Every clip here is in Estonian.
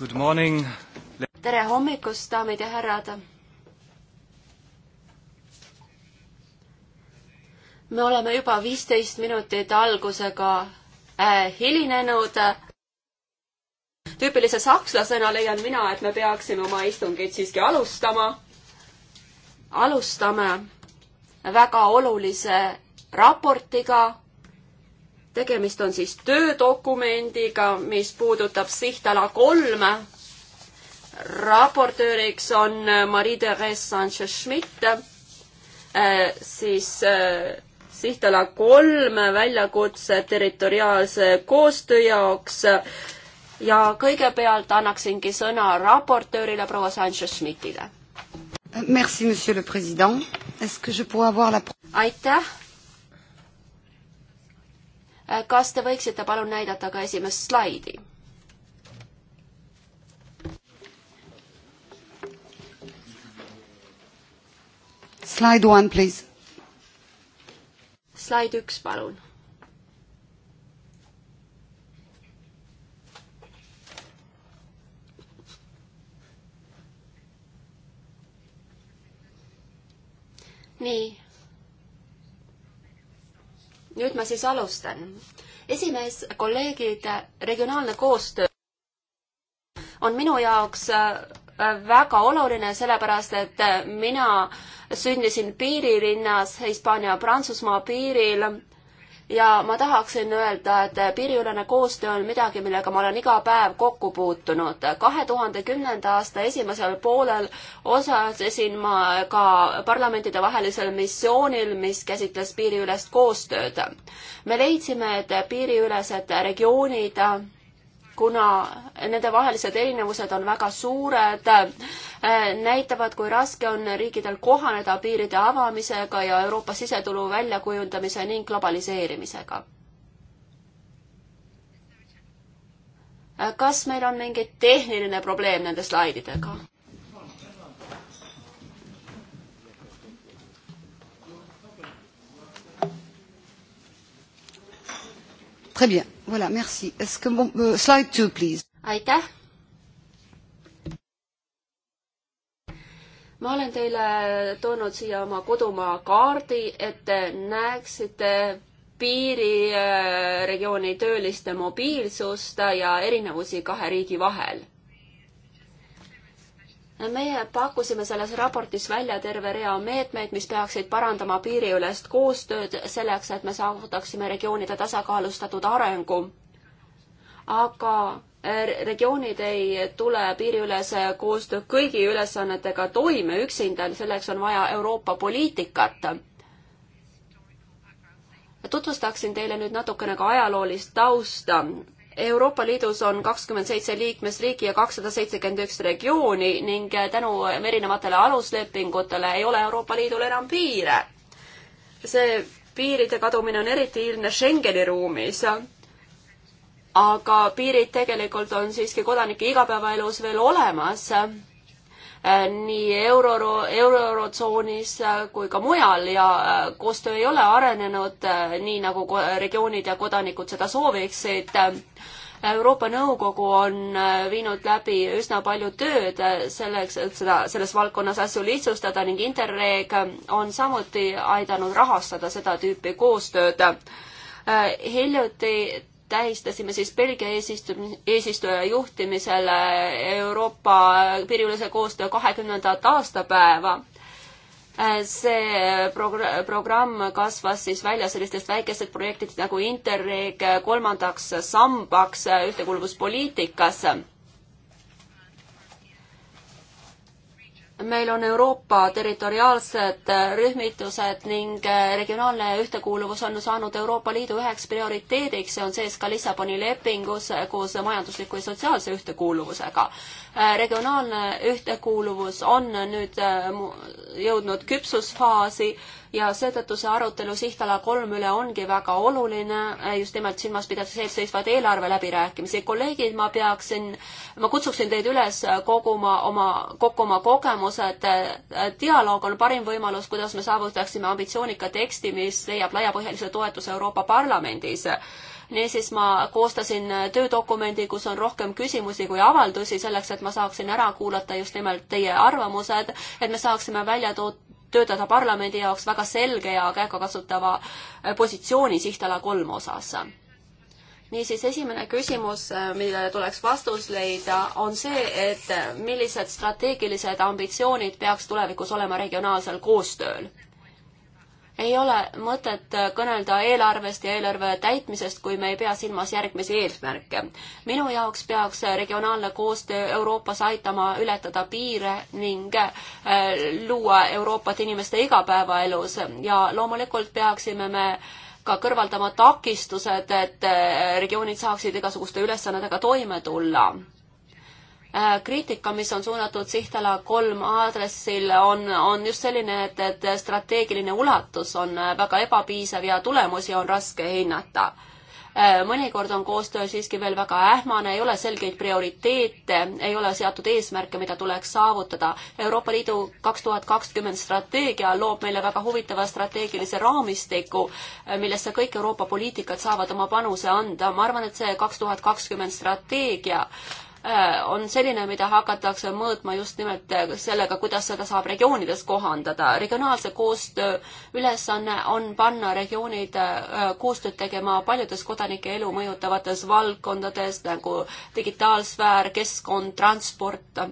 Good morning. tere hommikust, daamid ja härrad. me oleme juba viisteist minutit algusega äh, hilinenud. tüüpilise sakslasena leian mina, et me peaksime oma istungeid siiski alustama. alustame väga olulise raportiga tegemist on siis töödokumendiga, mis puudutab sihtala kolm. raportööriks on Marie-Therese Sanchez-Schmidt, äh, siis äh, sihtala kolm väljakutse territoriaalse koostöö jaoks ja kõigepealt annaksingi sõna raportöörile proua Sanchez-Schmidtile. Merci, monsieur le president. Est-ce que je pourrais avoir la aitäh kas te võiksite palun näidata ka esimest slaidi? Slide one, please. slaid üks, palun nii, nüüd ma siis alustan. esimees, kolleegid, regionaalne koostöö on minu jaoks äh, väga oluline, sellepärast et äh, mina sündisin piirilinnas Hispaania-Prantsusmaa piiril ja ma tahaksin öelda, et piiriülene koostöö on midagi, millega ma olen iga päev kokku puutunud. kahe tuhande kümnenda aasta esimesel poolel osalesin ma ka parlamentidevahelisel missioonil, mis käsitles piiriülest koostööd. me leidsime, et piiriülesed regioonid kuna nendevahelised erinevused on väga suured, äh, näitavad, kui raske on riikidel kohaneda piiride avamisega ja Euroopa sisetulu väljakujundamise ning globaliseerimisega. kas meil on mingi tehniline probleem nende slaididega? Très bien Voilà, merci. Est-ce que mon euh, slide two, please? aitäh. ma olen teile toonud siia oma kodumaa kaardi, et te näeksite piiriregiooni äh, tööliste mobiilsust ja erinevusi kahe riigi vahel meie pakkusime selles raportis välja terve rea meetmeid, mis peaksid parandama piiriülest koostööd selleks, et me saavutaksime regioonide tasakaalustatud arengu. aga eh, regioonid ei tule piiriülese koostöö kõigi ülesannetega toime üksinda, selleks on vaja Euroopa poliitikat tutvustaksin teile nüüd natukene ka ajaloolist tausta. Euroopa Liidus on kakskümmend seitse liikmesriiki ja kakssada seitsekümmend üks regiooni ning äh, tänu ähm, erinevatele aluslepingutele ei ole Euroopa Liidul enam piire. see piiride kadumine on eriti ilmne Schengeni ruumis. aga piirid tegelikult on siiski kodanike igapäevaelus veel olemas Äh, nii euro, eurotsoonis äh, kui ka mujal ja äh, koostöö ei ole arenenud nii, nagu regioonid ja kodanikud seda sooviksid. Euroopa Nõukogu on viinud läbi üsna palju tööd selleks, et seda, selles valdkonnas asju lihtsustada ning Interreg on samuti aidanud rahastada seda tüüpi koostööd hiljuti tähistasime siis Belgia eesistuja juhtimisel Euroopa piiriülese koostöö kahekümnendat aastapäeva. see prog-, programm kasvas siis välja sellistest väikestest projektidest nagu Interreg kolmandaks sambaks ühtekuuluvuspoliitikasse meil on Euroopa territoriaalsed rühmitused ning äh, regionaalne ühtekuuluvus on saanud Euroopa Liidu üheks prioriteediks, see on sees ka Lissaboni lepingus koos majandusliku ja sotsiaalse ühtekuuluvusega. Äh, regionaalne ühtekuuluvus on nüüd äh, jõudnud küpsusfaasi ja seetõttu see arutelu sihtala kolm üle ongi väga oluline, äh, just nimelt silmas pidades eelseisvaid eelarveläbirääkimisi. kolleegid, ma peaksin, ma kutsuksin teid üles koguma oma, kokku oma kogemused. Äh, dialoog on parim võimalus, kuidas me saavutaksime ambitsioonika teksti, mis leiab laiapõhjalise toetuse Euroopa Parlamendis niisiis ma koostasin töödokumendi, kus on rohkem küsimusi kui avaldusi, selleks et ma saaksin ära kuulata just nimelt teie arvamused, et me saaksime välja toota töötada parlamendi jaoks väga selge ja käegakasutava äh, positsiooni sihtala kolm osas. niisiis, esimene küsimus, äh, millele tuleks vastus leida, on see, et äh, millised strateegilised ambitsioonid peaks tulevikus olema regionaalsel koostööl ei ole mõtet kõnelda eelarvest ja eelarve täitmisest, kui me ei pea silmas järgmisi eesmärke. minu jaoks peaks regionaalne koostöö Euroopas aitama ületada piire ning äh, luua Euroopat inimeste igapäevaelus ja loomulikult peaksime me ka kõrvaldama takistused, et äh, regioonid saaksid igasuguste ülesannetega toime tulla Äh, kriitika, mis on suunatud sihtala kolm aadressil, on, on just selline, et, et strateegiline ulatus on äh, väga ebapiisav ja tulemusi on raske hinnata. Äh, mõnikord on koostöö siiski veel väga ähmane, ei ole selgeid prioriteete, ei ole seatud eesmärke, mida tuleks saavutada. Euroopa Liidu kaks tuhat kakskümmend strateegia loob meile väga huvitava strateegilise raamistiku, millesse kõik Euroopa poliitikad saavad oma panuse anda. ma arvan, et see kaks tuhat kakskümmend strateegia Äh, on selline, mida hakatakse mõõtma just nimelt äh, sellega, kuidas seda saab regioonides kohandada. regionaalse koostöö ülesanne on panna regioonid äh, koostööd tegema paljudes kodanike elu mõjutavates valdkondades nagu digitaalsfäär, keskkond, transport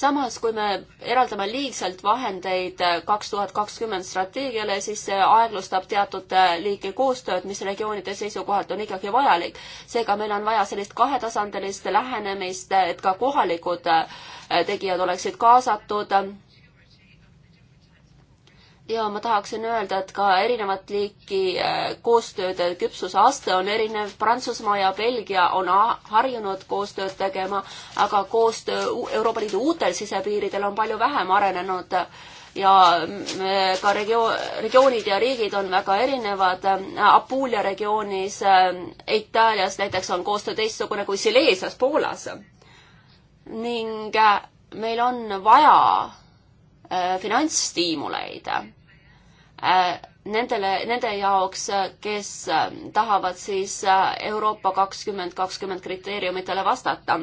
samas, kui me eraldame liigselt vahendeid äh, kaks tuhat kakskümmend strateegiale, siis see aeglustab teatud äh, liiki koostööd, mis regioonide seisukohalt on ikkagi vajalik. seega meil on vaja sellist kahetasandilist lähenemist, äh, et ka kohalikud tegijad oleksid kaasatud ja ma tahaksin öelda, et ka erinevat liiki äh, koostööde äh, küpsuse aste on erinev. Prantsusmaa ja Belgia on harjunud koostööd tegema, aga koostöö Euroopa Liidu uutel sisepiiridel on palju vähem arenenud ja ka regioon, regioonid ja riigid on väga erinevad. Apulia regioonis äh, Itaalias näiteks on koostöö teistsugune kui Silesias Poolas. ning meil on vaja finantsstiimuleid Äh, nendele, nende jaoks, äh, kes äh, tahavad siis Euroopa kakskümmend kakskümmend kriteeriumitele vastata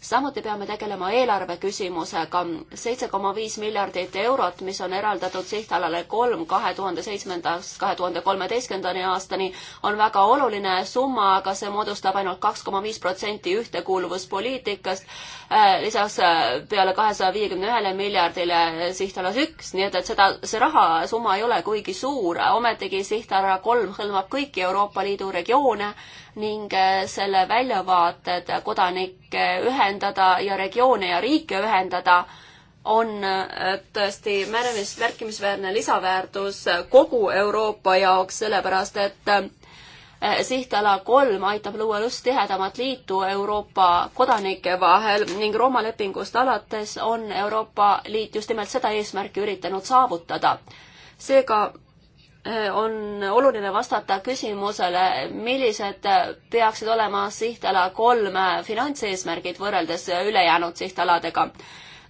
samuti peame tegelema eelarve küsimusega. seitse koma viis miljardit eurot, mis on eraldatud sihtalale kolm kahe tuhande seitsmendast kahe tuhande kolmeteistkümnendani aastani, on väga oluline summa, aga see moodustab ainult kaks koma viis protsenti ühtekuuluvuspoliitikast. Äh, lisaks äh, peale kahesaja viiekümne ühele miljardile sihtalas üks, nii et, et seda, see rahasumma ei ole kuigi suur, ometigi sihtala kolm hõlmab kõiki Euroopa Liidu regioone ning äh, selle väljavaated kodanikke ühendada ja regioone ja riike ühendada on äh, tõesti märmis, märkimisväärne lisaväärtus kogu Euroopa jaoks, sellepärast et äh, sihtala kolm aitab luua just tihedamat liitu Euroopa kodanike vahel ning Rooma lepingust alates on Euroopa Liit just nimelt seda eesmärki üritanud saavutada. seega on oluline vastata küsimusele, millised peaksid olema sihtala kolm finantseesmärgid võrreldes ülejäänud sihtaladega.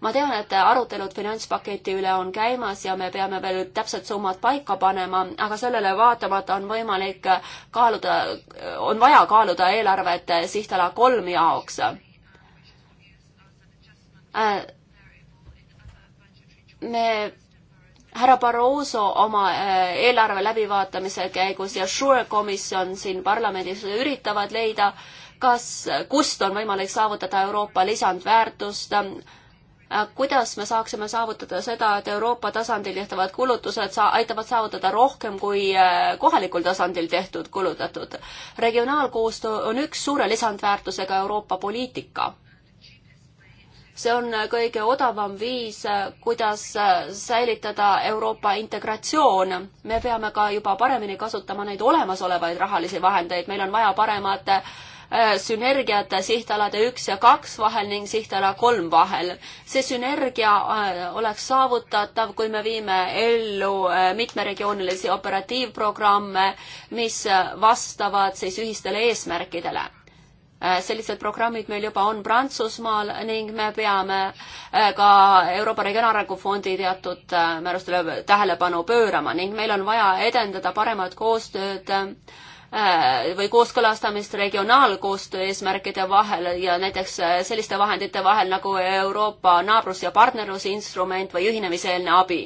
ma tean, et arutelud finantspaketi üle on käimas ja me peame veel täpsed summad paika panema, aga sellele vaatamata on võimalik kaaluda, on vaja kaaluda eelarvet sihtala kolm jaoks äh, me härra Barroso oma äh, eelarve läbivaatamise käigus ja Sure komisjon siin parlamendis üritavad leida, kas, kust on võimalik saavutada Euroopa lisandväärtust, äh, kuidas me saaksime saavutada seda, et Euroopa tasandil tehtavad kulutused sa-, aitavad saavutada rohkem kui äh, kohalikul tasandil tehtud kulutatud. regionaalkoostöö on üks suure lisandväärtusega Euroopa poliitika see on äh, kõige odavam viis, äh, kuidas äh, säilitada Euroopa integratsioon. me peame ka juba paremini kasutama neid olemasolevaid rahalisi vahendeid, meil on vaja paremat sünergiat sihtalade üks ja kaks vahel ning sihtala kolm vahel. see sünergia oleks saavutatav, kui me viime ellu mitmeregioonilisi operatiivprogramme, mis vastavad siis ühistele eesmärkidele Äh, sellised programmid meil juba on Prantsusmaal ning me peame äh, ka Euroopa Regionaalarengu Fondi teatud äh, määrustele tähelepanu pöörama ning meil on vaja edendada paremat koostööd või kooskõlastamist regionaalkoostöö eesmärkide vahel ja näiteks selliste vahendite vahel nagu Euroopa naabrus- ja partnerlusinstrument või ühinemiseelne abi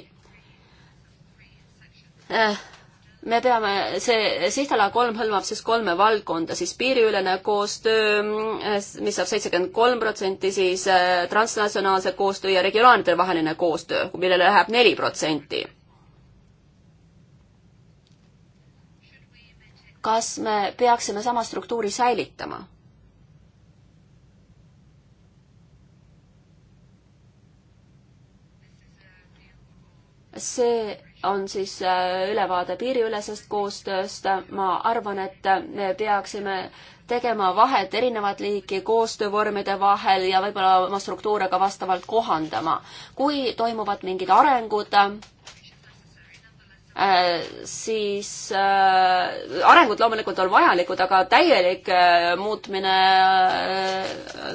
me peame, see sihtala kolm hõlmab siis kolme valdkonda, siis piiriülene koostöö, mm, mis saab seitsekümmend kolm protsenti, siis äh, transnatsionaalse koostöö ja regionaalide vaheline koostöö, millele läheb neli protsenti. kas me peaksime sama struktuuri säilitama? see on siis äh, ülevaade piiriülesest koostööst. ma arvan, et me peaksime tegema vahet erinevat liiki koostöövormide vahel ja võib-olla oma struktuure ka vastavalt kohandama. kui toimuvad mingid arengud, äh, siis äh, arengud loomulikult on vajalikud, aga täielik muutmine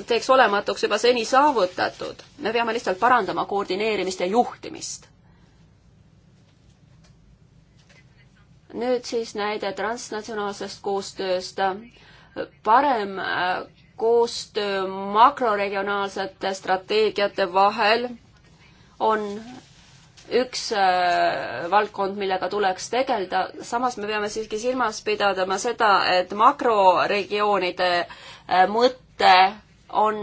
teeks olematuks juba seni saavutatud. me peame lihtsalt parandama koordineerimist ja juhtimist nüüd siis näide transnatsionaalsest koostööst. parem äh, koostöö makroregionaalsete strateegiate vahel on üks äh, valdkond, millega tuleks tegeleda, samas me peame siiski silmas pidama seda, et makroregioonide äh, mõte on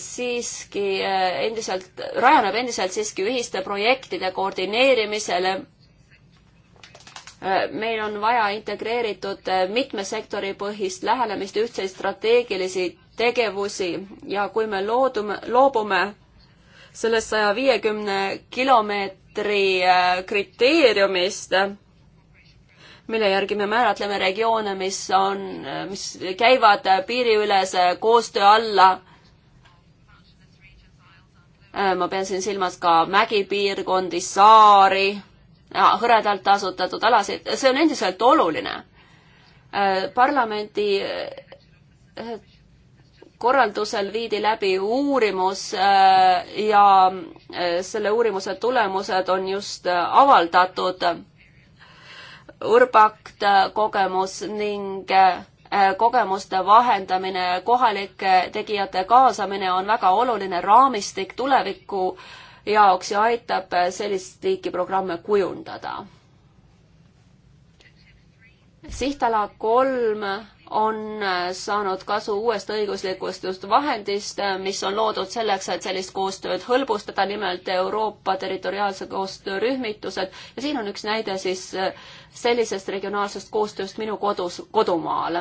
siiski endiselt, rajaneb endiselt siiski ühiste projektide koordineerimisele Äh, meil on vaja integreeritud äh, mitme sektori põhist lähenemist, ühtseid strateegilisi tegevusi ja kui me loodume, loobume sellest saja viiekümne kilomeetri äh, kriteeriumist, mille järgi me määratleme regioone, mis on, mis käivad piiriülese koostöö alla ma pean siin silmas ka mägipiirkondi, saari hõredalt asutatud alasid, see on endiselt oluline. Äh, parlamendi äh, korraldusel viidi läbi uurimus äh, ja selle uurimuse tulemused on just avaldatud. Urbakt kogemus ning kogemuste vahendamine, kohalike tegijate kaasamine on väga oluline raamistik tuleviku äh, jaoks ja aitab äh, sellist liiki programme kujundada. sihtala kolm on äh, saanud kasu uuest õiguslikust just vahendist, äh, mis on loodud selleks, et sellist koostööd hõlbustada, nimelt Euroopa territoriaalse koostöö rühmitused ja siin on üks näide siis sellisest regionaalsest koostööst minu kodus, kodumaal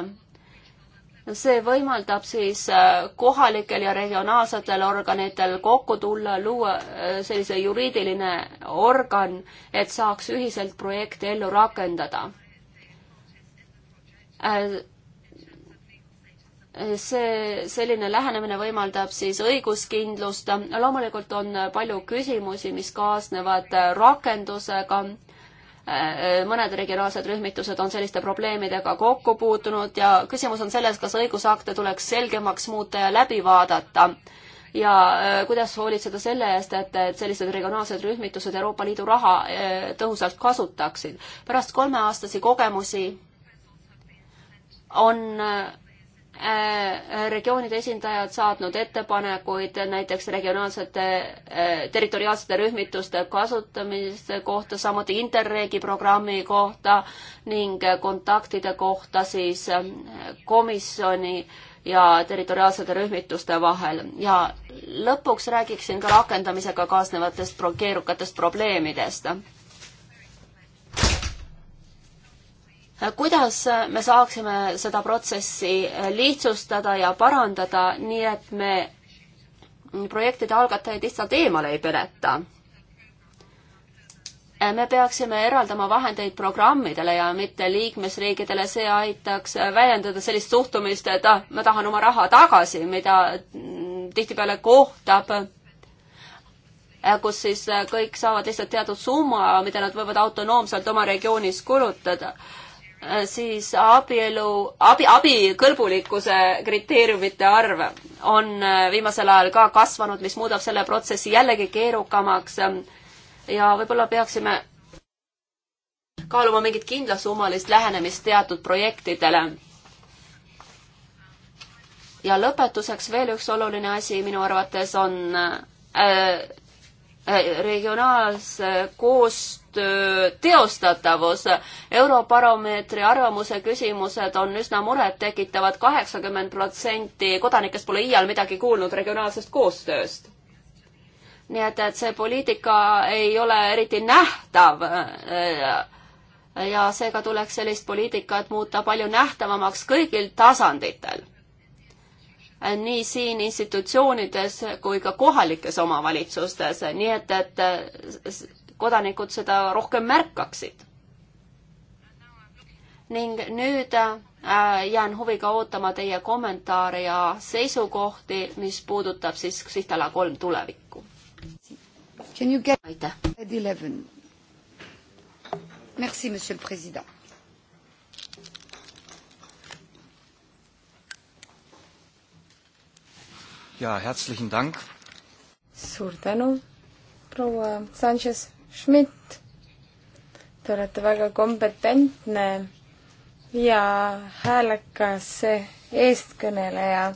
see võimaldab siis äh, kohalikel ja regionaalsetel organitel kokku tulla, luua äh, sellise juriidiline organ, et saaks ühiselt projekte ellu rakendada. Äh, see, selline lähenemine võimaldab siis õiguskindlust. loomulikult on palju küsimusi, mis kaasnevad rakendusega Äh, mõned regionaalsed rühmitused on selliste probleemidega kokku puutunud ja küsimus on selles, kas õigusakte tuleks selgemaks muuta ja läbi vaadata ja äh, kuidas hoolitseda selle eest, et, et sellised regionaalsed rühmitused Euroopa Liidu raha äh, tõhusalt kasutaksid. pärast kolmeaastasi kogemusi on Äh, regioonide esindajad saatnud ettepanekuid näiteks regionaalsete äh, territoriaalsete rühmituste kasutamise kohta, samuti Interregi programmi kohta ning kontaktide kohta siis äh, komisjoni ja territoriaalsete rühmituste vahel ja lõpuks räägiksin ka rakendamisega kaasnevatest keerukatest probleemidest kuidas me saaksime seda protsessi lihtsustada ja parandada, nii et me projektide algatajaid lihtsalt eemale ei peleta. me peaksime eraldama vahendeid programmidele ja mitte liikmesriikidele, see aitaks väljendada sellist suhtumist, et ah, ma tahan oma raha tagasi, mida tihtipeale kohtab kus siis kõik saavad lihtsalt teatud summa, mida nad võivad autonoomselt oma regioonis kulutada Äh, siis abielu, abi, abikõlbulikkuse kriteeriumite arv on äh, viimasel ajal ka kasvanud, mis muudab selle protsessi jällegi keerukamaks. ja võib-olla peaksime kaaluma mingit kindlasummalist lähenemist teatud projektidele. ja lõpetuseks veel üks oluline asi minu arvates on äh, regionaalse koostöö teostatavus. Eurobaromeetri arvamuse küsimused on üsna murettekitavad, kaheksakümmend protsenti kodanikest pole iial midagi kuulnud regionaalsest koostööst. nii et, et see poliitika ei ole eriti nähtav ja seega tuleks sellist poliitikat muuta palju nähtavamaks kõigil tasanditel nii siin institutsioonides kui ka kohalikes omavalitsustes, nii et, et kodanikud seda rohkem märkaksid. ning nüüd äh, jään huviga ootama teie kommentaare ja seisukohti, mis puudutab siis sihtala kolm tulevikku. aitäh! Merci, monsieur le president ja herzlichen Dank. suur tänu, proua Sanchez-Schmidt. Te olete väga kompetentne ja häälekas eestkõneleja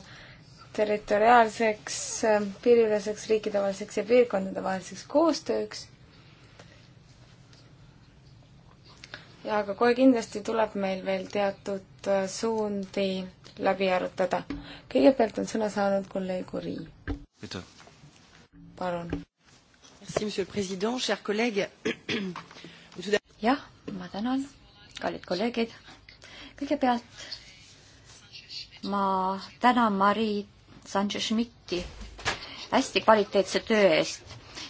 territoriaalseks, piiriüleseks, riikidevaheliseks ja piirkondadevaheliseks koostööks. ja aga kohe kindlasti tuleb meil veel teatud Äh, suundi läbi arutada. kõigepealt on sõna saanud kolleeg Uri. palun. jah, ma tänan, kallid kolleegid. kõigepealt ma tänan Mari Sanchez-Schmidti hästi kvaliteetse töö eest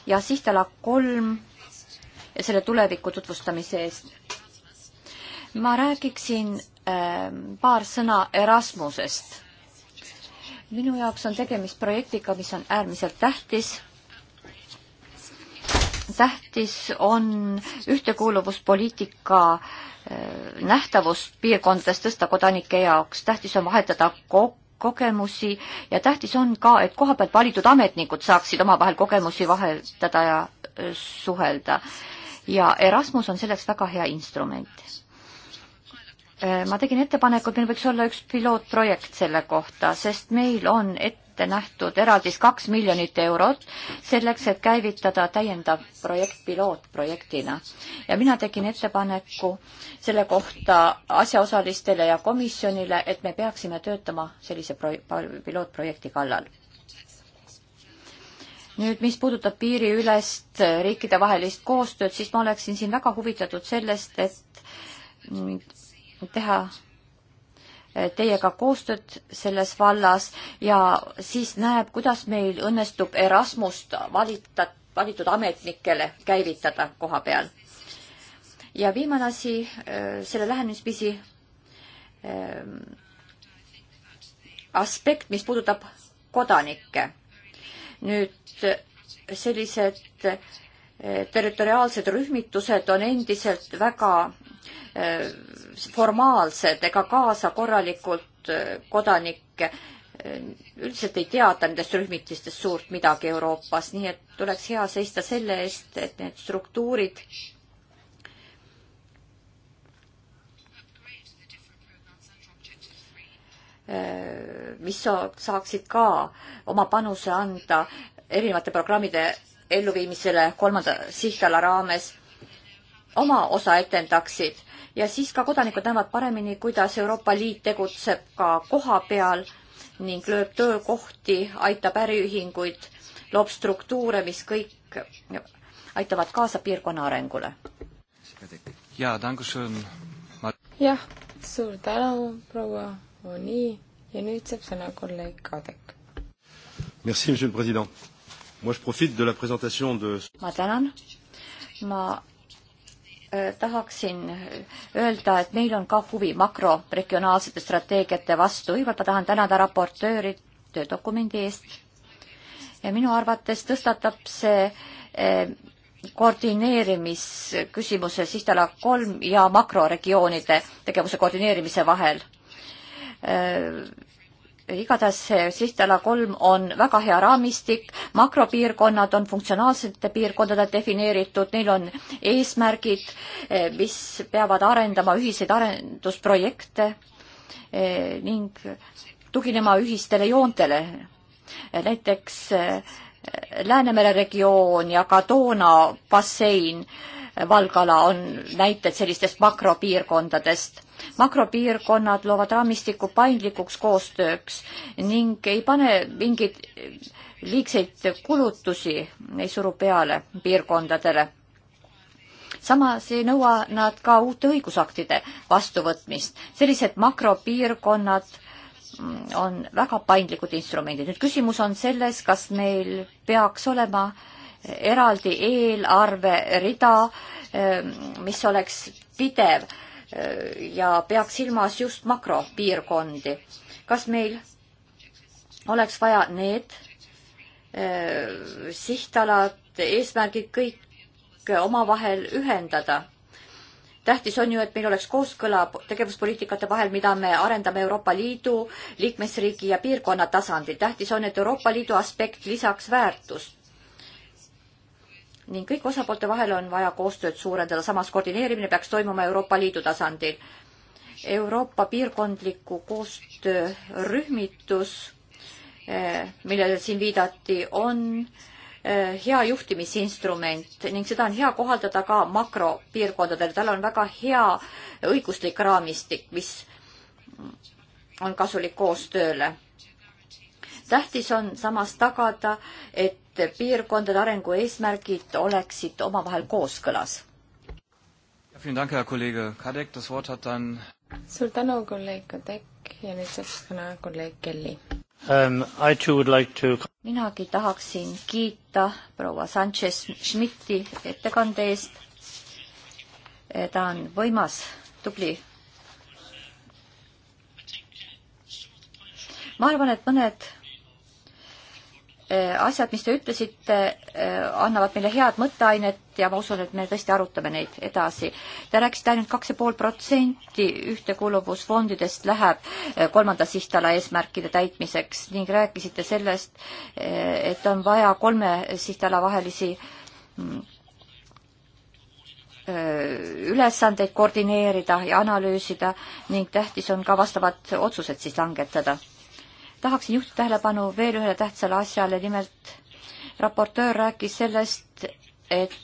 ja sihtala kolm ja selle tuleviku tutvustamise eest. ma räägiksin Ähm, paar sõna Erasmusest. minu jaoks on tegemist projektiga, mis on äärmiselt tähtis. tähtis on ühtekuuluvuspoliitika äh, nähtavust piirkondades tõsta kodanike jaoks, tähtis on vahetada kokku kogemusi ja tähtis on ka, et kohapealt valitud ametnikud saaksid omavahel kogemusi vahetada ja äh, suhelda. ja Erasmus on selleks väga hea instrument Äh, ma tegin ettepaneku, et meil võiks olla üks pilootprojekt selle kohta, sest meil on ette nähtud eraldis kaks miljonit eurot selleks, et käivitada täiendav projekt pilootprojektina. ja mina tegin ettepaneku selle kohta asjaosalistele ja komisjonile, et me peaksime töötama sellise pro-, pilootprojekti kallal nüüd, mis puudutab piiriülest riikidevahelist koostööd, siis ma oleksin siin väga huvitatud sellest, et teha eh, teiega koostööd selles vallas ja siis näeb, kuidas meil õnnestub Erasmust valita, valitud ametnikele käivitada koha peal. ja viimane asi, eh, selle lähenemisviisi eh, aspekt, mis puudutab kodanikke. nüüd sellised territoriaalsed rühmitused on endiselt väga Äh, formaalsed ega kaasa korralikult äh, kodanikke. Äh, üldiselt ei teata nendest rühmitistest suurt midagi Euroopas, nii et tuleks hea seista selle eest, et need struktuurid mis saaksid ka oma panuse anda erinevate programmide elluviimisele kolmanda sihtala raames oma osa etendaksid ja siis ka kodanikud näevad paremini, kuidas Euroopa Liit tegutseb ka koha peal ning lööb töökohti, aitab äriühinguid, loob struktuure, mis kõik aitavad kaasa piirkonna arengule. jah, suur tänu, proua Oni ja nüüd saab sõna kolleeg Kadek. Merci, monsieur le president. Moi, je profite de la présentation de ma tänan, ma tahaksin öelda, et meil on ka huvi makroregionaalsete strateegiate vastu, kõigepealt ma tahan tänada raportööri töödokumendi eest ja minu arvates tõstatab see e, koordineerimisküsimuse Sistala kolm ja makroregioonide tegevuse koordineerimise vahel igatahes see sihtala kolm on väga hea raamistik, makropiirkonnad on funktsionaalsete piirkondade defineeritud, neil on eesmärgid, eh, mis peavad arendama ühiseid arendusprojekte eh, ning tuginema ühistele joontele. näiteks eh, Läänemere regioon ja ka Doona bassein, Valgala on näited sellistest makropiirkondadest makropiirkonnad loovad raamistiku paindlikuks koostööks ning ei pane mingeid liigseid kulutusi, ei suru peale piirkondadele. samas ei nõua nad ka uute õigusaktide vastuvõtmist. sellised makropiirkonnad on väga paindlikud instrumendid. nüüd küsimus on selles, kas meil peaks olema eraldi eelarverida, mis oleks pidev ja peaks silmas just makropiirkondi. kas meil oleks vaja need äh, sihtalad, eesmärgid kõik omavahel ühendada? tähtis on ju, et meil oleks kooskõla tegevuspoliitikate vahel, mida me arendame Euroopa Liidu, liikmesriigi ja piirkonna tasandil. tähtis on, et Euroopa Liidu aspekt lisaks väärtust ning kõik osapoolte vahel on vaja koostööd suurendada, samas koordineerimine peaks toimuma Euroopa Liidu tasandil. Euroopa piirkondliku koostöörühmitus, eh, millele siin viidati, on eh, hea juhtimisinstrument ning seda on hea kohaldada ka makropiirkondadel, tal on väga hea õiguslik raamistik, mis on kasulik koostööle tähtis on samas tagada, et piirkondade arengu eesmärgid oleksid omavahel kooskõlas. suur tänu, kolleeg Kadek ja nüüd saab sõna kolleeg Kelly um,. Like to... minagi tahaksin kiita proua Sanchez-Schmidti ettekande eest. ta on võimas, tubli ma arvan, et mõned asjad, mis te ütlesite, eh, annavad meile head mõtteainet ja ma usun, et me tõesti arutame neid edasi. Te rääkisite ainult kaks ja pool protsenti ühtekuluvusfondidest läheb eh, kolmanda sihtala eesmärkide täitmiseks ning rääkisite sellest, eh, et on vaja kolme sihtala vahelisi mm, ülesandeid koordineerida ja analüüsida ning tähtis on ka vastavad otsused siis langetada tahaksin juhtida tähelepanu veel ühele tähtsale asjale, nimelt raportöör rääkis sellest, et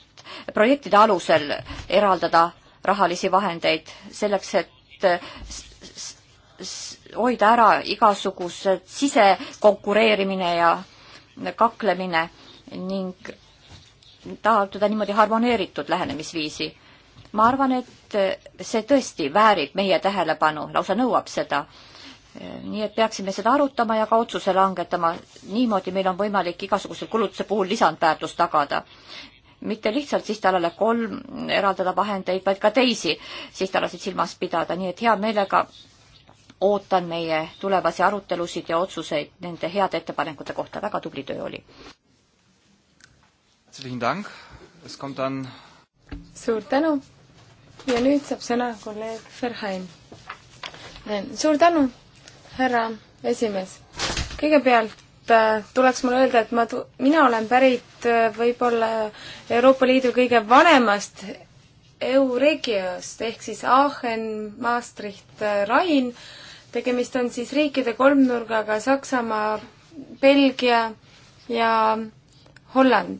projektide alusel eraldada rahalisi vahendeid selleks, et hoida ära igasugused sisekonkureerimine ja kaklemine ning taotleda niimoodi harmoneeritud lähenemisviisi. ma arvan, et see tõesti väärib meie tähelepanu, lausa nõuab seda nii et peaksime seda arutama ja ka otsuse langetama. niimoodi meil on võimalik igasuguse kulutuse puhul lisandväärtus tagada. mitte lihtsalt sihtalale kolm eraldada vahendeid, vaid ka teisi sihtalasid silmas pidada, nii et hea meelega ootan meie tulevasi arutelusid ja otsuseid nende heade ettepanekute kohta. väga tubli töö oli. suur tänu ja nüüd saab sõna kolleeg Ferhain. suur tänu härra esimees. kõigepealt äh, tuleks mulle öelda, et ma, mina olen pärit äh, võib-olla Euroopa Liidu kõige vanemast Euregiost ehk siis Aachen, Maastricht, äh, Rain. tegemist on siis riikide kolmnurgaga Saksamaa, Belgia ja Holland.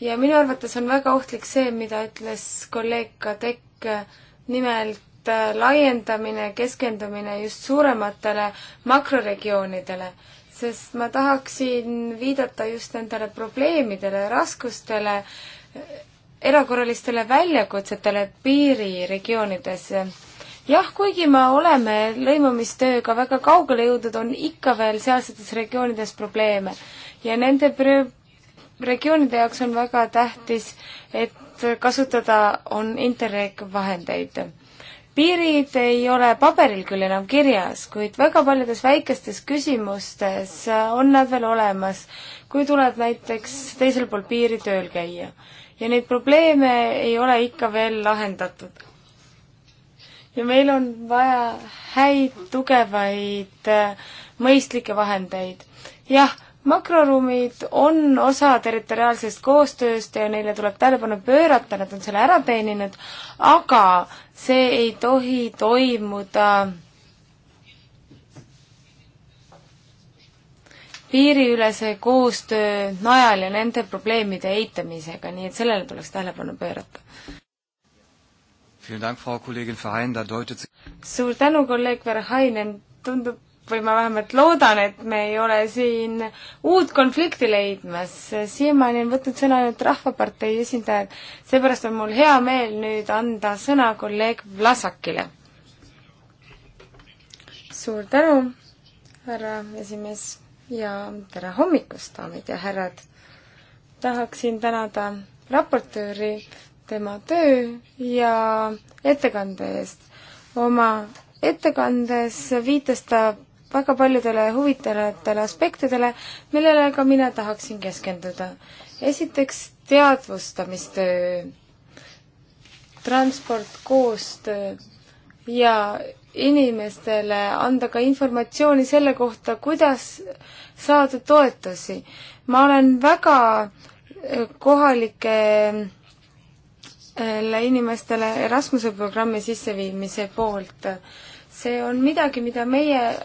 ja minu arvates on väga ohtlik see, mida ütles kolleeg Kadek, äh, nimelt et äh, laiendamine, keskendumine just suurematele makroregioonidele, sest ma tahaksin viidata just nendele probleemidele, raskustele, äh, erakorralistele väljakutsetele piiriregioonides. jah, kuigi me oleme lõimumistööga väga kaugele jõudnud, on ikka veel sealsetes regioonides probleeme ja nende regioonide jaoks on väga tähtis, et kasutada on Interreg vahendeid piirid ei ole paberil küll enam kirjas, kuid väga paljudes väikestes küsimustes on nad veel olemas, kui tuleb näiteks teisel pool piiri tööl käia. ja neid probleeme ei ole ikka veel lahendatud. ja meil on vaja häid, tugevaid, mõistlikke vahendeid. jah makroruumid on osa territoriaalsest koostööst ja neile tuleb tähelepanu pöörata, nad on selle ära teeninud, aga see ei tohi toimuda piiriülese koostöö najal ja nende probleemide eitamisega, nii et sellele tuleks tähelepanu pöörata. suur tänu, kolleeg Verhainen, tundub, või ma vähemalt loodan, et me ei ole siin uut konflikti leidmas. siiamaani on võtnud sõna ainult Rahvapartei esindajad, seepärast on mul hea meel nüüd anda sõna kolleeg Vlasakile. suur tänu, härra esimees ja tere hommikust, daamid ja härrad! tahaksin tänada raportööri tema töö ja ettekande eest. oma ettekandes viitas ta väga paljudele huvitavatele aspektidele, millele ka mina tahaksin keskenduda. esiteks teadvustamistöö, transport, koostöö ja inimestele anda ka informatsiooni selle kohta, kuidas saada toetusi. ma olen väga eh, kohalike eh, inimestele Erasmuse programmi sisseviimise poolt. see on midagi, mida meie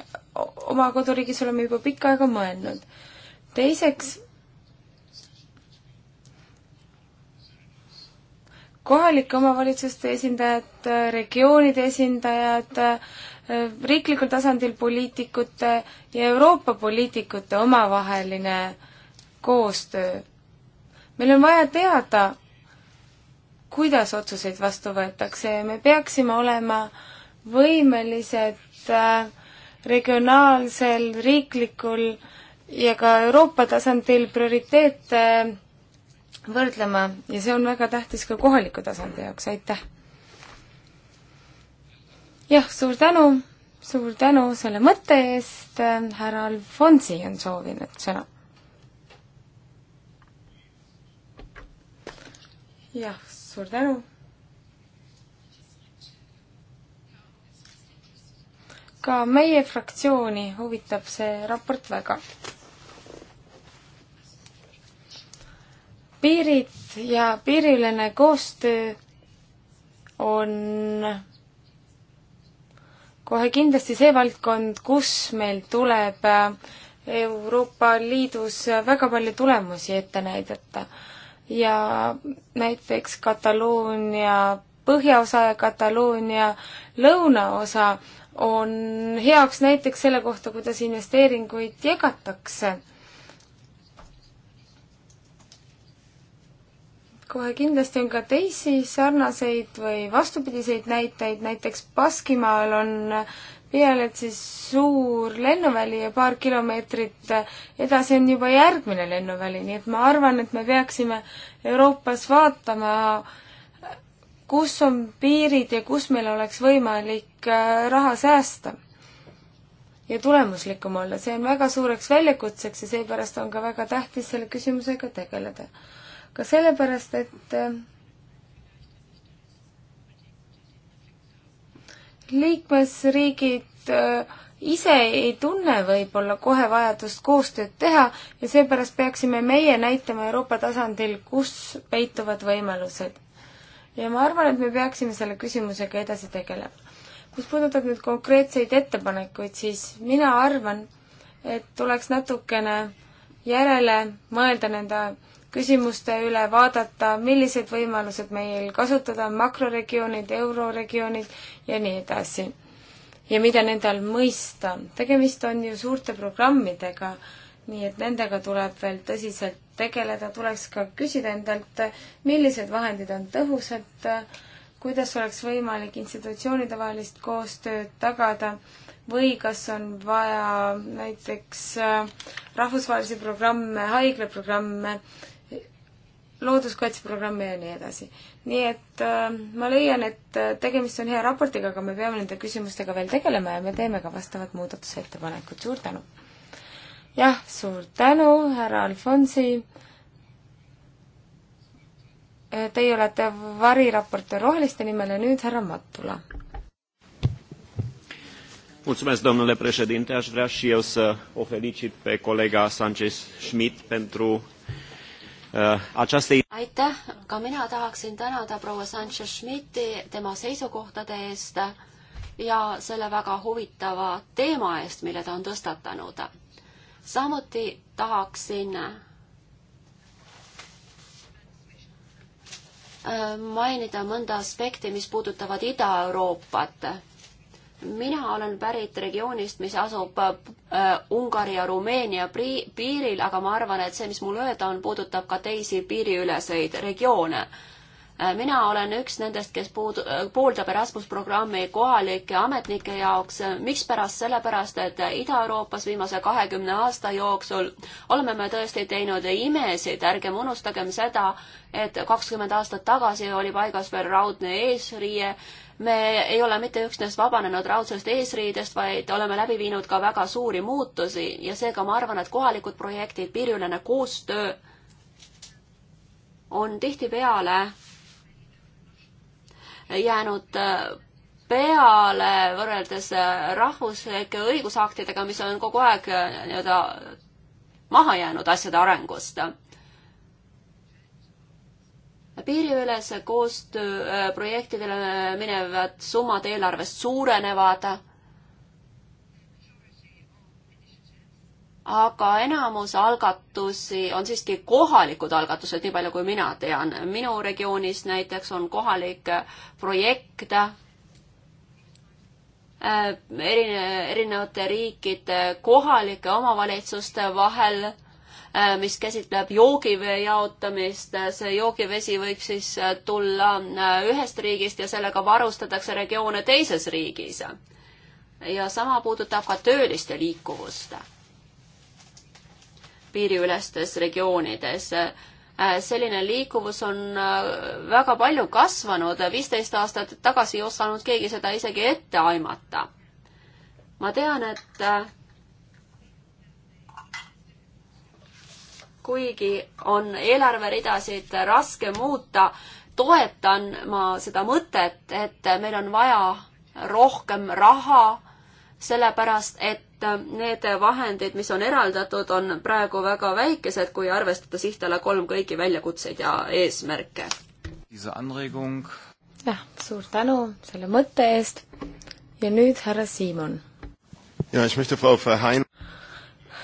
oma koduriigis oleme juba pikka aega mõelnud. teiseks, kohalike omavalitsuste esindajad, regioonide esindajad, riiklikul tasandil poliitikute ja Euroopa poliitikute omavaheline koostöö. meil on vaja teada, kuidas otsuseid vastu võetakse ja me peaksime olema võimelised äh, regionaalsel, riiklikul ja ka Euroopa tasandil prioriteete võrdlema ja see on väga tähtis ka kohaliku tasandi jaoks, aitäh! jah, suur tänu, suur tänu selle mõtte eest, härra Alfonsi on soovinud sõna. jah, suur tänu ka meie fraktsiooni huvitab see raport väga. piirid ja piiriülene koostöö on kohe kindlasti see valdkond, kus meil tuleb Euroopa Liidus väga palju tulemusi ette näidata. ja näiteks Kataloonia põhjaosa ja Kataloonia lõunaosa on heaks näiteks selle kohta, kuidas investeeringuid jagatakse. kohe kindlasti on ka teisi sarnaseid või vastupidiseid näiteid, näiteks Baskimaal on pealelt siis suur lennuväli ja paar kilomeetrit edasi on juba järgmine lennuväli, nii et ma arvan, et me peaksime Euroopas vaatama äh, kus on piirid ja kus meil oleks võimalik äh, raha säästa ja tulemuslikum olla. see on väga suureks väljakutseks ja seepärast on ka väga tähtis selle küsimusega tegeleda. ka sellepärast, et äh, liikmesriigid äh, ise ei tunne võib-olla kohe vajadust koostööd teha ja seepärast peaksime meie näitama Euroopa tasandil, kus peituvad võimalused ja ma arvan, et me peaksime selle küsimusega edasi tegelema. mis puudutab nüüd konkreetseid ettepanekuid, siis mina arvan, et tuleks natukene järele mõelda nende küsimuste üle, vaadata, millised võimalused meil kasutada on, makroregioonid, euroregioonid ja nii edasi. ja mida nende all mõista. tegemist on ju suurte programmidega, nii et nendega tuleb veel tõsiselt tegeleda, tuleks ka küsida endalt, millised vahendid on tõhusad, kuidas oleks võimalik institutsioonide vahelist koostööd tagada või kas on vaja näiteks äh, rahvusvahelisi programme, haiglaprogramme, looduskaitseprogramme ja nii edasi. nii et äh, ma leian, et äh, tegemist on hea raportiga, aga me peame nende küsimustega veel tegelema ja me teeme ka vastavad muudatusettepanekud, suur tänu! jah, suur tänu, härra Alfonsi. Äh, teie olete variraportöör Roheliste nimel ja nüüd härra Mattula. Mulțumesc, domnule președinte. Aș vrea și eu să o felicit pe colega Sanchez-Schmidt pentru uh, această... Aitäh! Ka mina tahaksin tänada proua Sanchez-Schmidti tema seisukohtade eest ja selle väga huvitava teema eest, mille ta on tõstatanud samuti tahaksin äh, mainida mõnda aspekti, mis puudutavad Ida-Euroopat. mina olen pärit regioonist, mis asub äh, Ungari ja Rumeenia piiril, aga ma arvan, et see, mis mul öelda on, puudutab ka teisi piiriüleseid regioone Äh, mina olen üks nendest, kes puudu, äh, pooldab Erasmus programmi kohalike ametnike jaoks. Äh, mikspärast? sellepärast, et Ida-Euroopas viimase kahekümne aasta jooksul oleme me tõesti teinud imesid, ärgem unustagem seda, et kakskümmend aastat tagasi oli paigas veel raudne eesriie. me ei ole mitte üksnes vabanenud raudsest eesriidest, vaid oleme läbi viinud ka väga suuri muutusi ja seega ma arvan, et kohalikud projektid, piiriülene koostöö on tihtipeale jäänud äh, peale võrreldes äh, rahvuslike õigusaktidega, mis on kogu aeg äh, nii-öelda maha jäänud asjade arengust. piiriülese koostöö projektidele minevad summad eelarvest suurenevad aga enamus algatusi on siiski kohalikud algatused, nii palju kui mina tean. minu regioonis näiteks on kohalik projekt äh, erine-, erinevate riikide kohalike omavalitsuste vahel, äh, mis käsitleb joogivee jaotamist. see joogivesi võib siis tulla äh, ühest riigist ja sellega varustatakse regioone teises riigis. ja sama puudutab ka tööliste liikuvust piiriülestes regioonides. Äh, selline liikuvus on äh, väga palju kasvanud, viisteist aastat tagasi ei osanud keegi seda isegi ette aimata. ma tean, et äh, kuigi on eelarveridasid raske muuta, toetan ma seda mõtet, et meil on vaja rohkem raha, sellepärast et et need vahendid, mis on eraldatud, on praegu väga väikesed, kui arvestada sihtala kolm kõiki väljakutseid ja eesmärke. jah, suur tänu selle mõtte eest ja nüüd härra Siimon.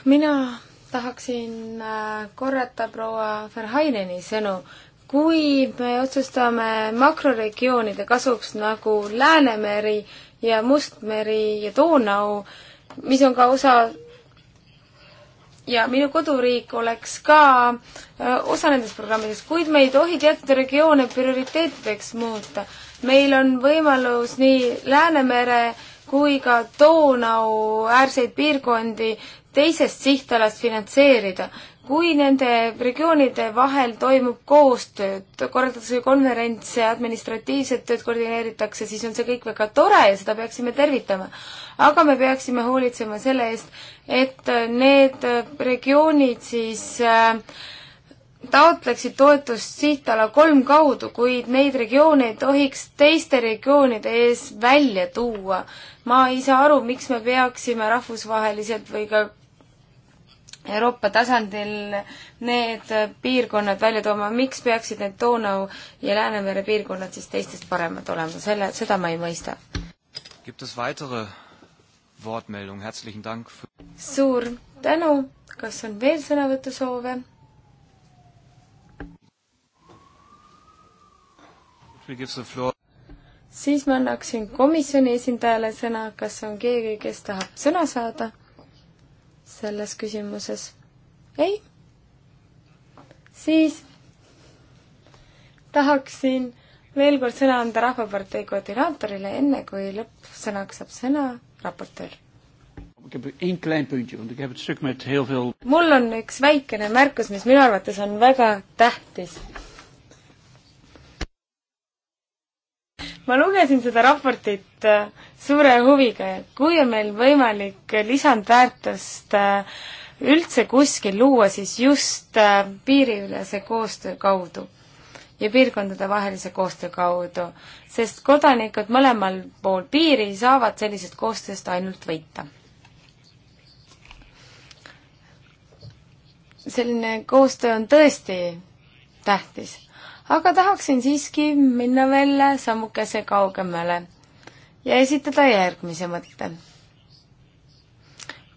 mina tahaksin äh, korrata proua Verhaineni sõnu, kui me otsustame makroregioonide kasuks nagu Läänemeri ja Mustmeri ja Donau, mis on ka osa ja minu koduriik oleks ka äh, osa nendest programmidest, kuid me ei tohi teatud regioone prioriteetideks muuta. meil on võimalus nii Läänemere kui ka Donau äärseid piirkondi teisest sihtalast finantseerida. kui nende regioonide vahel toimub koostööd, korraldatakse konverentse, administratiivset tööd koordineeritakse, siis on see kõik väga tore ja seda peaksime tervitama aga me peaksime hoolitsema selle eest, et need regioonid siis äh, taotleksid toetust sihtala kolm kaudu, kuid neid regioone ei tohiks teiste regioonide ees välja tuua. ma ei saa aru, miks me peaksime rahvusvaheliselt või ka Euroopa tasandil need piirkonnad välja tooma, miks peaksid need Donau ja Läänemere piirkonnad siis teistest paremad olema, selle, seda ma ei mõista. Wortmeldung, herzlichen Dank. suur tänu, kas on veel sõnavõtusoove? siis ma annaksin komisjoni esindajale sõna, kas on keegi, kes tahab sõna saada selles küsimuses? ei? siis tahaksin veel kord sõna anda Rahvapartei koordinaatorile, enne kui lõppsõnaks saab sõna raportöör. mul on üks väikene märkus, mis minu arvates on väga tähtis. ma lugesin seda raportit äh, suure huviga ja kui on meil võimalik lisandväärtust äh, üldse kuskil luua, siis just äh, piiriülese koostöö kaudu ja piirkondadevahelise koostöö kaudu, sest kodanikud mõlemal pool piiri saavad sellisest koostööst ainult võita. selline koostöö on tõesti tähtis, aga tahaksin siiski minna veel sammukese kaugemale ja esitada järgmise mõtte.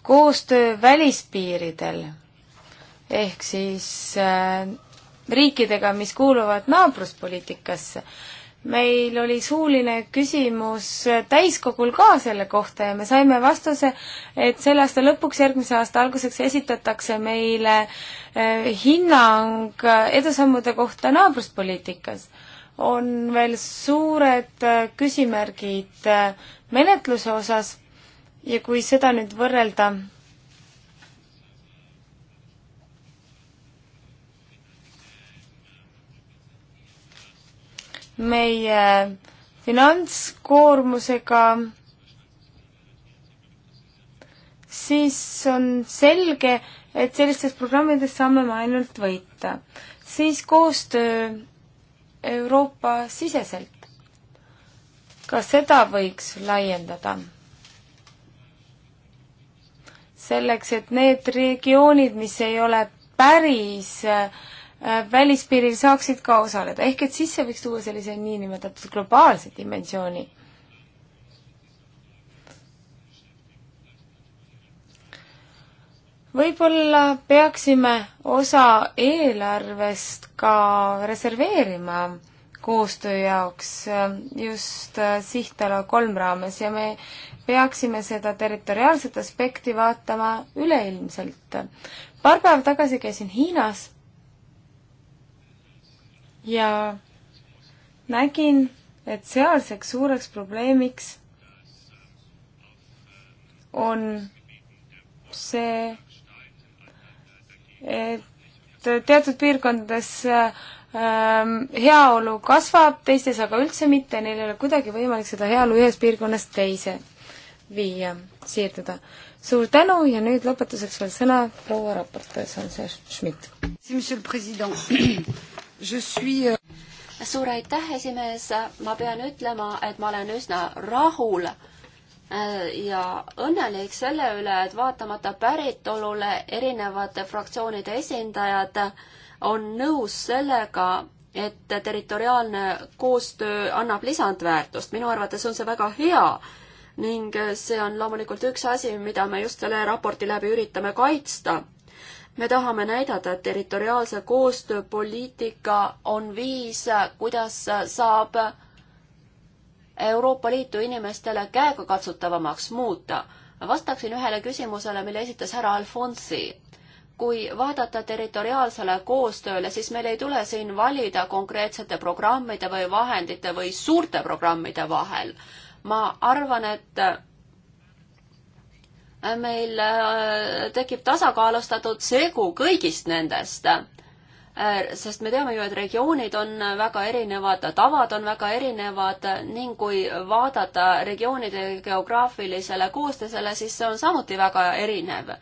koostöö välispiiridel ehk siis äh, riikidega, mis kuuluvad naabruspoliitikasse. meil oli suuline küsimus täiskogul ka selle kohta ja me saime vastuse, et selle aasta lõpuks, järgmise aasta alguseks esitatakse meile eh, hinnang edusammude kohta naabruspoliitikas. on veel suured eh, küsimärgid eh, menetluse osas ja kui seda nüüd võrrelda meie finantskoormusega, siis on selge, et sellistest programmidest saame me ainult võita. siis koostöö Euroopa siseselt. ka seda võiks laiendada. selleks, et need regioonid, mis ei ole päris äh, Äh, välispiiril saaksid ka osaleda, ehk et sisse võiks tuua sellise niinimetatud globaalse dimensiooni. võib-olla peaksime osa eelarvest ka reserveerima koostöö jaoks äh, just äh, sihtala kolm raames ja me peaksime seda territoriaalset aspekti vaatama üleilmselt. paar päeva tagasi käisin Hiinas ja nägin, et sealseks suureks probleemiks on see, et teatud piirkondades ähm, heaolu kasvab, teistes aga üldse mitte, neil ei ole kuidagi võimalik seda heaolu ühest piirkonnast teise viia, siirduda. suur tänu ja nüüd lõpetuseks veel sõna proua raportöör Sanse Schmidt. Suis... Euh, suur aitäh, esimees, ma pean ütlema, et ma olen üsna rahul äh, ja õnnelik selle üle, et vaatamata päritolule erinevate fraktsioonide esindajad on nõus sellega, et territoriaalne koostöö annab lisandväärtust. minu arvates on see väga hea ning see on loomulikult üks asi, mida me just selle raporti läbi üritame kaitsta me tahame näidata, et territoriaalse koostöö poliitika on viis, kuidas saab Euroopa Liitu inimestele käegakatsutavamaks muuta. vastaksin ühele küsimusele, mille esitas härra Alfonsi. kui vaadata territoriaalsele koostööle, siis meil ei tule siin valida konkreetsete programmide või vahendite või suurte programmide vahel. ma arvan, et meil äh, tekib tasakaalustatud segu kõigist nendest. Äh, sest me teame ju, et regioonid on väga erinevad, tavad on väga erinevad ning kui vaadata regioonide geograafilisele koostisele, siis see on samuti väga erinev.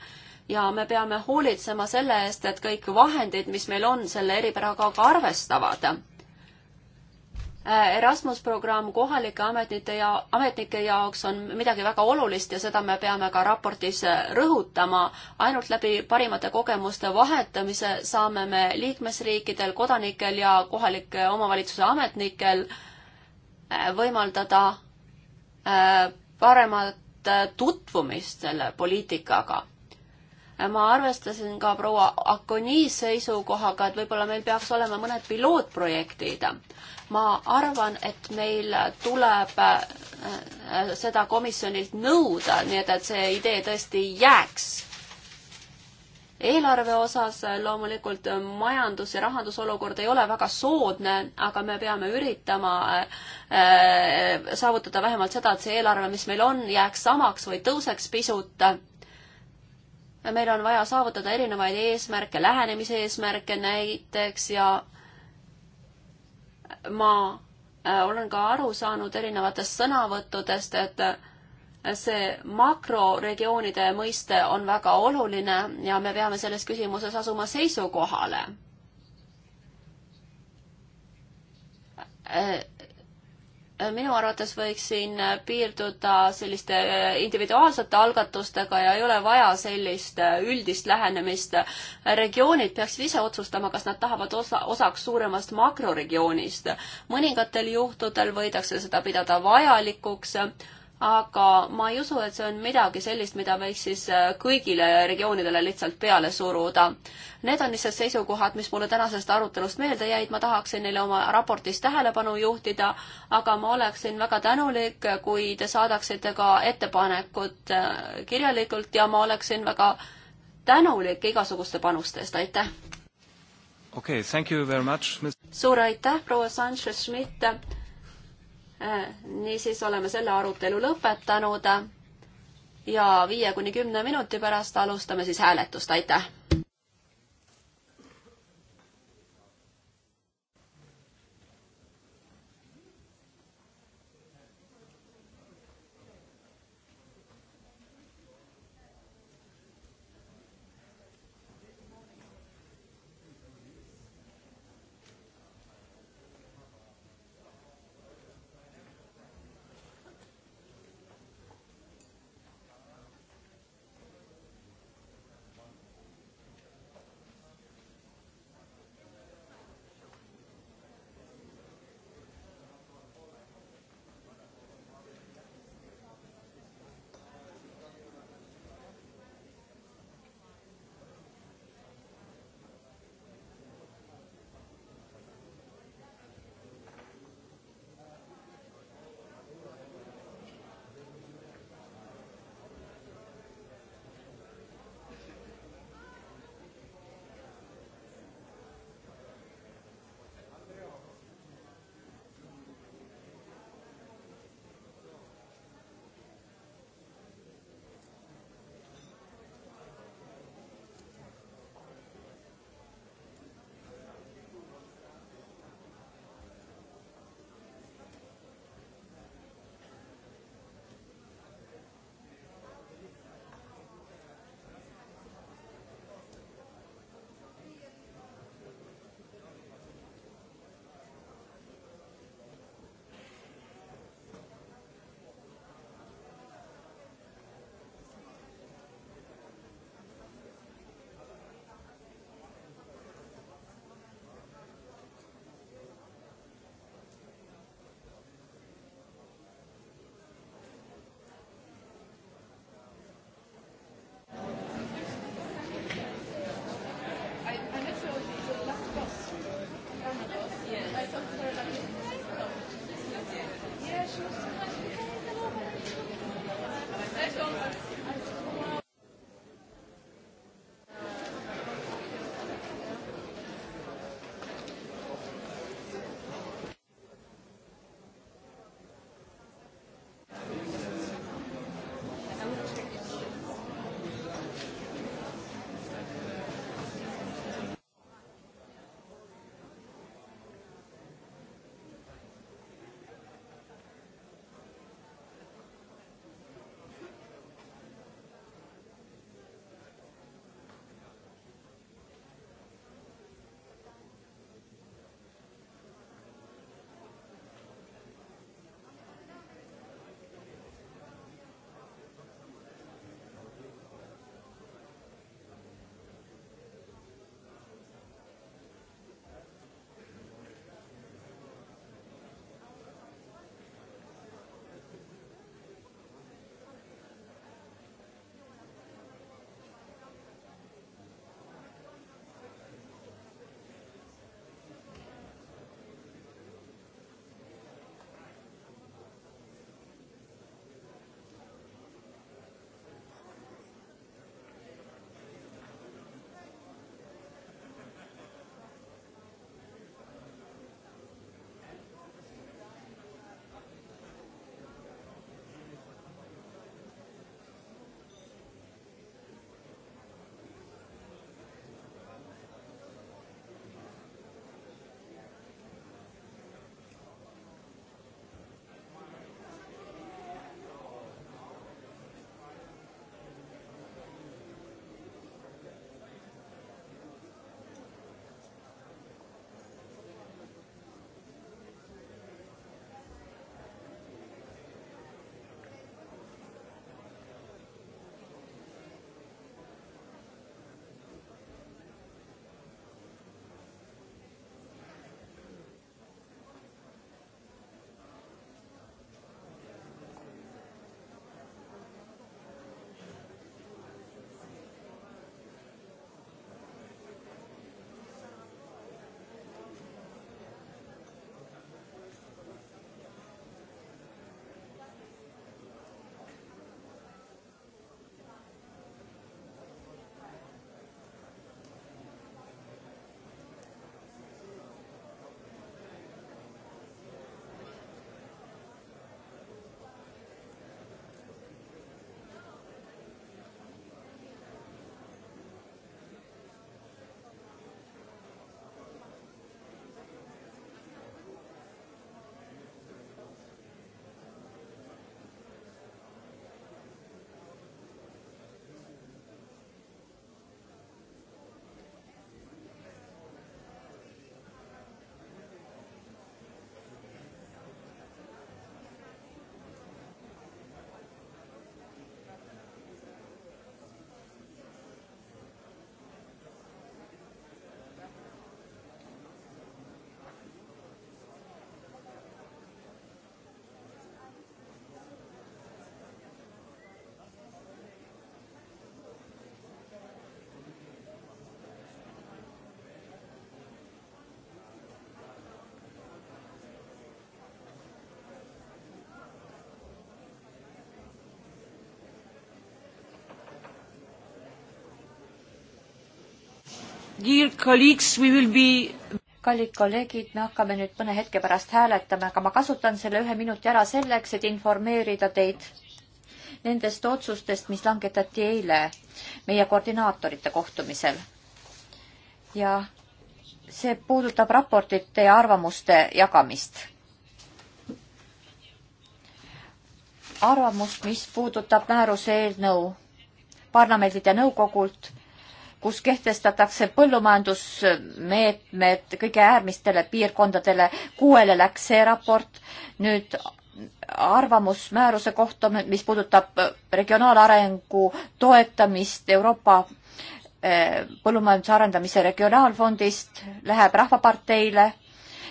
ja me peame hoolitsema selle eest, et kõik vahendid, mis meil on, selle eripäraga ka arvestavad Äh, Erasmus programm kohalike ametnike ja ametnike jaoks on midagi väga olulist ja seda me peame ka raportis äh, rõhutama. ainult läbi parimate kogemuste vahetamise saame me liikmesriikidel, kodanikel ja kohalike omavalitsuse ametnikel äh, võimaldada paremat tutvumist selle poliitikaga ma arvestasin ka proua Akoni seisukohaga, et võib-olla meil peaks olema mõned pilootprojektid ma arvan, et meil tuleb äh, seda komisjonilt nõuda, nii et, et see idee tõesti jääks. eelarve osas äh, loomulikult äh, majandus- ja rahandusolukord ei ole väga soodne, aga me peame üritama saavutada vähemalt seda, et see eelarve, mis meil on, jääks samaks või tõuseks pisut meil on vaja saavutada erinevaid eesmärke, lähenemise eesmärke näiteks ja äh, ma äh, olen ka aru saanud erinevatest sõnavõttudest, et äh, see makroregioonide mõiste on väga oluline ja me peame selles küsimuses asuma seisukohale äh, minu arvates võiks siin piirduda selliste individuaalsete algatustega ja ei ole vaja sellist üldist lähenemist. regioonid peaksid ise otsustama, kas nad tahavad osa, osaks suuremast makroregioonist. mõningatel juhtudel võidakse seda pidada vajalikuks aga ma ei usu, et see on midagi sellist, mida võiks siis äh, kõigile regioonidele lihtsalt peale suruda. Need on lihtsalt seisukohad, mis mulle tänasest arutelust meelde jäid, ma tahaksin neile oma raportis tähelepanu juhtida, aga ma oleksin väga tänulik, kui te saadaksite ka ettepanekud äh, kirjalikult ja ma oleksin väga tänulik igasuguste panuste eest, aitäh! okei okay,, thank you very much, mis suur aitäh, proua Sanchez-Schmidt! Äh, niisiis oleme selle arutelu lõpetanud ja viie kuni kümne minuti pärast alustame siis hääletust, aitäh! kallid kolleegid, me hakkame nüüd mõne hetke pärast hääletama, aga ma kasutan selle ühe minuti ära selleks, et informeerida teid nendest otsustest, mis langetati eile meie koordinaatorite kohtumisel. ja see puudutab raportite ja arvamuste jagamist. arvamust, mis puudutab määruse eelnõu parlamendilt ja nõukogult kus kehtestatakse põllumajandusmeetmed kõige äärmistele piirkondadele. kuuele läks see raport. nüüd arvamus määruse kohta, mis puudutab regionaalarengu toetamist Euroopa eh, põllumajanduse arendamise regionaalfondist, läheb Rahvaparteile,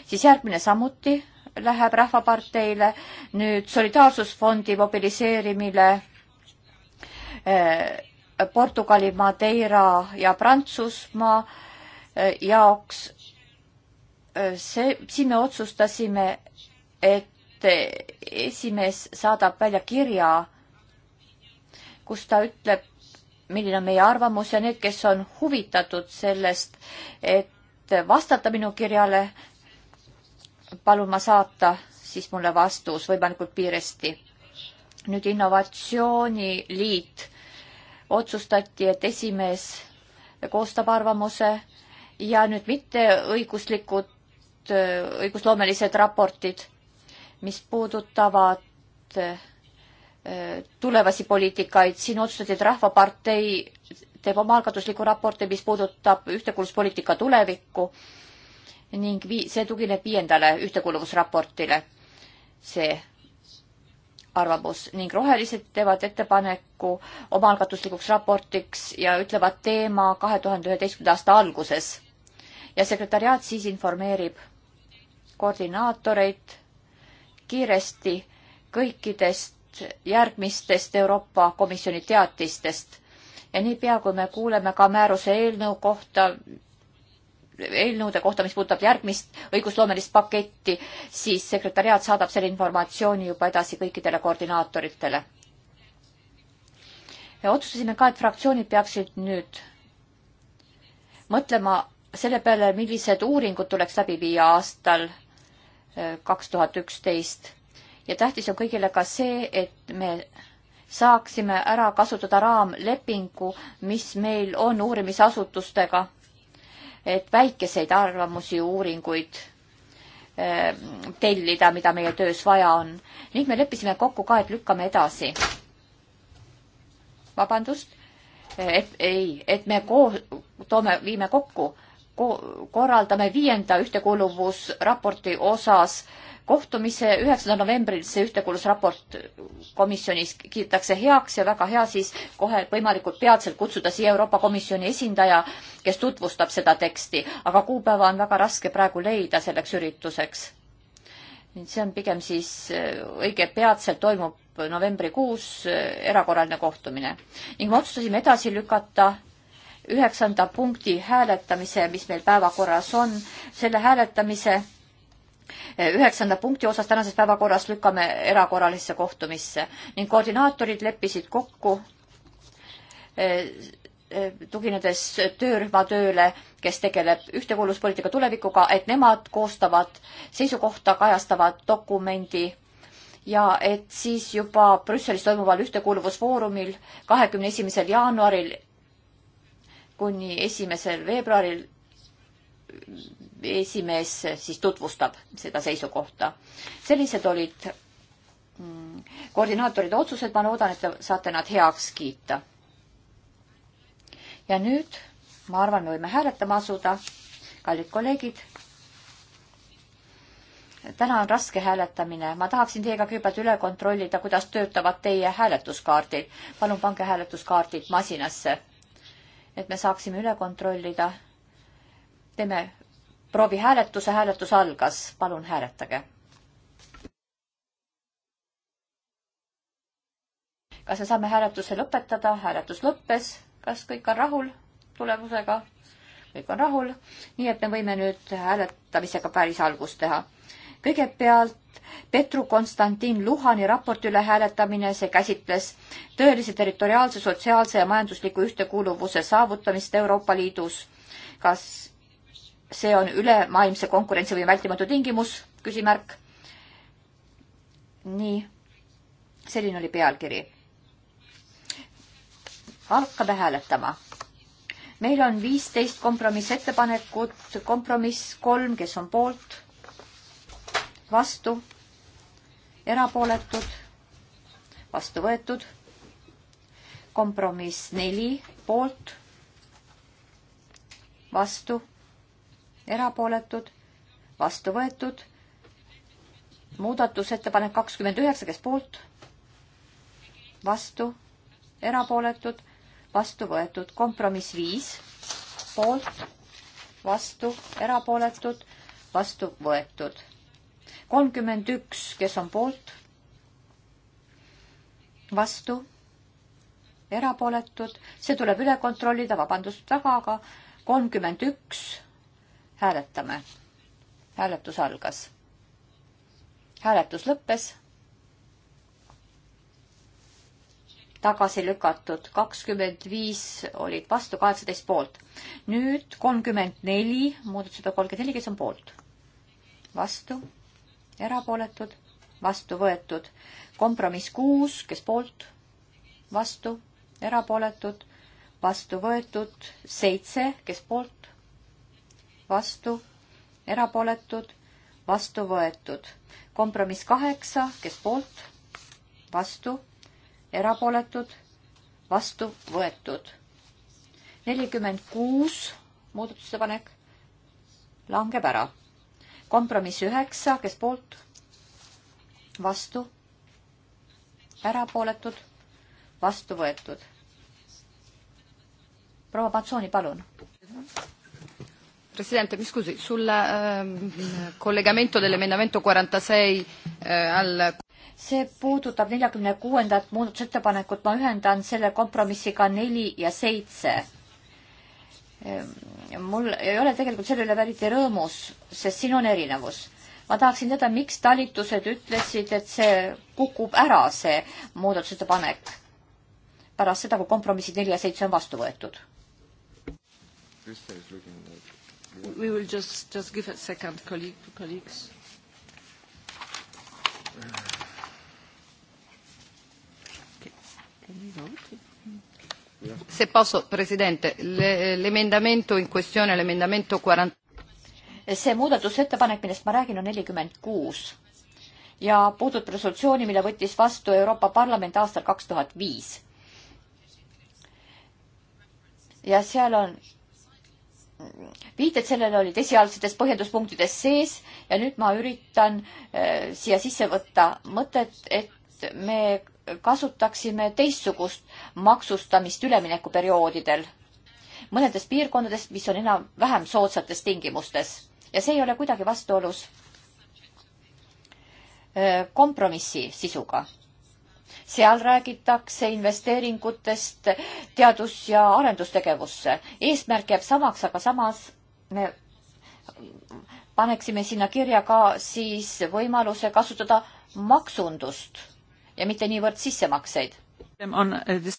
siis järgmine samuti läheb Rahvaparteile, nüüd Solidaarsusfondi mobiliseerimine eh, Portugali, Madeira ja Prantsusmaa äh, jaoks. Äh, see, siin me otsustasime, et esimees saadab välja kirja, kus ta ütleb, milline on meie arvamus ja need, kes on huvitatud sellest, et vastata minu kirjale, palun ma saata siis mulle vastus võimalikult kiiresti. nüüd innovatsiooniliit otsustati, et esimees koostab arvamuse ja nüüd mitteõiguslikud, õigusloomelised raportid, mis puudutavad eh, tulevasi poliitikaid, siin otsustati, et Rahvapartei teeb omaalgatusliku raporti, mis puudutab ühtekuuluvuspoliitika tulevikku ning vii-, see tugineb viiendale ühtekuuluvusraportile, see arvamus ning rohelised teevad ettepaneku omaalgatuslikuks raportiks ja ütlevad teema kahe tuhande üheteistkümnenda aasta alguses. ja sekretäriaat siis informeerib koordinaatoreid kiiresti kõikidest järgmistest Euroopa Komisjoni teatistest ja niipea, kui me kuuleme ka määruse eelnõu kohta, eelnõude kohta, mis puudutab järgmist õigusloomelist paketti, siis sekretäriaat saadab selle informatsiooni juba edasi kõikidele koordinaatoritele. ja otsustasime ka, et fraktsioonid peaksid nüüd mõtlema selle peale, millised uuringud tuleks läbi viia aastal äh, kaks tuhat üksteist ja tähtis on kõigile ka see, et me saaksime ära kasutada raamlepingu, mis meil on uurimisasutustega et väikeseid arvamusi, uuringuid eh, tellida, mida meie töös vaja on. ning me leppisime kokku ka, et lükkame edasi. vabandust, et ei, et me koos toome, viime kokku ko,, korraldame viienda ühtekuuluvusraporti osas äh, kohtumise üheksandal novembril see ühtekuulusraport komisjonis kiidetakse heaks ja väga hea siis kohe võimalikult peatselt kutsuda siia Euroopa Komisjoni esindaja, kes tutvustab seda teksti, aga kuupäeva on väga raske praegu leida selleks ürituseks. see on pigem siis äh, õige peatselt toimub novembrikuus äh, erakorraline kohtumine ning me otsustasime edasi lükata üheksanda punkti hääletamise, mis meil päevakorras on, selle hääletamise üheksanda punkti osas tänases päevakorras lükkame erakorralisse kohtumisse ning koordinaatorid leppisid kokku eh, eh, tuginedes töörühma tööle, kes tegeleb ühtekuuluvuspoliitika tulevikuga, et nemad koostavad seisukohta, kajastavad dokumendi ja et siis juba Brüsselis toimuval ühtekuuluvusfoorumil kahekümne esimesel jaanuaril kuni esimesel veebruaril esimees siis tutvustab seda seisukohta. sellised olid mm, koordinaatoride otsused, ma loodan, et te saate nad heaks kiita. ja nüüd ma arvan, me võime hääletama asuda. kallid kolleegid, täna on raske hääletamine, ma tahaksin teiega kõigepealt üle kontrollida, kuidas töötavad teie hääletuskaardid. palun pange hääletuskaardid masinasse, et me saaksime üle kontrollida. teeme proovihääletuse, hääletus algas, palun hääletage. kas me saame hääletuse lõpetada, hääletus lõppes, kas kõik on rahul tulemusega? kõik on rahul, nii et me võime nüüd hääletamisega päris algust teha. kõigepealt Petru Konstantin Luhani raport üle hääletamine, see käsitles tõelise territoriaalse, sotsiaalse ja majandusliku ühtekuuluvuse saavutamist Euroopa Liidus. kas see on ülemaailmse konkurentsivõime vältimatu tingimus, küsimärk. nii, selline oli pealkiri. hakkame hääletama. meil on viisteist kompromissettepanekut, kompromiss kolm, kes on poolt, vastu, erapooletud, vastu võetud, kompromiss neli, poolt, vastu erapooletud, vastu võetud. muudatusettepanek kakskümmend üheksa, kes poolt, vastu, erapooletud, vastu võetud. kompromiss viis, poolt, vastu, erapooletud, vastu võetud. kolmkümmend üks, kes on poolt, vastu erapooletud, see tuleb üle kontrollida, vabandust väga, aga kolmkümmend üks hääletame. hääletus algas. hääletus lõppes. tagasi lükatud kakskümmend viis olid vastu, kaheksateist poolt. nüüd kolmkümmend neli, muudatusega kolmkümmend neli, kes on poolt? vastu, erapooletud, vastu võetud. kompromiss kuus, kes poolt? vastu, erapooletud, vastu võetud seitse, kes poolt? vastu, erapooletud, vastu võetud. kompromiss kaheksa, kes poolt, vastu, erapooletud, vastu võetud. nelikümmend kuus muudatusettepanek langeb ära. kompromiss üheksa, kes poolt, vastu, erapooletud, vastu võetud. proua Patsooni, palun. Presidente, mi scusi, sul eh, collegamento dell'emendamento 46 eh, al see puudutab neljakümne kuuendat muudatusettepanekut, ma ühendan selle kompromissiga neli ja seitse. Ehm, mul ei ole tegelikult selle üle eriti rõõmus, sest siin on erinevus. ma tahaksin teada, miks talitused ütlesid, et see kukub ära, see muudatusettepanek pärast seda, kui kompromissid neli ja seitse on vastu võetud. Krista is looking at we will just, just give a second, colleague, colleagues. Okay. Can we vote? Se posso, Presidente, l'emendamento in questione, l'emendamento 40. see muudatusettepanek, millest ma räägin, on nelikümmend kuus ja puudutab resolutsiooni, mille võttis vastu Euroopa Parlament aastal kaks tuhat viis. ja seal on viited sellele olid esialgsetes põhjenduspunktides sees ja nüüd ma üritan äh, siia sisse võtta mõtet, et me kasutaksime teistsugust maksustamist üleminekuperioodidel mõnedes piirkondades, mis on enam-vähem soodsates tingimustes ja see ei ole kuidagi vastuolus äh, kompromissi sisuga seal räägitakse investeeringutest teadus- ja arendustegevusse. eesmärk jääb samaks, aga samas me paneksime sinna kirja ka siis võimaluse kasutada maksundust ja mitte niivõrd sissemakseid uh,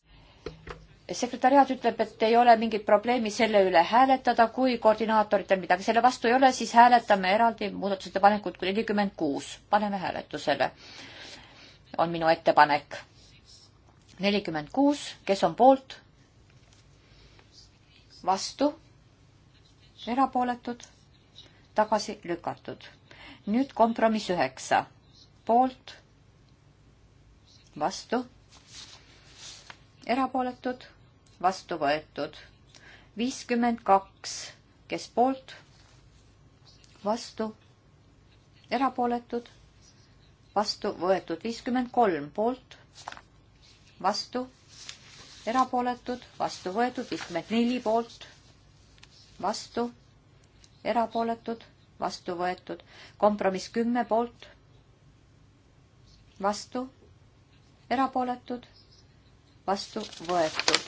sekretäriaat ütleb, et ei ole mingit probleemi selle üle hääletada, kui koordinaatoritel midagi selle vastu ei ole, siis hääletame eraldi muudatusettepanekut nelikümmend kuus, paneme hääletusele on minu ettepanek. nelikümmend kuus, kes on poolt? vastu? erapooletud? tagasi lükatud. nüüd kompromiss üheksa, poolt? vastu? erapooletud? vastu võetud. viiskümmend kaks, kes poolt? vastu? erapooletud vastu võetud viiskümmend kolm poolt, vastu, erapooletud, vastu võetud viiskümmend neli poolt, vastu, erapooletud, vastu võetud, kompromiss kümme poolt, vastu, erapooletud, vastu võetud.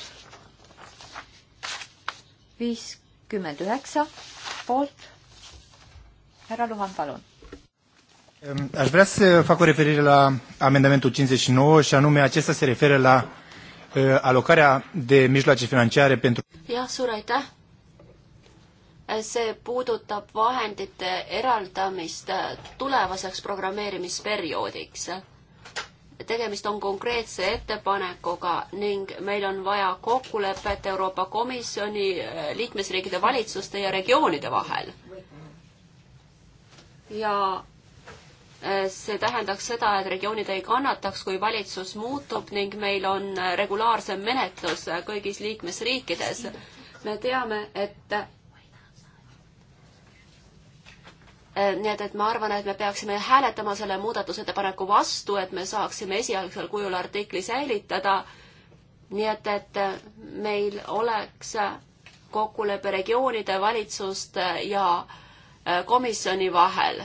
viiskümmend üheksa poolt. härra Luhan, palun Aș vrea să fac o referire la amendamentul 59 și anume acesta se referă la uh, alocarea de mijloace financiare pentru... jah, suur aitäh! see puudutab vahendite eraldamist e, tulevaseks programmeerimisperioodiks. tegemist on konkreetse ettepanekuga ning meil on vaja kokkulepet Euroopa Komisjoni, e, liikmesriikide valitsuste ja regioonide vahel. ja Äh, see tähendaks seda, et regioonid ei kannataks, kui valitsus muutub ning meil on äh, regulaarsem menetlus äh, kõigis liikmesriikides. me teame, et nii et, et ma arvan, et me peaksime hääletama selle muudatusettepaneku vastu, et me saaksime esialgsel kujul artikli säilitada. nii et, et meil oleks kokkulepe regioonide, valitsuste ja komisjoni vahel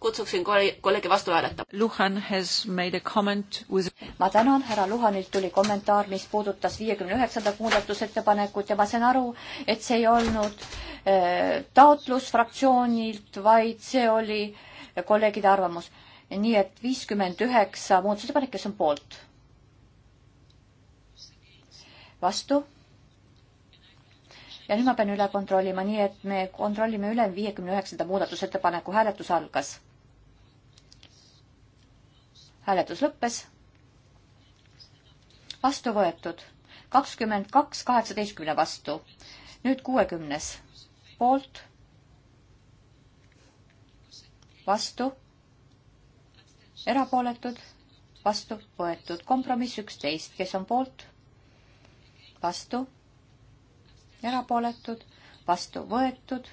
kutsuksin kolleegi vastu hääletama. Luhan has made a comment with ma tänan, härra Luhanilt tuli kommentaar, mis puudutas viiekümne üheksandat muudatusettepanekut ja ma sain aru, et see ei olnud äh, taotlus fraktsioonilt, vaid see oli kolleegide arvamus. nii et viiskümmend üheksa muudatusettepanek, kes on poolt? vastu? ja nüüd ma pean üle kontrollima, nii et me kontrollime üle viiekümne üheksanda muudatusettepaneku hääletus algas hääletus lõppes. vastu võetud kakskümmend kaks kaheksateistkümne vastu. nüüd kuuekümnes poolt, vastu, erapooletud, vastu võetud, kompromiss üksteist, kes on poolt, vastu, erapooletud, vastu võetud,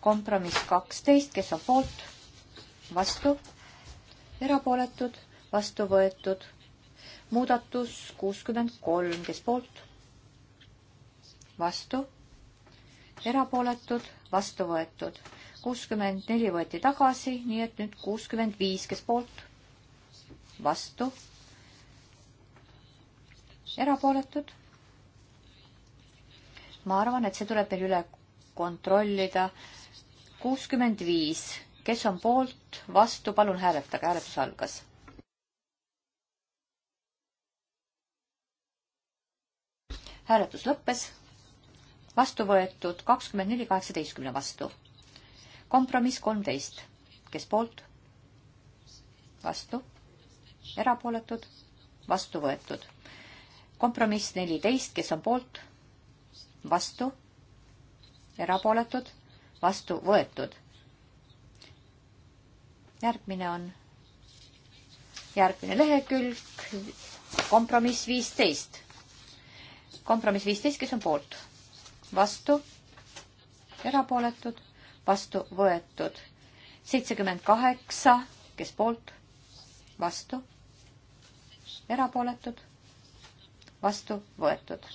kompromiss kaksteist, kes on poolt, vastu, erapooletud vastu võetud. muudatus kuuskümmend kolm, kes poolt? vastu. erapooletud, vastu võetud. kuuskümmend neli võeti tagasi, nii et nüüd kuuskümmend viis, kes poolt? vastu. erapooletud. ma arvan, et see tuleb meil üle kontrollida. kuuskümmend viis, kes on poolt, vastu, palun hääletage, hääletus algas hääletus lõppes, vastu võetud kakskümmend neli kaheksateistkümne vastu. kompromiss kolmteist, kes poolt? vastu, erapooletud, vastu võetud. kompromiss neliteist, kes on poolt? vastu, erapooletud, vastu võetud. järgmine on järgmine lehekülg, kompromiss viisteist kompromiss viisteist, kes on poolt? vastu, erapooletud, vastu võetud. seitsekümmend kaheksa, kes poolt? vastu, erapooletud, vastu võetud.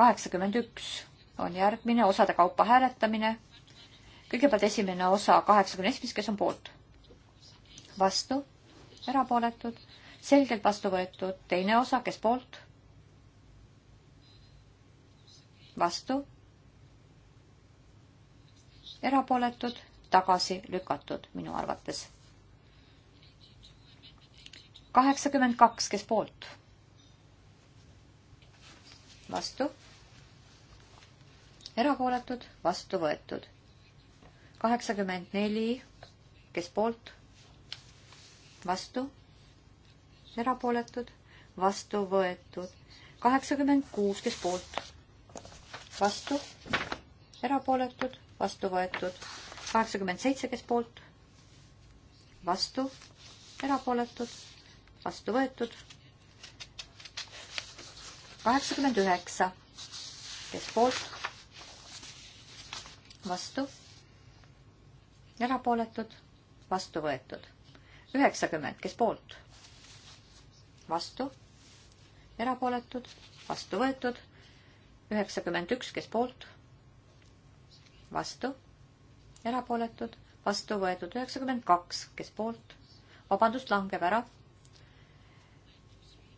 kaheksakümmend üks on järgmine osade kaupa hääletamine. kõigepealt esimene osa kaheksakümne esimest, kes on poolt vastu, erapooletud, selgelt vastu võetud, teine osa, kes poolt, vastu, erapooletud, tagasi lükatud minu arvates. kaheksakümmend kaks, kes poolt? vastu. erapooletud, vastu võetud. kaheksakümmend neli, kes poolt? vastu, erapooletud, vastu võetud. kaheksakümmend kuus, kes poolt, vastu, erapooletud, vastu võetud. kaheksakümmend seitse, kes poolt, vastu, erapooletud, vastu võetud. kaheksakümmend üheksa, kes poolt, vastu, erapooletud, vastu võetud üheksakümmend, kes poolt? vastu, erapooletud, vastu võetud, üheksakümmend üks, kes poolt? vastu, erapooletud, vastu võetud, üheksakümmend kaks, kes poolt? vabandust, langeb ära.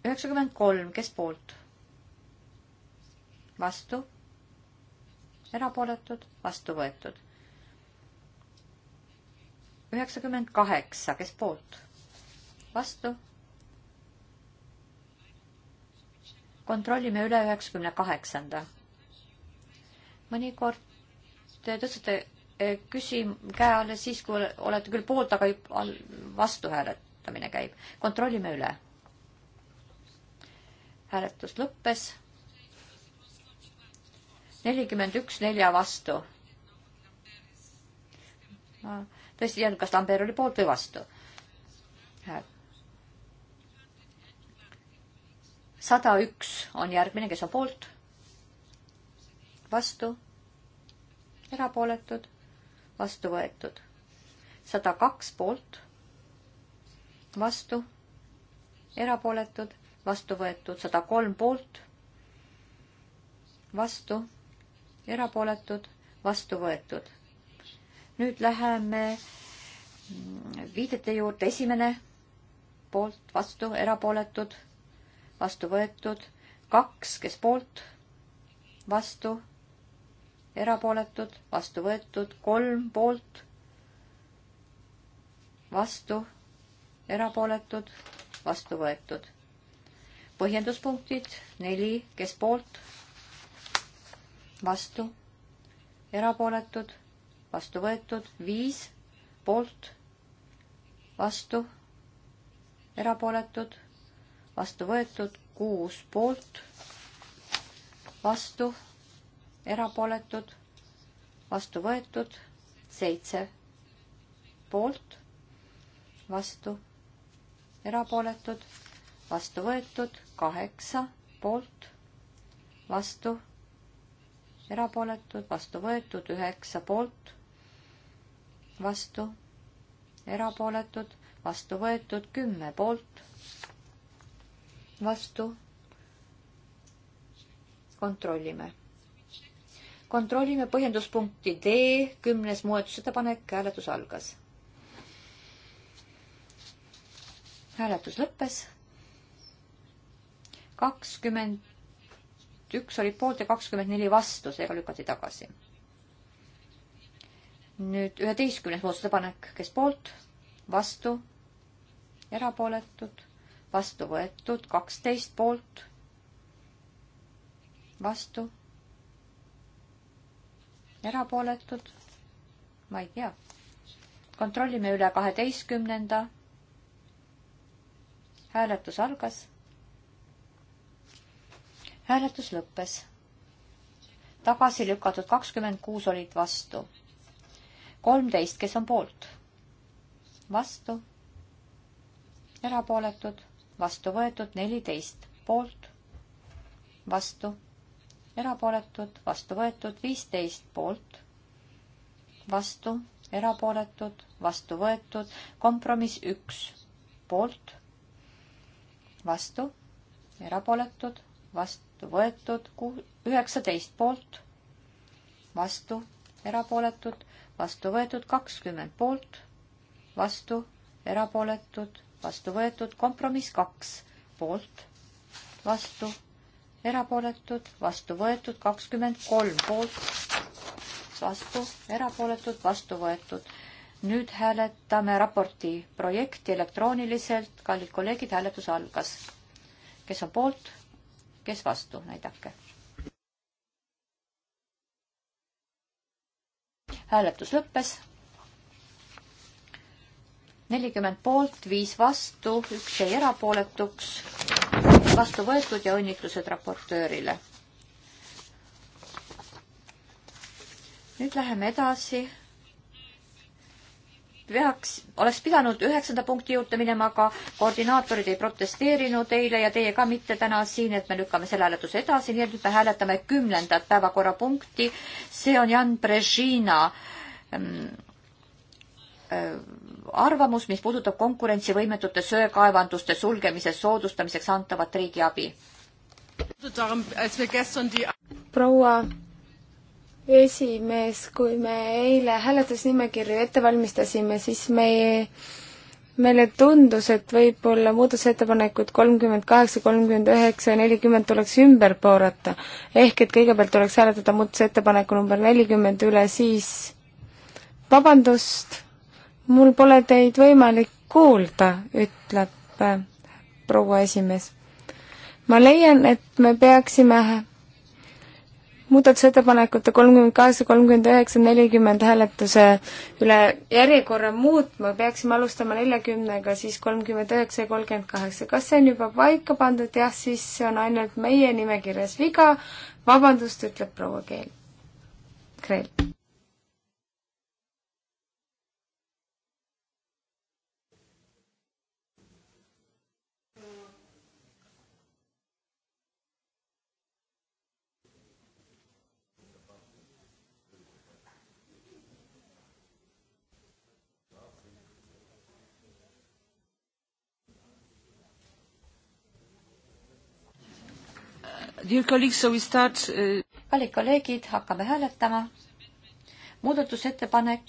üheksakümmend kolm, kes poolt? vastu, erapooletud, vastu võetud üheksakümmend kaheksa, kes poolt? vastu? kontrollime üle üheksakümne kaheksanda. mõnikord te tõstate eh, küsim-, käe alla siis, kui olete küll poolt, aga vastu hääletamine käib. kontrollime üle. hääletus lõppes. nelikümmend üks nelja vastu ma no tõesti ei teadnud, kas Lambert oli poolt või vastu. sada üks on järgmine, kes on poolt, vastu, erapooletud, vastu võetud. sada kaks poolt, vastu, erapooletud, vastu võetud, sada kolm poolt, vastu, erapooletud, vastu võetud nüüd läheme viidete juurde. esimene poolt, vastu, erapooletud, vastu võetud. kaks, kes poolt, vastu, erapooletud, vastu võetud. kolm poolt, vastu, erapooletud, vastu võetud. põhjenduspunktid neli, kes poolt, vastu, erapooletud vastu võetud, viis poolt, vastu, erapooletud, vastu võetud, kuus poolt, vastu, erapooletud, vastu võetud, seitse poolt, vastu, erapooletud, vastu võetud, kaheksa poolt, vastu, erapooletud, vastu võetud, üheksa poolt vastu, erapooletud, vastu võetud, kümme poolt, vastu. kontrollime. kontrollime põhjenduspunkti D, kümnes muudatusettepanek, hääletus algas. hääletus lõppes. kakskümmend üks oli poolt ja kakskümmend neli vastu, seega lükati tagasi nüüd üheteistkümnes muudatusettepanek, kes poolt, vastu, erapooletud, vastu võetud, kaksteist poolt, vastu, erapooletud, ma ei tea. kontrollime üle kaheteistkümnenda. hääletus algas. hääletus lõppes. tagasi lükatud kakskümmend kuus olid vastu kolmteist, kes on poolt? vastu. erapooletud, vastu võetud, neliteist poolt, vastu, erapooletud, vastu võetud, viisteist poolt, vastu, erapooletud, vastu võetud, kompromiss üks poolt, vastu, erapooletud, vastu võetud, üheksateist poolt, vastu, erapooletud vastu võetud kakskümmend poolt, vastu, erapooletud, vastu võetud, kompromiss kaks poolt, vastu, erapooletud, vastu võetud, kakskümmend kolm poolt, vastu, erapooletud, vastu võetud. nüüd hääletame raporti projekti elektrooniliselt, kallid kolleegid, hääletus algas. kes on poolt, kes vastu, näidake hääletus lõppes. nelikümmend poolt, viis vastu, üks jäi erapooletuks, vastu võetud ja õnnitlused raportöörile. nüüd läheme edasi peaks, oleks pidanud üheksanda punkti juurde minema, aga koordinaatorid ei protesteerinud eile ja teie ka mitte täna siin, et me lükkame selle hääletuse edasi, nii et nüüd me hääletame kümnendat päevakorrapunkti. see on Jan Brežina ähm, äh, arvamus, mis puudutab konkurentsivõimetute söekaevanduste sulgemise soodustamiseks antavat riigiabi. proua esimees, kui me eile hääletusnimekirju ette valmistasime, siis me ei, meile tundus, et võib-olla muudatusettepanekud kolmkümmend kaheksa, kolmkümmend üheksa ja nelikümmend tuleks ümber pöörata. ehk et kõigepealt tuleks hääletada muudatusettepaneku number nelikümmend üle, siis vabandust, mul pole teid võimalik kuulda, ütleb proua esimees. ma leian, et me peaksime muudatusettepanekute kolmkümmend kaheksa, kolmkümmend üheksa, nelikümmend hääletuse üle järjekorra muutma, peaksime alustama neljakümnega, siis kolmkümmend üheksa ja kolmkümmend kaheksa. kas see on juba paika pandud? jah, siis see on ainult meie nimekirjas viga. vabandust, ütleb proua Keel, Kreel. Uh, kallid kolleegid, hakkame hääletama. muudatusettepanek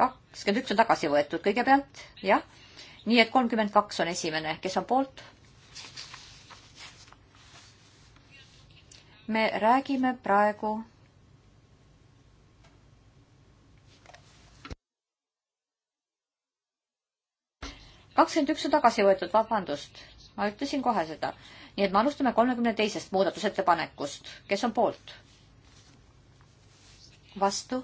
kakskümmend üks on tagasi võetud kõigepealt, jah. nii et kolmkümmend kaks on esimene, kes on poolt? me räägime praegu kakskümmend üks on tagasi võetud, vabandust ma ütlesin kohe seda. nii et me alustame kolmekümne teisest muudatusettepanekust. kes on poolt? vastu?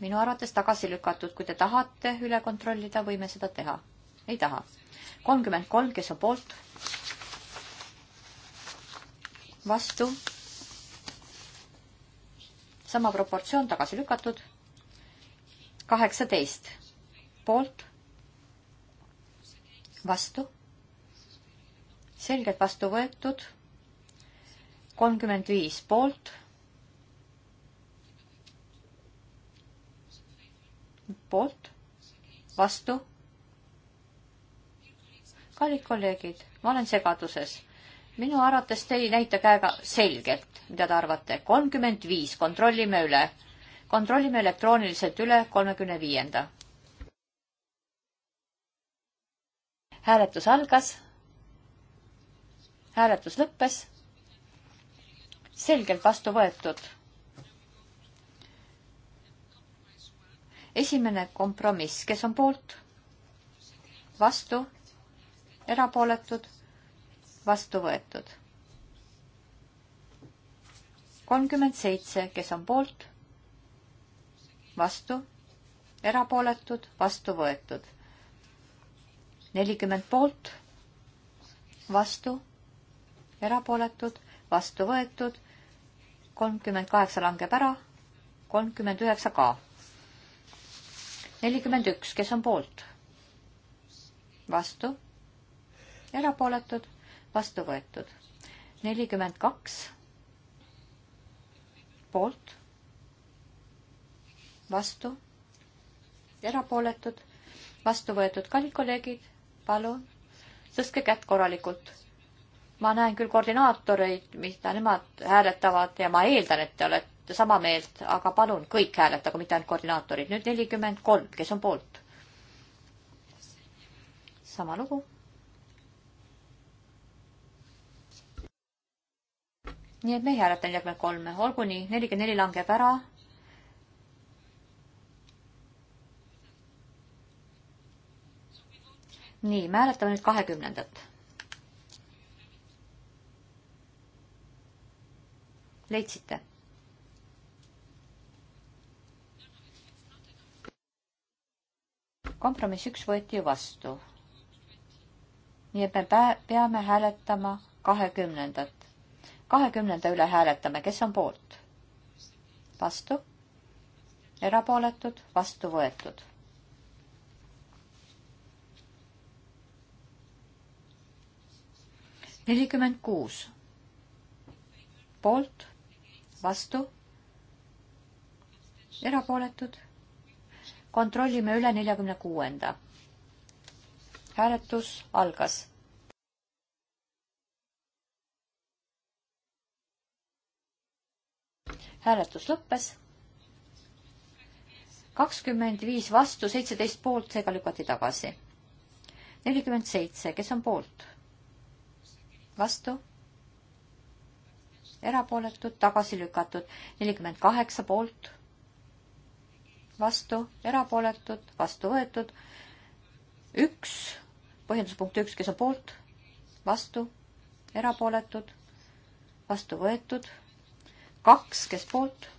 minu arvates tagasi lükatud, kui te tahate üle kontrollida, võime seda teha. ei taha. kolmkümmend kolm, kes on poolt? vastu? sama proportsioon tagasi lükatud. kaheksateist poolt vastu, selgelt vastu võetud, kolmkümmend viis poolt, poolt, vastu. kallid kolleegid, ma olen segaduses. minu arvates te ei näita käega selgelt, mida te arvate. kolmkümmend viis, kontrollime üle. kontrollime elektrooniliselt üle kolmekümne viienda hääletus algas, hääletus lõppes, selgelt vastu võetud. esimene kompromiss, kes on poolt, vastu, erapooletud, vastu võetud. kolmkümmend seitse, kes on poolt, vastu, erapooletud, vastu võetud nelikümmend poolt, vastu, erapooletud, vastu võetud, kolmkümmend kaheksa langeb ära, kolmkümmend üheksa ka. nelikümmend üks, kes on poolt? vastu, erapooletud, vastu võetud. nelikümmend kaks, poolt, vastu, erapooletud, vastu võetud, kallid kolleegid palun tõstke kätt korralikult. ma näen küll koordinaatoreid, mida nemad hääletavad ja ma eeldan, et te olete sama meelt, aga palun kõik hääletagu, mitte ainult koordinaatorid. nüüd nelikümmend kolm, kes on poolt? sama lugu. nii et me ei hääleta neljakümmet kolme, olgu nii, nelikümmend neli langeb ära nii, määratame nüüd kahekümnendat. leidsite? kompromiss üks võeti ju vastu. nii et me peame hääletama kahekümnendat. kahekümnenda üle hääletame, kes on poolt? vastu? erapooletud, vastu võetud nelikümmend kuus poolt, vastu, erapooletud. kontrollime üle neljakümne kuuenda. hääletus algas. hääletus lõppes kakskümmend viis vastu, seitseteist poolt, seega lükati tagasi. nelikümmend seitse, kes on poolt? vastu, erapooletud, tagasi lükatud, nelikümmend kaheksa poolt, vastu, erapooletud, vastu võetud, üks, põhjenduspunkt üks, kes on poolt, vastu, erapooletud, vastu võetud, kaks, kes poolt,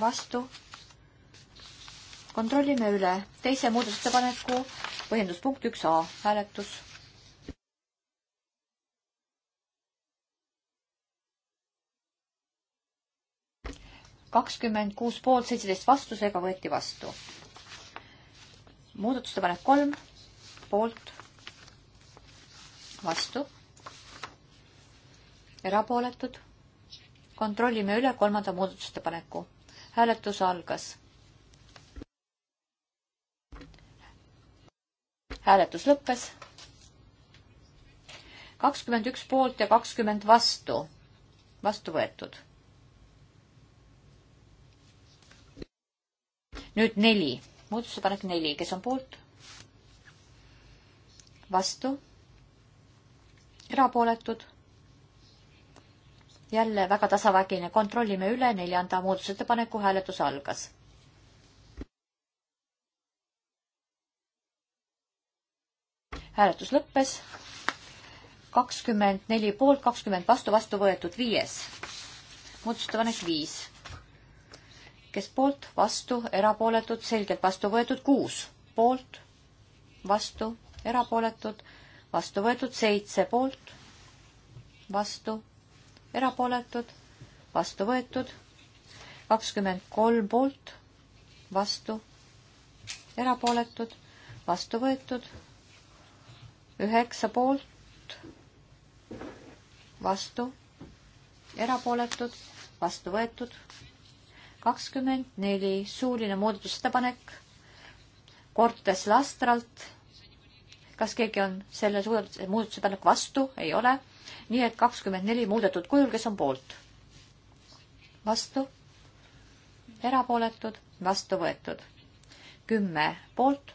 vastu, kontrollime üle teise muudatusettepaneku põhjenduspunkt üks A hääletus kakskümmend kuus poolt, seitseteist vastusega võeti vastu. muudatusettepanek kolm poolt, vastu, erapooletud. kontrollime üle kolmanda muudatusettepaneku. hääletus algas. hääletus lõppes. kakskümmend üks poolt ja kakskümmend vastu, vastu võetud nüüd neli, muudatusepanek neli, kes on poolt? vastu? erapooletud? jälle väga tasavägine, kontrollime üle, neljanda muudatusettepaneku hääletus algas. hääletus lõppes. kakskümmend neli poolt, kakskümmend vastu, vastu võetud viies. muudatusettepanek viis kes poolt, vastu, erapooletud, selgelt vastu võetud, kuus poolt, vastu, erapooletud, vastu võetud, seitse poolt, vastu, erapooletud, vastu võetud, kakskümmend kolm poolt, vastu, erapooletud, vastu võetud, üheksa poolt, vastu, erapooletud, vastu võetud kakskümmend neli, suuline muudatusettepanek Cortes Lastralt. kas keegi on selle muudatusettepaneku vastu? ei ole. nii et kakskümmend neli muudetud kujul, kes on poolt? vastu? erapooletud? vastu võetud. kümme poolt?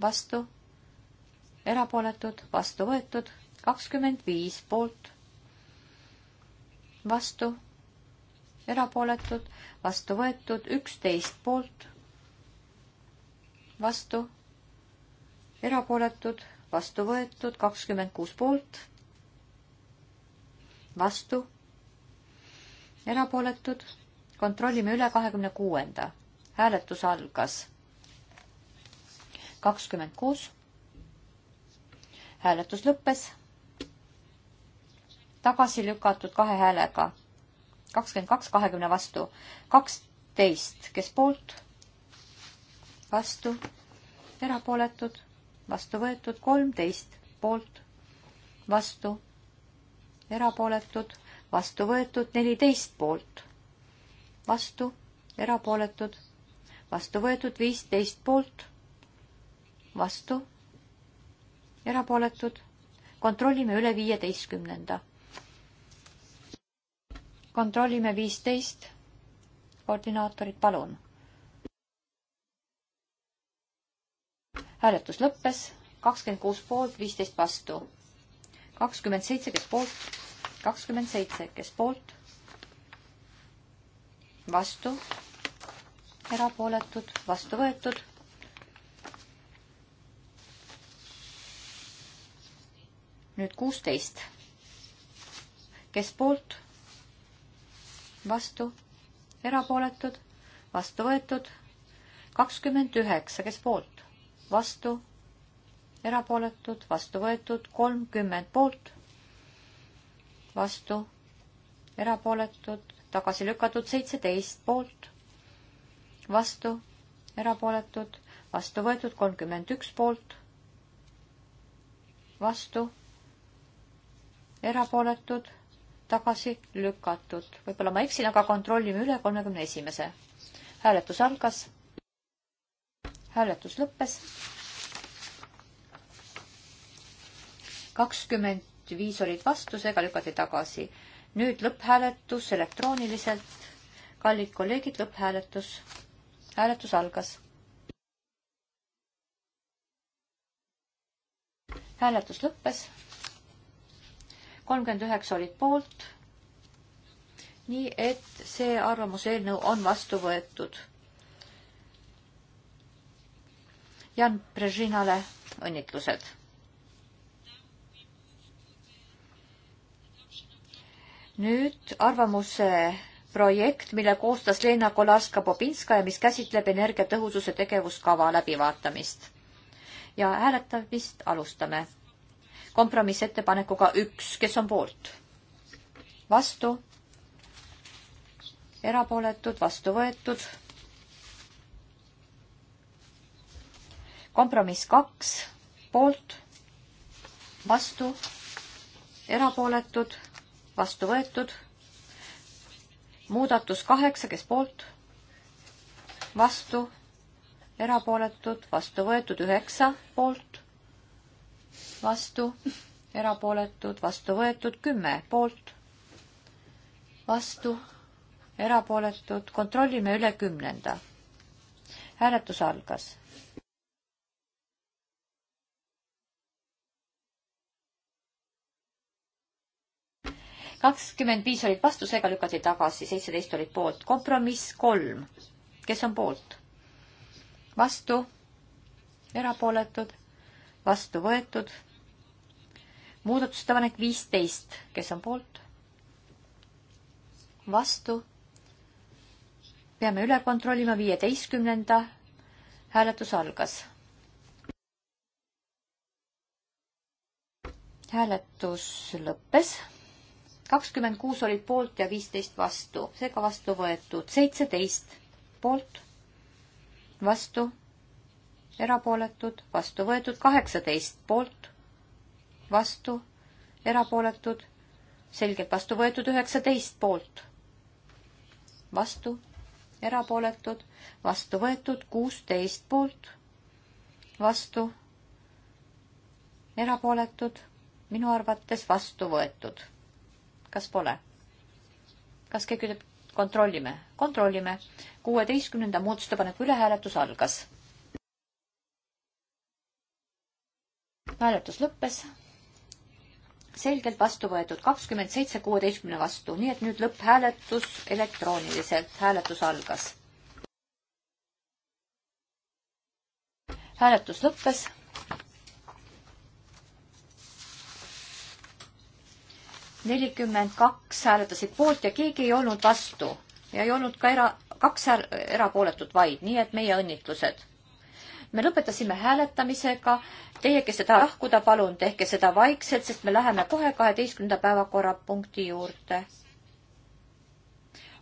vastu? erapooletud? vastu võetud? kakskümmend viis poolt? vastu? erapooletud, vastu võetud, üksteist poolt, vastu, erapooletud, vastu võetud, kakskümmend kuus poolt, vastu, erapooletud, kontrollime üle kahekümne kuuenda. hääletus algas kakskümmend kuus. hääletus lõppes tagasi lükatud kahe häälega kakskümmend kaks kahekümne vastu. kaksteist, kes poolt? vastu, erapooletud, vastu võetud, kolmteist poolt, vastu, erapooletud, vastu võetud, neliteist poolt, vastu, erapooletud, vastu võetud, viisteist poolt, vastu, erapooletud, kontrollime üle viieteistkümnenda kontrollime viisteist. koordinaatorid, palun. hääletus lõppes, kakskümmend kuus poolt, viisteist vastu. kakskümmend seitse, kes poolt, kakskümmend seitse, kes poolt, vastu, erapooletud, vastu võetud nüüd kuusteist. kes poolt? vastu, erapooletud, vastu võetud, kakskümmend üheksa, kes poolt, vastu, erapooletud, vastu võetud, kolmkümmend poolt, vastu, erapooletud, tagasi lükatud, seitseteist poolt, vastu, erapooletud, vastu võetud, kolmkümmend üks poolt, vastu, erapooletud tagasi lükatud. võib-olla ma eksin, aga kontrollime üle kolmekümne esimese. hääletus algas. hääletus lõppes. kakskümmend viis olid vastu, seega lükati tagasi. nüüd lõpphääletus elektrooniliselt. kallid kolleegid, lõpphääletus. hääletus algas. hääletus lõppes kolmkümmend üheksa olid poolt. nii et see arvamuseelnõu on vastu võetud. Jan Brežinale õnnitlused. nüüd arvamuse projekt, mille koostas Lena Kolarska-Bobinska ja mis käsitleb energiatõhususe tegevuskava läbivaatamist. ja hääletamist alustame kompromissettepanekuga üks, kes on poolt? vastu? erapooletud, vastu võetud. kompromiss kaks, poolt, vastu, erapooletud, vastu võetud. muudatus kaheksa, kes poolt, vastu, erapooletud, vastu võetud, üheksa poolt, vastu, erapooletud, vastu võetud, kümme poolt, vastu, erapooletud, kontrollime üle kümnenda. hääletus algas. kakskümmend viis olid vastu, seega lükati tagasi, seitseteist olid poolt. kompromiss kolm. kes on poolt? vastu, erapooletud, vastu võetud muudatusettepanek viisteist, kes on poolt? vastu. peame üle kontrollima viieteistkümnenda. hääletus algas. hääletus lõppes. kakskümmend kuus olid poolt ja viisteist vastu, seega vastu võetud seitseteist poolt, vastu, erapooletud, vastu võetud kaheksateist poolt vastu, erapooletud, selgelt vastu võetud üheksateist poolt, vastu, erapooletud, vastu võetud kuusteist poolt, vastu, erapooletud, minu arvates vastu võetud. kas pole? kas keegi ütleb, kontrollime, kontrollime. kuueteistkümnenda muudatustepaneku ülehääletus algas hääletus lõppes selgelt vastu võetud, kakskümmend seitse kuueteistkümne vastu, nii et nüüd lõpphääletus elektrooniliselt, hääletus algas. hääletus lõppes. nelikümmend kaks hääletasid poolt ja keegi ei olnud vastu ja ei olnud ka era, kaks erapooletut vaid, nii et meie õnnitlused me lõpetasime hääletamisega. Teie, kes seda lahkuda, palun tehke seda vaikselt, sest me läheme kohe kaheteistkümnenda päevakorrapunkti juurde.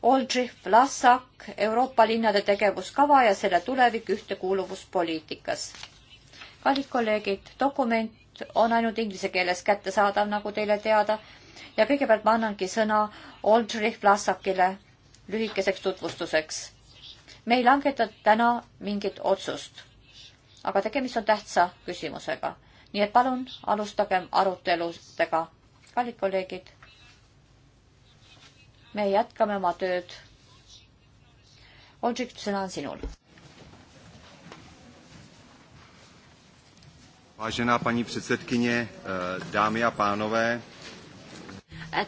Oldrich Vlasak, Euroopa linnade tegevuskava ja selle tulevik ühtekuuluvuspoliitikas. kallid kolleegid, dokument on ainult inglise keeles kättesaadav, nagu teile teada ja kõigepealt ma annangi sõna Oldrich Vlasakile lühikeseks tutvustuseks me ei langeta täna mingit otsust aga tegemist on tähtsa küsimusega. nii et palun alustagem aruteludega. kallid kolleegid, me jätkame oma tööd. Oldžik, sõna on sinul. Vážená paní předsedkyně, eh, dámy a pánové.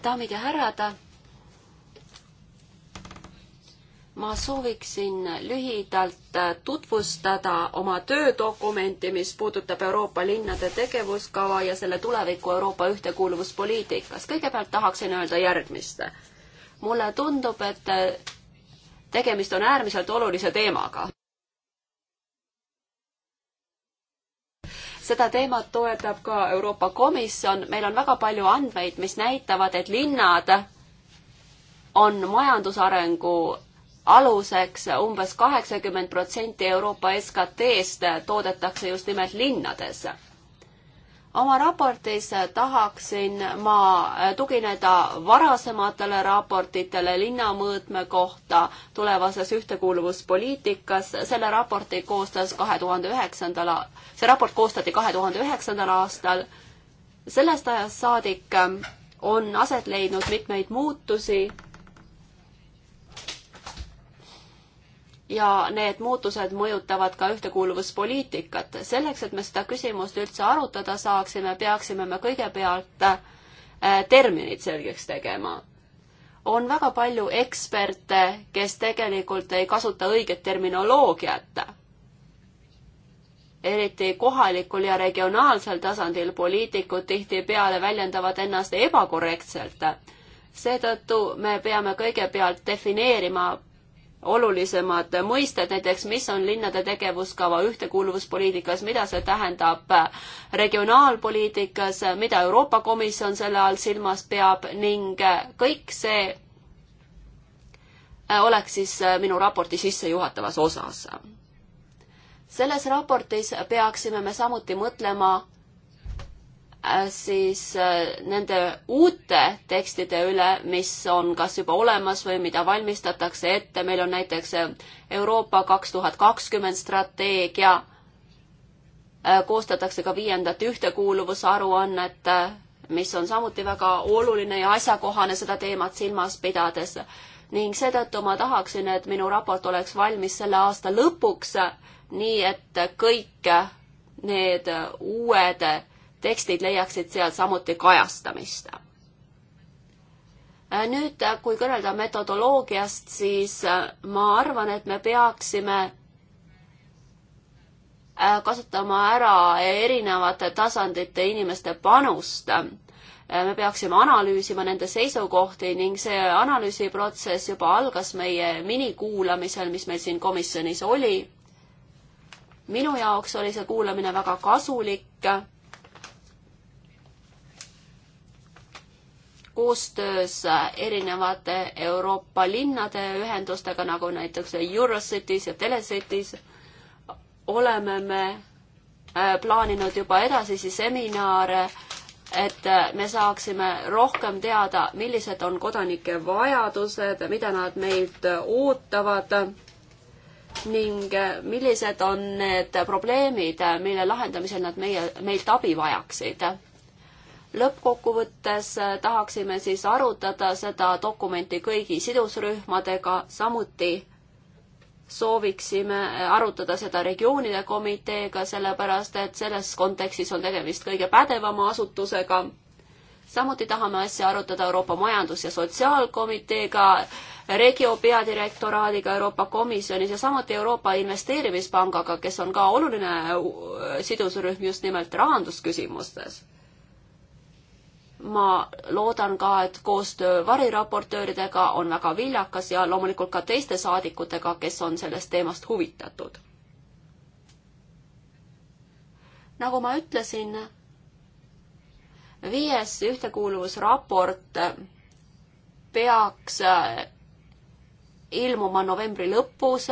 Dámy a härrad ma sooviksin lühidalt äh, tutvustada oma töödokumenti, mis puudutab Euroopa linnade tegevuskava ja selle tulevikku Euroopa ühtekuuluvuspoliitikas. kõigepealt tahaksin öelda järgmist. mulle tundub, et äh, tegemist on äärmiselt olulise teemaga. seda teemat toetab ka Euroopa Komisjon, meil on väga palju andmeid, mis näitavad, et linnad on majandusarengu aluseks umbes kaheksakümmend protsenti Euroopa SKT-st toodetakse just nimelt linnades. oma raportis tahaksin ma tugineda varasematele raportitele linnamõõtme kohta tulevases ühtekuuluvuspoliitikas. selle raporti koostas kahe tuhande üheksandal, see raport koostati kahe tuhande üheksandal aastal. sellest ajast saadik on aset leidnud mitmeid muutusi ja need muutused mõjutavad ka ühtekuuluvuspoliitikat. selleks, et me seda küsimust üldse arutada saaksime, peaksime me kõigepealt äh, terminid selgeks tegema. on väga palju eksperte, kes tegelikult ei kasuta õiget terminoloogiat. eriti kohalikul ja regionaalsel tasandil poliitikud tihtipeale väljendavad ennast ebakorrektselt seetõttu me peame kõigepealt defineerima olulisemad mõisted, näiteks mis on linnade tegevuskava ühtekuuluvuspoliitikas, mida see tähendab regionaalpoliitikas, mida Euroopa Komisjon selle all silmas peab ning kõik see oleks siis minu raporti sissejuhatavas osas. selles raportis peaksime me samuti mõtlema Äh, siis äh, nende uute tekstide üle, mis on kas juba olemas või mida valmistatakse ette, meil on näiteks äh, Euroopa kaks tuhat kakskümmend strateegia, koostatakse ka viiendat ühtekuuluvusaruannet, mis on samuti väga oluline ja asjakohane seda teemat silmas pidades. ning seetõttu ma tahaksin, et minu raport oleks valmis selle aasta lõpuks, nii et kõik need uued tekstid leiaksid seal samuti kajastamist. Äh, nüüd, äh, kui kõnelda metodoloogiast, siis äh, ma arvan, et me peaksime kasutama ära erinevate tasandite inimeste panust. me peaksime analüüsima nende seisukohti ning see analüüsiprotsess juba algas meie minikuulamisel, mis meil siin komisjonis oli. minu jaoks oli see kuulamine väga kasulik koostöös erinevate Euroopa linnade ühendustega, nagu näiteks Eurocities ja Telecities, oleme me äh, plaaninud juba edasisi seminare, et äh, me saaksime rohkem teada, millised on kodanike vajadused, mida nad meilt ootavad ning äh, millised on need probleemid, mille lahendamisel nad meie, meilt abi vajaksid lõppkokkuvõttes äh, tahaksime siis arutada seda dokumenti kõigi sidusrühmadega, samuti sooviksime äh, arutada seda regioonide komiteega, sellepärast et selles kontekstis on tegemist kõige pädevama asutusega. samuti tahame asja arutada Euroopa Majandus- ja Sotsiaalkomiteega, Regio peadirektoraadiga Euroopa Komisjonis ja samuti Euroopa Investeerimispangaga, kes on ka oluline äh, sidusrühm just nimelt rahandusküsimustes ma loodan ka, et koostöö variraportööridega on väga viljakas ja loomulikult ka teiste saadikutega, kes on sellest teemast huvitatud. nagu ma ütlesin, viies ühtekuuluvusraport peaks äh, ilmuma novembri lõpus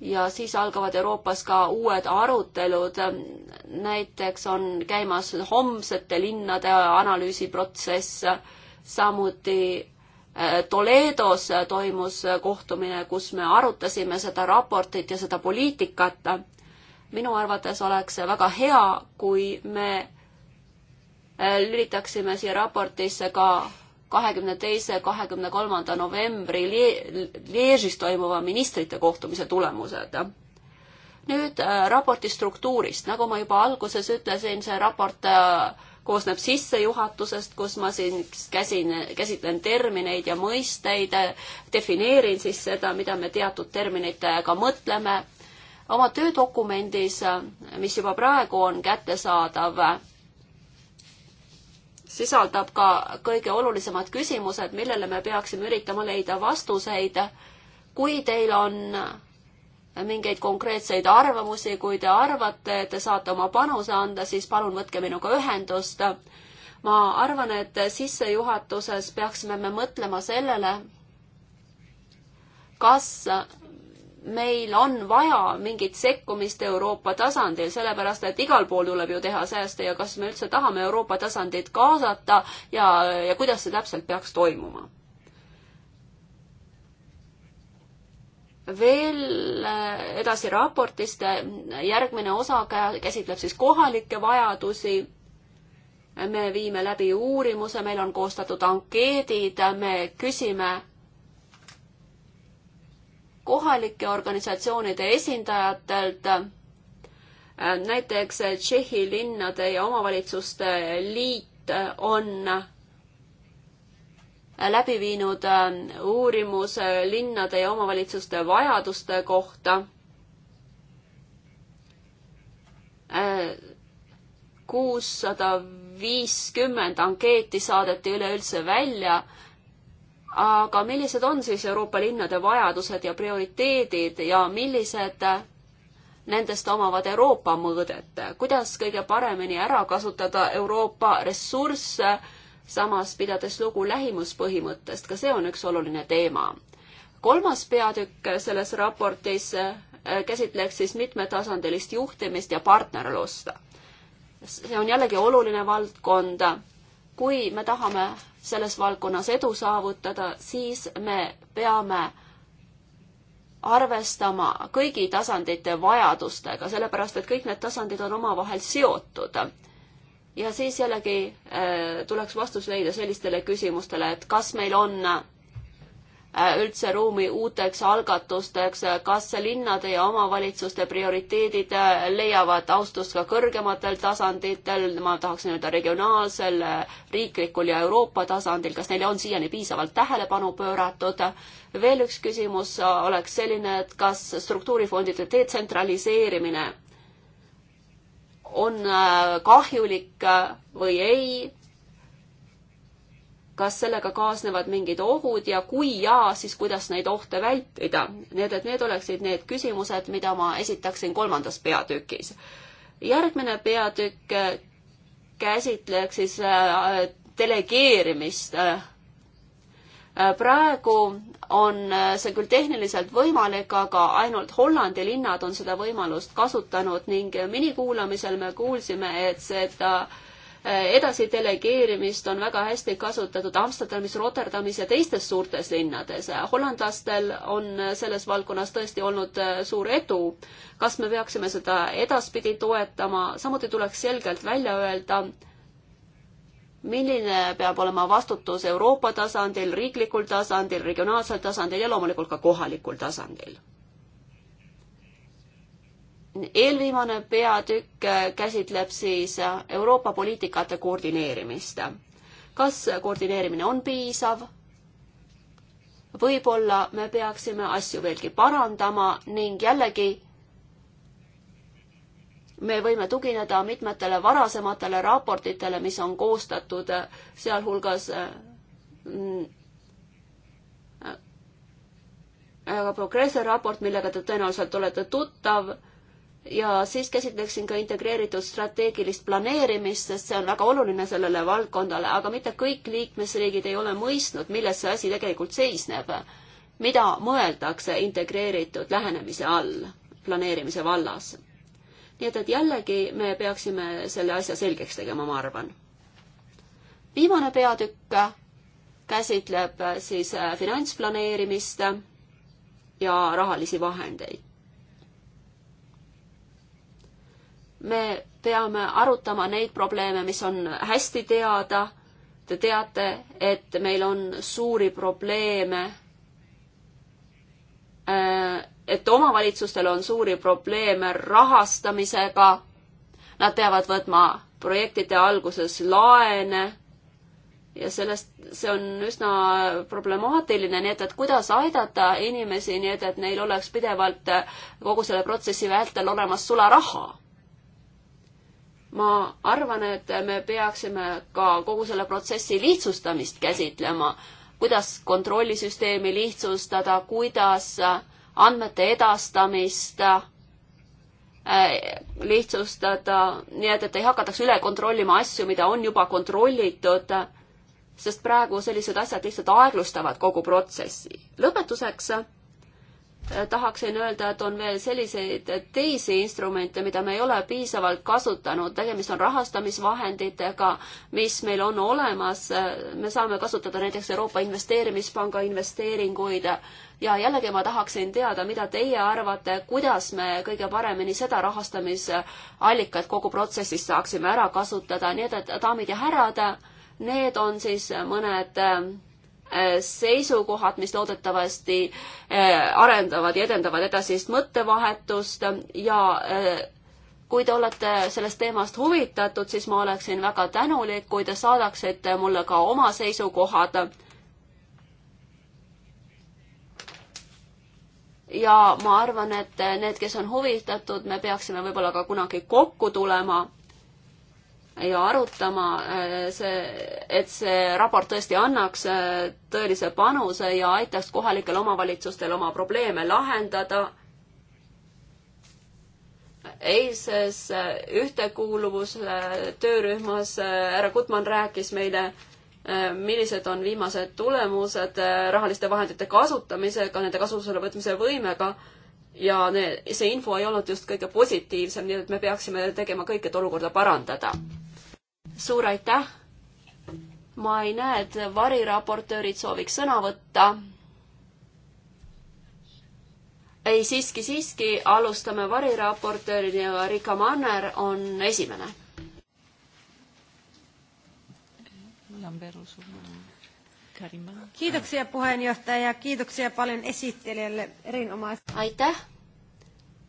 ja siis algavad Euroopas ka uued arutelud. näiteks on käimas homsete linnade analüüsiprotsess, samuti äh, Toledos toimus kohtumine, kus me arutasime seda raportit ja seda poliitikat. minu arvates oleks väga hea, kui me äh, lülitaksime siia raportisse ka kahekümne teise, kahekümne kolmanda novembri Liežis toimuva ministrite kohtumise tulemused. nüüd äh, raporti struktuurist, nagu ma juba alguses ütlesin, see raport äh, koosneb sissejuhatusest, kus ma siin käsin, käsitlen termineid ja mõisteid, defineerin siis seda, mida me teatud terminitega mõtleme. oma töödokumendis, mis juba praegu on kättesaadav, sisaldab ka kõige olulisemad küsimused, millele me peaksime üritama leida vastuseid. kui teil on mingeid konkreetseid arvamusi, kui te arvate, et te saate oma panuse anda, siis palun võtke minuga ühendust. ma arvan, et sissejuhatuses peaksime me mõtlema sellele, kas meil on vaja mingit sekkumist Euroopa tasandil, sellepärast et igal pool tuleb ju teha sääste ja kas me üldse tahame Euroopa tasandit kaasata ja, ja kuidas see täpselt peaks toimuma? veel äh, edasi raportist, järgmine osa käsitleb siis kohalikke vajadusi. me viime läbi uurimuse, meil on koostatud ankeedid, me küsime kohalike organisatsioonide esindajatelt, näiteks Tšehhi linnade ja omavalitsuste liit on läbi viinud ähm, uurimuse linnade ja omavalitsuste vajaduste kohta äh, kuussada viiskümmend ankeeti saadeti üleüldse välja aga millised on siis Euroopa linnade vajadused ja prioriteedid ja millised nendest omavad Euroopa mõõdet, kuidas kõige paremini ära kasutada Euroopa ressursse, samas pidades lugu lähimuspõhimõttest, ka see on üks oluline teema. kolmas peatükk selles raportis äh, käsitleks siis mitmetasandilist juhtimist ja partnerlust. see on jällegi oluline valdkond kui me tahame selles valdkonnas edu saavutada, siis me peame arvestama kõigi tasandite vajadustega, sellepärast et kõik need tasandid on omavahel seotud. ja siis jällegi äh, tuleks vastus leida sellistele küsimustele, et kas meil on Äh, üldse ruumi uuteks algatusteks, äh, kas linnade ja omavalitsuste prioriteedid äh, leiavad austust ka kõrgematel tasanditel, ma tahaksin öelda regionaalsel, riiklikul ja Euroopa tasandil, kas neile on siiani piisavalt tähelepanu pööratud? veel üks küsimus oleks selline, et kas struktuurifondide detsentraliseerimine on kahjulik või ei kas sellega kaasnevad mingid ohud ja kui jaa, siis kuidas neid ohte vältida. Need, et need oleksid need küsimused, mida ma esitaksin kolmandas peatükis. järgmine peatükk äh, käsitleks siis äh, delegeerimist äh, praegu on see küll tehniliselt võimalik, aga ainult Hollandi linnad on seda võimalust kasutanud ning minikuulamisel me kuulsime, et seda äh, Äh, edasi delegeerimist on väga hästi kasutatud Amsterdamis, Rotterdamis ja teistes suurtes linnades. hollandlastel on selles valdkonnas tõesti olnud äh, suur edu. kas me peaksime seda edaspidi toetama, samuti tuleks selgelt välja öelda, milline peab olema vastutus Euroopa tasandil, riiklikul tasandil, regionaalsel tasandil ja loomulikult ka kohalikul tasandil eelviimane peatükk äh, käsitleb siis äh, Euroopa poliitikate koordineerimist. kas koordineerimine on piisav? võib-olla me peaksime asju veelgi parandama ning jällegi me võime tugineda mitmetele varasematele raportitele, mis on koostatud, äh, sealhulgas aga mm, progressor raport, millega te tõenäoliselt olete tuttav ja siis käsitleksin ka integreeritud strateegilist planeerimist, sest see on väga oluline sellele valdkondale, aga mitte kõik liikmesriigid ei ole mõistnud, milles see asi tegelikult seisneb. mida mõeldakse integreeritud lähenemise all planeerimise vallas? nii et, et jällegi me peaksime selle asja selgeks tegema, ma arvan. viimane peatükk käsitleb siis äh, finantsplaneerimist ja rahalisi vahendeid me peame arutama neid probleeme, mis on hästi teada. Te teate, et meil on suuri probleeme. Äh, et omavalitsustel on suuri probleeme rahastamisega. Nad peavad võtma projektide alguses laene ja sellest, see on üsna problemaatiline, nii et, et kuidas aidata inimesi, nii et, et neil oleks pidevalt kogu selle protsessi vältel olemas sularaha ma arvan, et me peaksime ka kogu selle protsessi lihtsustamist käsitlema, kuidas kontrollisüsteemi lihtsustada, kuidas andmete edastamist äh, lihtsustada, nii et, et ei hakataks üle kontrollima asju, mida on juba kontrollitud, sest praegu sellised asjad lihtsalt aeglustavad kogu protsessi. lõpetuseks tahaksin öelda, et on veel selliseid teisi instrumente, mida me ei ole piisavalt kasutanud, tegemist on rahastamisvahenditega, mis meil on olemas, me saame kasutada näiteks Euroopa Investeerimispanga investeeringuid ja jällegi ma tahaksin teada, mida teie arvate, kuidas me kõige paremini seda rahastamisallikat kogu protsessis saaksime ära kasutada, nii et, et daamid ja härrad, need on siis mõned ähm, Äh, seisukohad, mis loodetavasti äh, arendavad ja edendavad edasist mõttevahetust ja äh, kui te olete sellest teemast huvitatud, siis ma oleksin väga tänulik, kui te saadaksite mulle ka oma seisukohad. ja ma arvan, et need, kes on huvitatud, me peaksime võib-olla ka kunagi kokku tulema ja arutama äh, see, et see raport tõesti annaks äh, tõelise panuse ja aitaks kohalikel omavalitsustel oma probleeme lahendada. eilses äh, ühtekuuluvuse töörühmas härra Gutmann rääkis meile millised on viimased tulemused rahaliste vahendite kasutamisega, nende kasutusele võtmise võimega ja need, see info ei olnud just kõige positiivsem, nii et me peaksime tegema kõik, et olukorda parandada suur aitäh. ma ei näe, et variraportöörid sooviks sõna võtta. ei, siiski, siiski, alustame variraportööriga, Rika Manner on esimene. Kiitoksia puheenjohtaja ja kiitoksia paljon esittelijälle erinomaisesti. Aitäh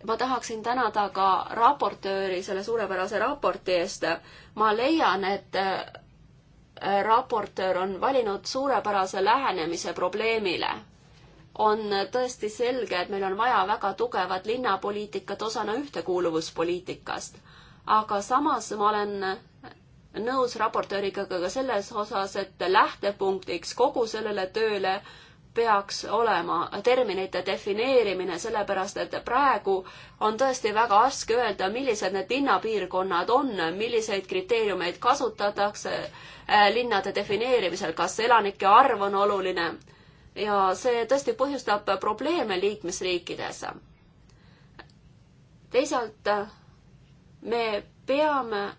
ma tahaksin tänada ka raportööri selle suurepärase raporti eest. ma leian, et äh, raportöör on valinud suurepärase lähenemise probleemile. on tõesti selge, et meil on vaja väga tugevat linnapoliitikat osana ühtekuuluvuspoliitikast. aga samas ma olen nõus raportööriga ka selles osas, et lähtepunktiks kogu sellele tööle peaks olema terminite defineerimine, sellepärast et praegu on tõesti väga raske öelda, millised need linnapiirkonnad on, milliseid kriteeriumeid kasutatakse äh, linnade defineerimisel, kas elanike arv on oluline ja see tõesti põhjustab probleeme liikmesriikides. teisalt äh, me peame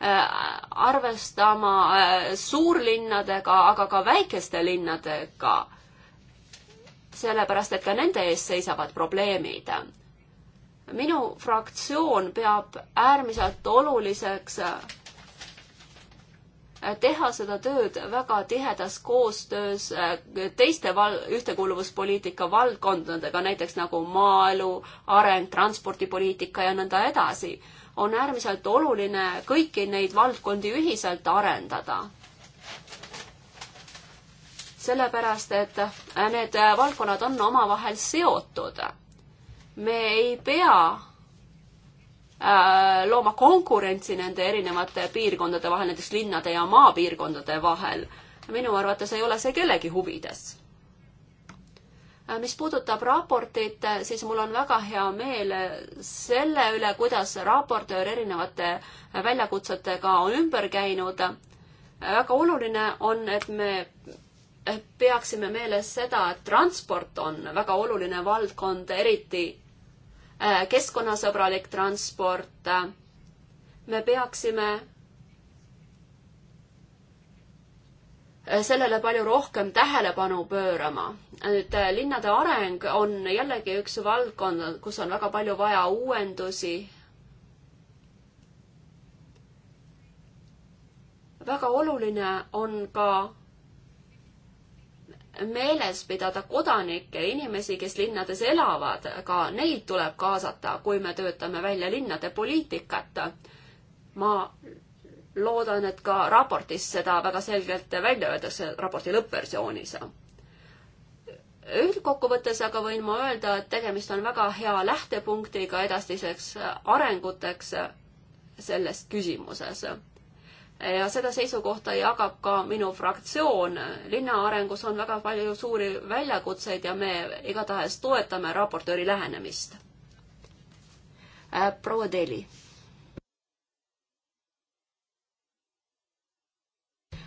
Äh, arvestama äh, suurlinnadega, aga ka väikeste linnadega, sellepärast et ka nende ees seisavad probleemid minu fraktsioon peab äärmiselt oluliseks äh, teha seda tööd väga tihedas koostöös teiste val-, ühtekuuluvuspoliitika valdkondadega, näiteks nagu maaelu areng, transpordipoliitika ja nõnda edasi on äärmiselt oluline kõiki neid valdkondi ühiselt arendada. sellepärast, et need valdkonnad on omavahel seotud. me ei pea äh, looma konkurentsi nende erinevate piirkondade vahel, näiteks linnade ja maapiirkondade vahel. minu arvates ei ole see kellegi huvides Äh, mis puudutab raportit, äh, siis mul on väga hea meel äh, selle üle, kuidas raportöör erinevate väljakutsetega on ümber käinud. väga oluline on, et me peaksime meeles seda, et transport on väga oluline valdkond, eriti keskkonnasõbralik transport. me peaksime Äh, sellele palju rohkem tähelepanu pöörama. nüüd äh, linnade areng on jällegi üks valdkond, kus on väga palju vaja uuendusi. väga oluline on ka meeles pidada kodanikke, inimesi, kes linnades elavad, ka neid tuleb kaasata, kui me töötame välja linnade poliitikat. ma loodan, et ka raportis seda väga selgelt välja öeldakse, raporti lõppversioonis. üldkokkuvõttes aga võin ma öelda, et tegemist on väga hea lähtepunktiga edasiseks arenguteks selles küsimuses. ja seda seisukohta jagab ka minu fraktsioon. linna arengus on väga palju suuri väljakutseid ja me igatahes toetame raportööri lähenemist. proua Deli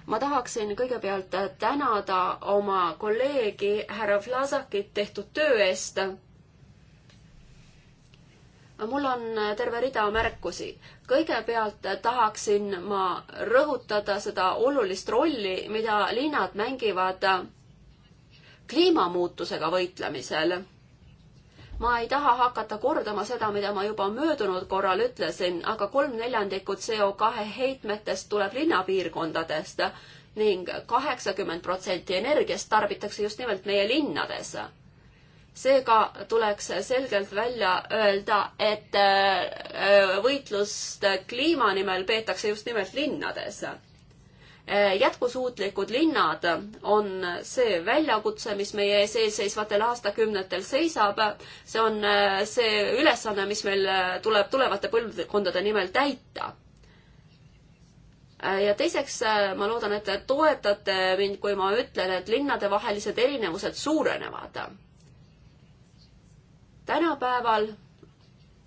ma tahaksin kõigepealt tänada oma kolleegi härra Vlasakit tehtud töö eest. mul on terve rida märkusi. kõigepealt tahaksin ma rõhutada seda olulist rolli, mida linnad mängivad kliimamuutusega võitlemisel ma ei taha hakata kordama seda, mida ma juba möödunud korral ütlesin, aga kolm neljandikku CO2 heitmetest tuleb linnapiirkondadest ning kaheksakümmend protsenti energiast tarbitakse just nimelt meie linnades. seega tuleks selgelt välja öelda, et äh, võitlust kliima nimel peetakse just nimelt linnades jätkusuutlikud linnad on see väljakutse, mis meie ees eesseisvatel aastakümnetel seisab. see on äh, see ülesanne, mis meil äh, tuleb tulevate põlvkondade nimel täita. Äh, ja teiseks ma loodan, et te toetate mind, kui ma ütlen, et linnadevahelised erinevused suurenevad. tänapäeval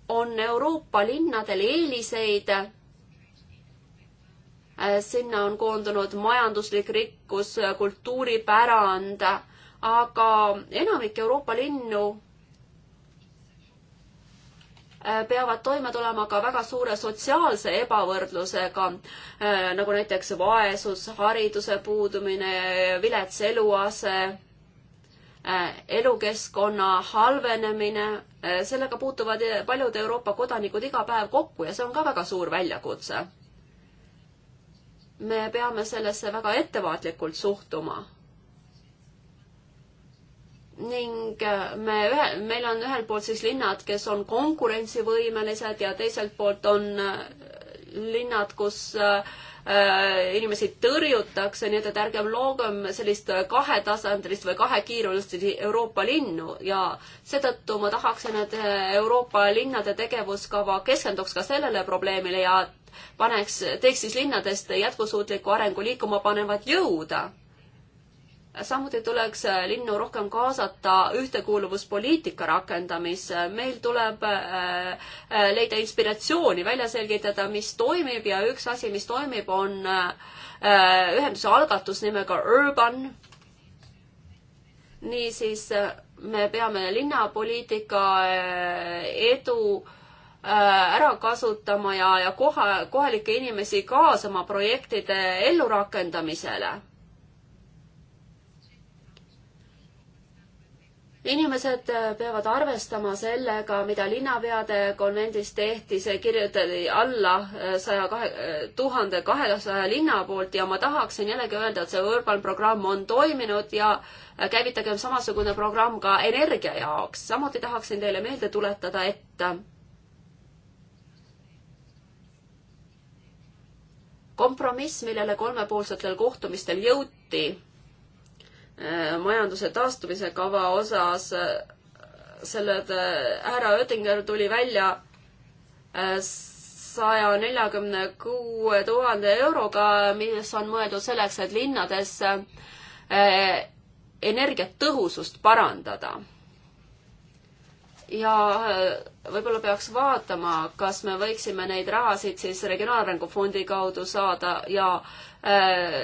on Euroopa linnadel eeliseid Äh, sinna on koondunud majanduslik rikkus, äh, kultuuripärand, aga enamik Euroopa linnu äh, peavad toime tulema ka väga suure sotsiaalse ebavõrdlusega, nagu näiteks vaesus, hariduse puudumine, vilets eluase, elukeskkonna halvenemine, sellega puutuvad paljud Euroopa kodanikud iga päev kokku ja see on ka väga suur väljakutse me peame sellesse väga ettevaatlikult suhtuma. ning äh, me ühe, meil on ühelt poolt siis linnad, kes on konkurentsivõimelised ja teiselt poolt on äh, linnad, kus äh, inimesi tõrjutakse, nii et, et ärgem loogem sellist kahetasandilist või kahekiirulist Euroopa linnu ja seetõttu ma tahaksin, et Euroopa linnade tegevuskava keskenduks ka sellele probleemile ja paneks, teeks siis linnadest jätkusuutliku arengu liikuma panevad jõud. samuti tuleks linnu rohkem kaasata ühtekuuluvuspoliitika rakendamisse. meil tuleb äh, äh, leida inspiratsiooni, välja selgitada, mis toimib ja üks asi, mis toimib, on äh, ühenduse algatus nimega Urban. niisiis me peame linnapoliitika edu äh, Äh, ära kasutama ja, ja koha, kohalikke inimesi kaasama projektide ellurakendamisele. inimesed äh, peavad arvestama sellega, mida linnapeade konvendis tehti, see kirjutati alla äh, saja kahe, tuhande kahesaja linna poolt ja ma tahaksin jällegi öelda, et see Urban programm on toiminud ja käivitagem samasugune programm ka energia jaoks. samuti tahaksin teile meelde tuletada, et kompromiss, millele kolmepoolsetel kohtumistel jõuti äh, majanduse taastumise kava osas, äh, selle äh, härra Oettinger tuli välja saja neljakümne kuue tuhande euroga, mis on mõeldud selleks, et linnades energiatõhusust parandada ja äh, võib-olla peaks vaatama, kas me võiksime neid rahasid siis Regionaalarengu Fondi kaudu saada ja äh,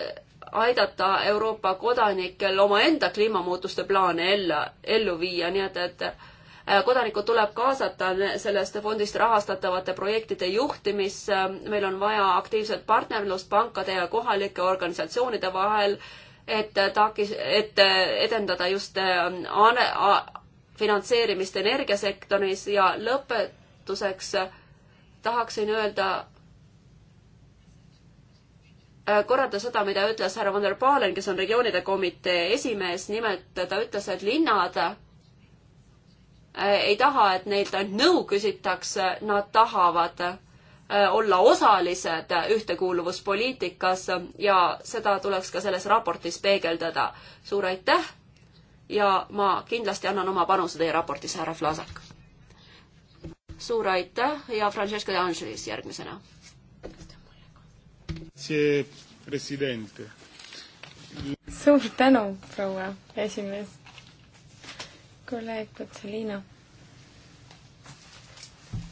aidata Euroopa kodanikel omaenda kliimamuutuste plaane ellu, ellu viia, nii et, et äh, kodanikud tuleb kaasata sellest fondist rahastatavate projektide juhtimisse, meil on vaja aktiivset partnerlust pankade ja kohalike organisatsioonide vahel, et äh, takis, et äh, edendada just finantseerimist energiasektoris ja lõpetuseks äh, tahaksin öelda äh, korrata seda, mida ütles härra Van der Palen, kes on regioonide komitee esimees, nimelt ta ütles, et linnad äh, ei taha, et neilt ainult nõu küsitakse, nad tahavad olla osalised ühtekuuluvuspoliitikas ja seda tuleks ka selles raportis peegeldada. suur aitäh ja ma kindlasti annan oma panuse teie raportisse, härra Flasak. suur aitäh ja Francesco de Angelis järgmisena. suur tänu, proua esimees. kolleeg Kutselina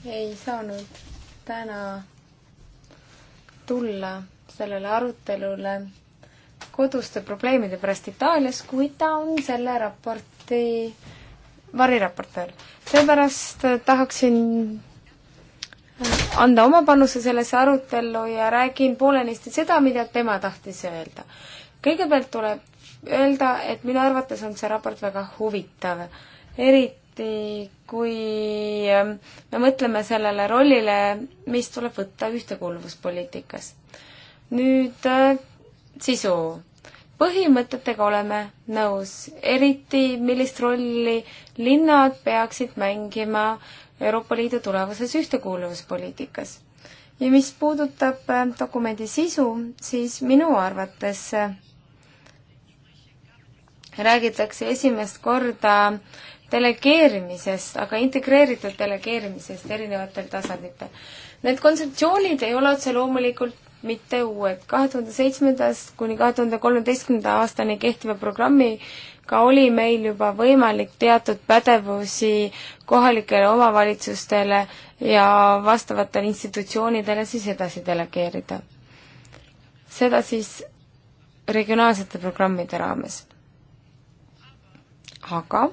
ei saanud täna tulla sellele arutelule koduste probleemide pärast Itaalias, kuid ta on selle raporti variraportöör. seepärast äh, tahaksin äh, anda oma panuse sellesse arutellu ja räägin poolenisti seda, mida tema tahtis öelda. kõigepealt tuleb öelda, et minu arvates on see raport väga huvitav, eriti kui ähm, me mõtleme sellele rollile, mis tuleb võtta ühtekuuluvuspoliitikas. nüüd äh, sisu. põhimõtetega oleme nõus, eriti millist rolli linnad peaksid mängima Euroopa Liidu tulevases ühtekuuluvuspoliitikas. ja mis puudutab äh, dokumendi sisu, siis minu arvates äh, räägitakse esimest korda delegeerimisest, aga integreeritud delegeerimisest erinevatel tasanditel. Need kontseptsioonid ei ole otse loomulikult mitte uued. kahe tuhande seitsmendast kuni kahe tuhande kolmeteistkümnenda aastani kehtiva programmiga oli meil juba võimalik teatud pädevusi kohalikele omavalitsustele ja vastavatele institutsioonidele siis edasi delegeerida. seda siis regionaalsete programmide raames. aga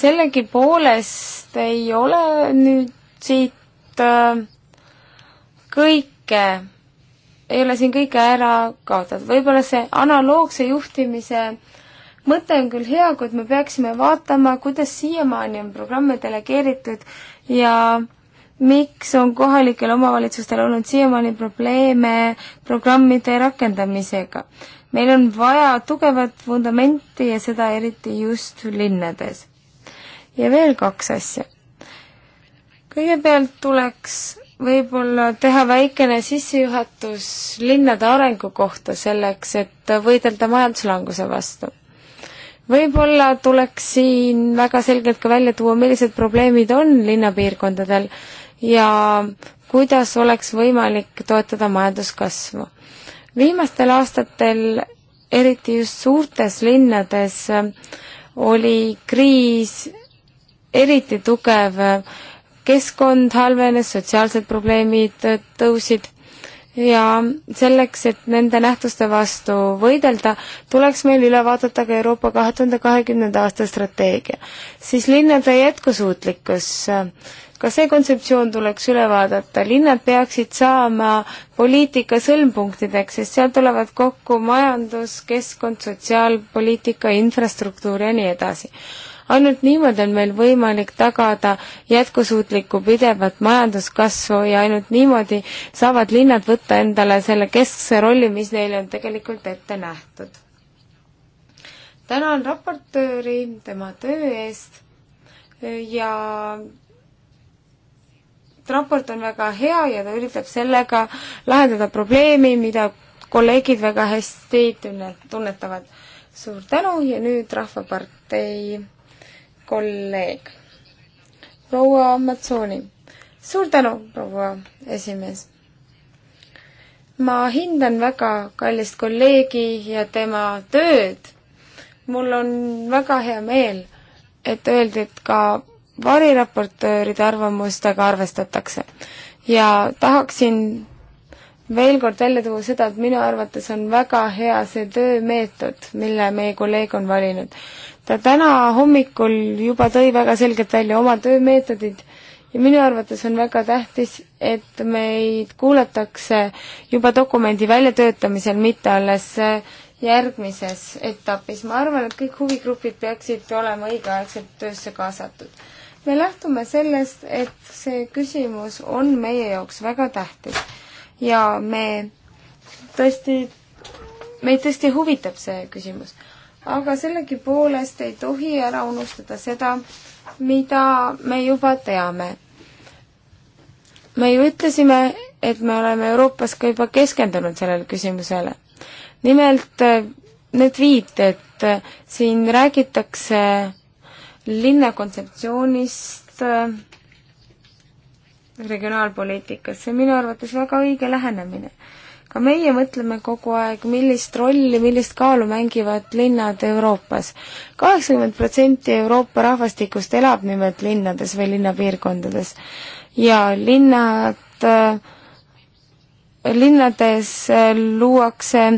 sellegipoolest ei ole nüüd siit äh, kõike, ei ole siin kõike ära kaotatud, võib-olla see analoogse juhtimise mõte on küll hea, kuid me peaksime vaatama, kuidas siiamaani on programme delegeeritud ja miks on kohalikel omavalitsustel olnud siiamaani probleeme programmide rakendamisega. meil on vaja tugevat vundamenti ja seda eriti just linnades. ja veel kaks asja. kõigepealt tuleks võib-olla teha väikene sissejuhatus linnade arengu kohta selleks, et võidelda majanduslanguse vastu. võib-olla tuleks siin väga selgelt ka välja tuua, millised probleemid on linnapiirkondadel ja kuidas oleks võimalik toetada majanduskasvu. viimastel aastatel, eriti just suurtes linnades, oli kriis eriti tugev äh, keskkond halvenes, sotsiaalsed probleemid tõusid ja selleks, et nende nähtuste vastu võidelda, tuleks meil üle vaadata ka Euroopa kahe tuhande kahekümnenda aasta strateegia. siis linnade jätkusuutlikkus, ka see kontseptsioon tuleks üle vaadata, linnad peaksid saama poliitika sõlmpunktideks, sest seal tulevad kokku majandus, keskkond, sotsiaalpoliitika, infrastruktuur ja nii edasi ainult niimoodi on meil võimalik tagada jätkusuutlikku pidevat majanduskasvu ja ainult niimoodi saavad linnad võtta endale selle keskse rolli, mis neile on tegelikult ette nähtud. tänan raportööri tema töö eest ja raport on väga hea ja ta üritab sellega lahendada probleemi, mida kolleegid väga hästi tunnetavad. suur tänu ja nüüd Rahvapartei kolleeg, proua Matsooni. suur tänu, proua esimees! ma hindan väga kallist kolleegi ja tema tööd. mul on väga hea meel, et öeldi, et ka variraportööride arvamustega arvestatakse. ja tahaksin veel kord välja tuua seda, et minu arvates on väga hea see töömeetod, mille meie kolleeg on valinud ta täna hommikul juba tõi väga selgelt välja oma töömeetodid ja minu arvates on väga tähtis, et meid kuulatakse juba dokumendi väljatöötamisel, mitte alles järgmises etapis. ma arvan, et kõik huvigrupid peaksid olema õigeaegselt töösse kaasatud. me lähtume sellest, et see küsimus on meie jaoks väga tähtis ja me tõesti, meid tõesti huvitab see küsimus aga sellegipoolest ei tohi ära unustada seda, mida me juba teame. me ju ütlesime, et me oleme Euroopas ka juba keskendunud sellele küsimusele. nimelt äh, need viited, äh, siin räägitakse linna kontseptsioonist äh, regionaalpoliitikas, see on minu arvates väga õige lähenemine ka meie mõtleme kogu aeg, millist rolli, millist kaalu mängivad linnad Euroopas. kaheksakümmend protsenti Euroopa rahvastikust elab nimelt linnades või linnapiirkondades ja linnad äh, linnades äh, luuakse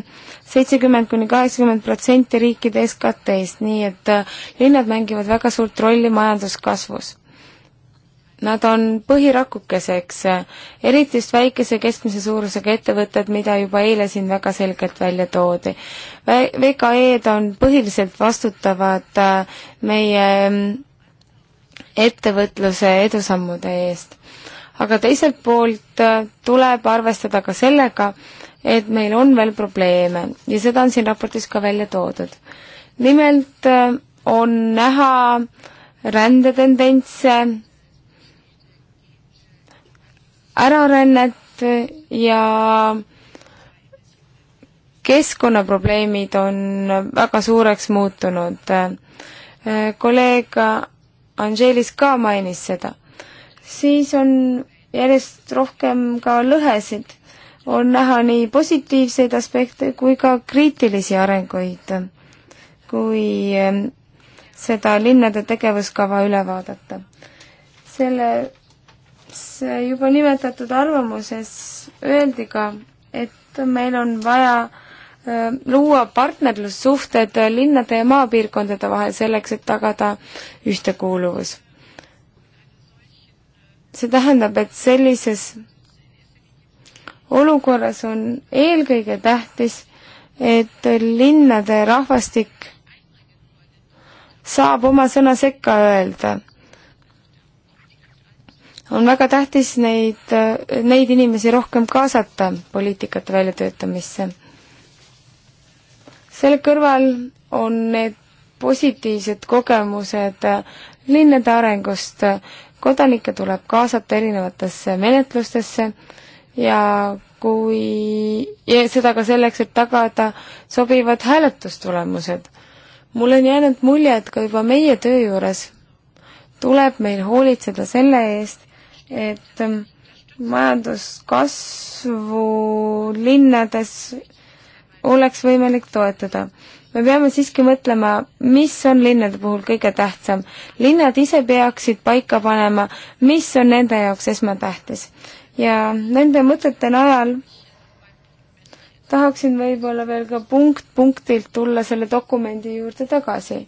seitsekümmend kuni kaheksakümmend protsenti riikide SKT-st, nii et äh, linnad mängivad väga suurt rolli majanduskasvus. Nad on põhirakukeseks, eriti just väikese keskmise suurusega ettevõtted, mida juba eile siin väga selgelt välja toodi. VKE-d on põhiliselt vastutavad äh, meie mm, ettevõtluse edusammude eest. aga teiselt poolt äh, tuleb arvestada ka sellega, et meil on veel probleeme ja seda on siin raportis ka välja toodud. nimelt äh, on näha rändetendentse, ärarännet ja keskkonnaprobleemid on väga suureks muutunud. kolleeg Angelis ka mainis seda. siis on järjest rohkem ka lõhesid. on näha nii positiivseid aspekte kui ka kriitilisi arenguid, kui seda linnade tegevuskava üle vaadata. selle see juba nimetatud arvamuses öeldi ka, et meil on vaja äh, luua partnerlussuhted linnade ja maapiirkondade vahel selleks, et tagada ühtekuuluvus. see tähendab, et sellises olukorras on eelkõige tähtis, et linnade rahvastik saab oma sõna sekka öelda on väga tähtis neid, neid inimesi rohkem kaasata poliitikate väljatöötamisse. selle kõrval on need positiivsed kogemused linnade arengust, kodanikke tuleb kaasata erinevatesse menetlustesse ja kui, ja seda ka selleks, et tagada sobivad hääletustulemused. mul on jäänud mulje, et ka juba meie töö juures tuleb meil hoolitseda selle eest, et ähm, majanduskasvu linnades oleks võimalik toetada. me peame siiski mõtlema, mis on linnade puhul kõige tähtsam. linnad ise peaksid paika panema, mis on nende jaoks esmatähtis. ja nende mõtete najal tahaksin võib-olla veel ka punkt punktilt tulla selle dokumendi juurde tagasi.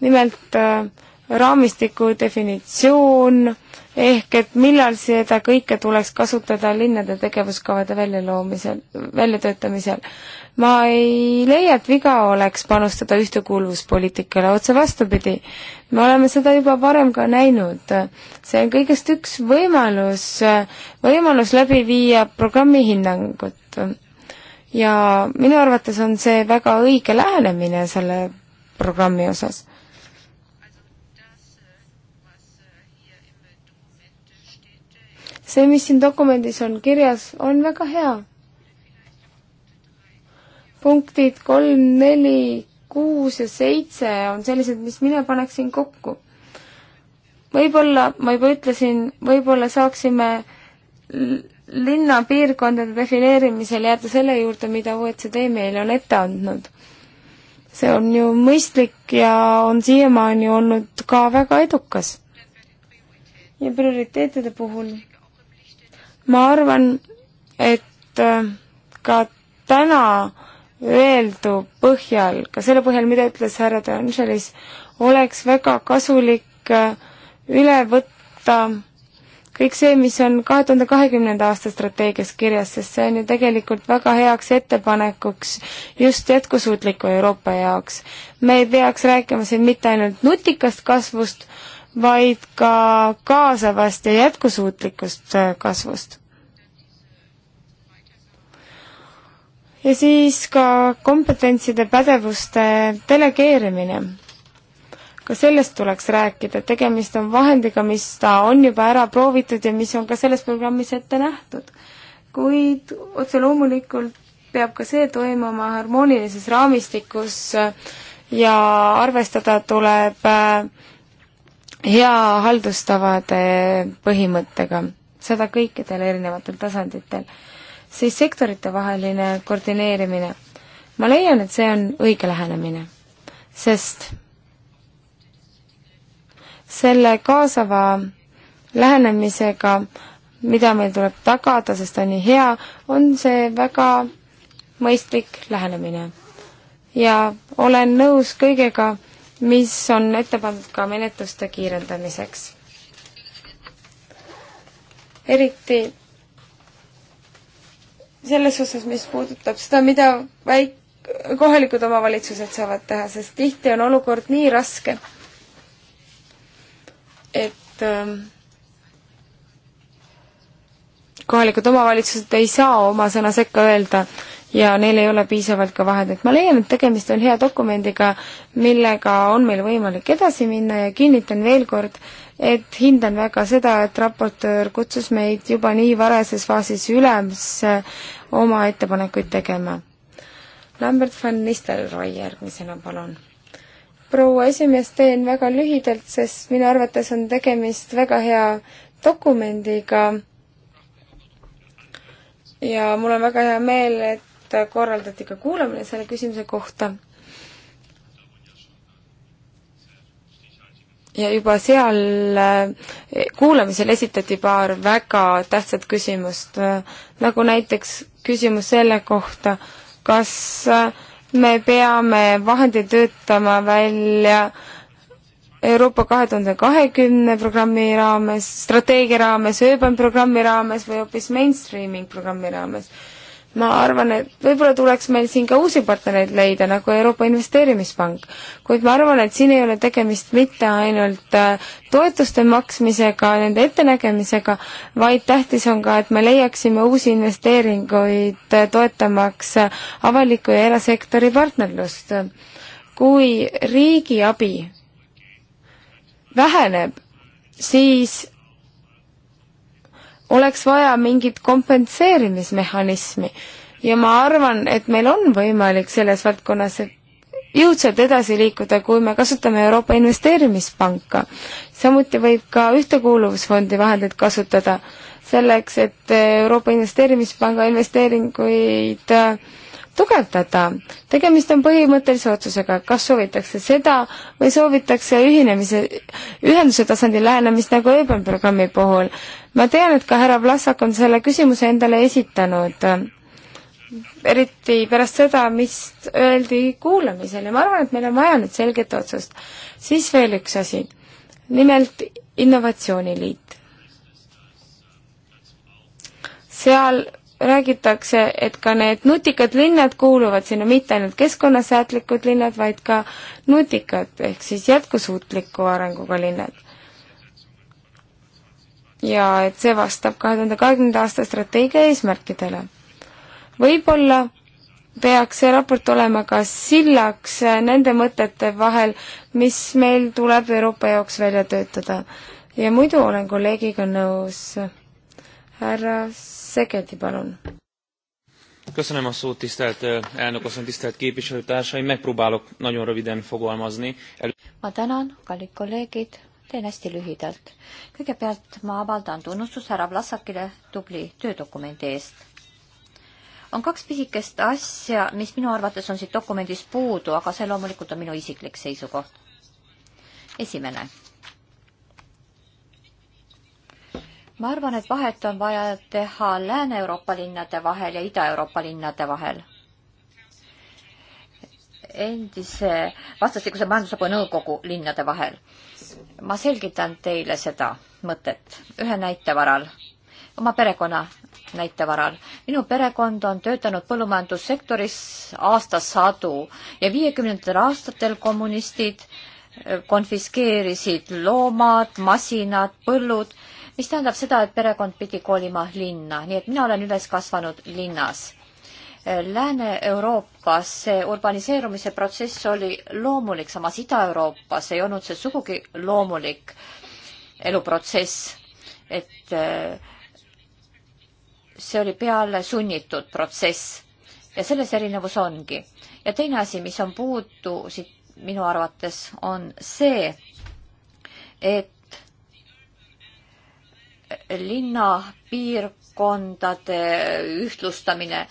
nimelt äh, raamistiku definitsioon, ehk et millal seda kõike tuleks kasutada linnade tegevuskavade väljaloomisel, väljatöötamisel. ma ei leia, et viga oleks panustada ühtekuuluvuspoliitikale, otse vastupidi. me oleme seda juba varem ka näinud. see on kõigest üks võimalus, võimalus läbi viia programmi hinnangut. ja minu arvates on see väga õige lähenemine selle programmi osas see, mis siin dokumendis on kirjas, on väga hea. punktid kolm, neli, kuus ja seitse on sellised, mis mina paneksin kokku. võib-olla, ma juba ütlesin, võib-olla saaksime linnapiirkondade defineerimisel jääda selle juurde, mida OECD meile on ette andnud. see on ju mõistlik ja on siiamaani olnud ka väga edukas. ja prioriteetide puhul ma arvan, et äh, ka täna öeldu põhjal, ka selle põhjal, mida ütles härra De Angelis, oleks väga kasulik äh, üle võtta kõik see, mis on kahe tuhande kahekümnenda aasta strateegias kirjas, sest see on ju tegelikult väga heaks ettepanekuks just jätkusuutliku Euroopa jaoks. me ei peaks rääkima siin mitte ainult nutikast kasvust, vaid ka kaasavast ja jätkusuutlikust äh, kasvust. ja siis ka kompetentside pädevuste delegeerimine. ka sellest tuleks rääkida, tegemist on vahendiga, mis ta on juba ära proovitud ja mis on ka selles programmis ette nähtud. kuid otse loomulikult peab ka see toimuma harmoonilises raamistikus ja arvestada tuleb äh, hea haldustavade põhimõttega, seda kõikidel erinevatel tasanditel, siis sektoritevaheline koordineerimine. ma leian, et see on õige lähenemine, sest selle kaasava lähenemisega, mida meil tuleb tagada, sest ta on nii hea, on see väga mõistlik lähenemine. ja olen nõus kõigega, mis on ette pandud ka menetluste kiirendamiseks. eriti selles osas, mis puudutab seda, mida väik-, kohalikud omavalitsused saavad teha, sest tihti on olukord nii raske, et ähm, kohalikud omavalitsused ei saa oma sõna sekka öelda ja neil ei ole piisavalt ka vahendeid. ma leian, et tegemist on hea dokumendiga, millega on meil võimalik edasi minna ja kinnitan veel kord, et hindan väga seda, et raportöör kutsus meid juba nii varases faasis üles oma ettepanekuid tegema. Lambert van Nistelrooy järgmisena, palun proua esimees, teen väga lühidalt, sest minu arvates on tegemist väga hea dokumendiga. ja mul on väga hea meel, et korraldati ka kuulamine selle küsimuse kohta. ja juba seal eh, kuulamisel esitati paar väga tähtsat küsimust, eh, nagu näiteks küsimus selle kohta, kas eh, me peame vahendeid töötama välja Euroopa kahe tuhande kahekümne programmi raames, strateegia raames, ööbandprogrammi raames või hoopis mainstreaming programmi raames ma arvan, et võib-olla tuleks meil siin ka uusi partnereid leida, nagu Euroopa Investeerimispank. kuid ma arvan, et siin ei ole tegemist mitte ainult äh, toetuste maksmisega, nende ettenägemisega, vaid tähtis on ka, et me leiaksime uusi investeeringuid, äh, toetamaks äh, avaliku ja erasektori partnerlust. kui riigiabi väheneb, siis oleks vaja mingit kompenseerimismehhanismi ja ma arvan, et meil on võimalik selles valdkonnas jõudsalt edasi liikuda, kui me kasutame Euroopa Investeerimispanka. samuti võib ka Ühtekuuluvusfondi vahendeid kasutada selleks, et Euroopa Investeerimispanga investeeringuid tugevdada. tegemist on põhimõttelise otsusega, kas soovitakse seda või soovitakse ühinemise, ühenduse tasandil lähenemist nagu Urban programmi puhul ma tean, et ka härra Vlasak on selle küsimuse endale esitanud, eriti pärast seda, mis öeldi kuulamisel ja ma arvan, et meil on vaja nüüd selget otsust. siis veel üks asi, nimelt Innovatsiooniliit. seal räägitakse, et ka need nutikad linnad kuuluvad sinna, mitte ainult keskkonnasäätlikud linnad, vaid ka nutikad ehk siis jätkusuutliku arenguga linnad ja et see vastab kahe tuhande kahekümnenda aasta strateegia eesmärkidele. võib-olla peaks see raport olema ka sillaks nende mõtete vahel, mis meil tuleb Euroopa jaoks välja töötada. ja muidu olen kolleegiga nõus. härra Segedi, palun. Köszönöm a szót, tisztelt eh, elnök asszony, tisztelt képviselőtársaim. Megpróbálok nagyon röviden fogalmazni. El... Ma tänan, kallid kolleegid teen hästi lühidalt. kõigepealt ma avaldan tunnustust härra Vlasakile tubli töödokumendi eest. on kaks pisikest asja, mis minu arvates on siit dokumendis puudu, aga see loomulikult on minu isiklik seisukoht. esimene. ma arvan, et vahet on vaja teha Lääne-Euroopa linnade vahel ja Ida-Euroopa linnade vahel endise vastastikuse majandusabi nõukogu linnade vahel ma selgitan teile seda mõtet ühe näite varal, oma perekonna näite varal. minu perekond on töötanud põllumajandussektoris aastasadu ja viiekümnendatel aastatel kommunistid eh, konfiskeerisid loomad, masinad, põllud, mis tähendab seda, et perekond pidi kolima linna, nii et mina olen üles kasvanud linnas Lääne-Euroopas see urbaniseerumise protsess oli loomulik, samas Ida-Euroopas ei olnud see sugugi loomulik eluprotsess, et äh, see oli peale sunnitud protsess ja selles erinevus ongi. ja teine asi, mis on puudu siit minu arvates, on see, et linnapiirkondade ühtlustamine äh,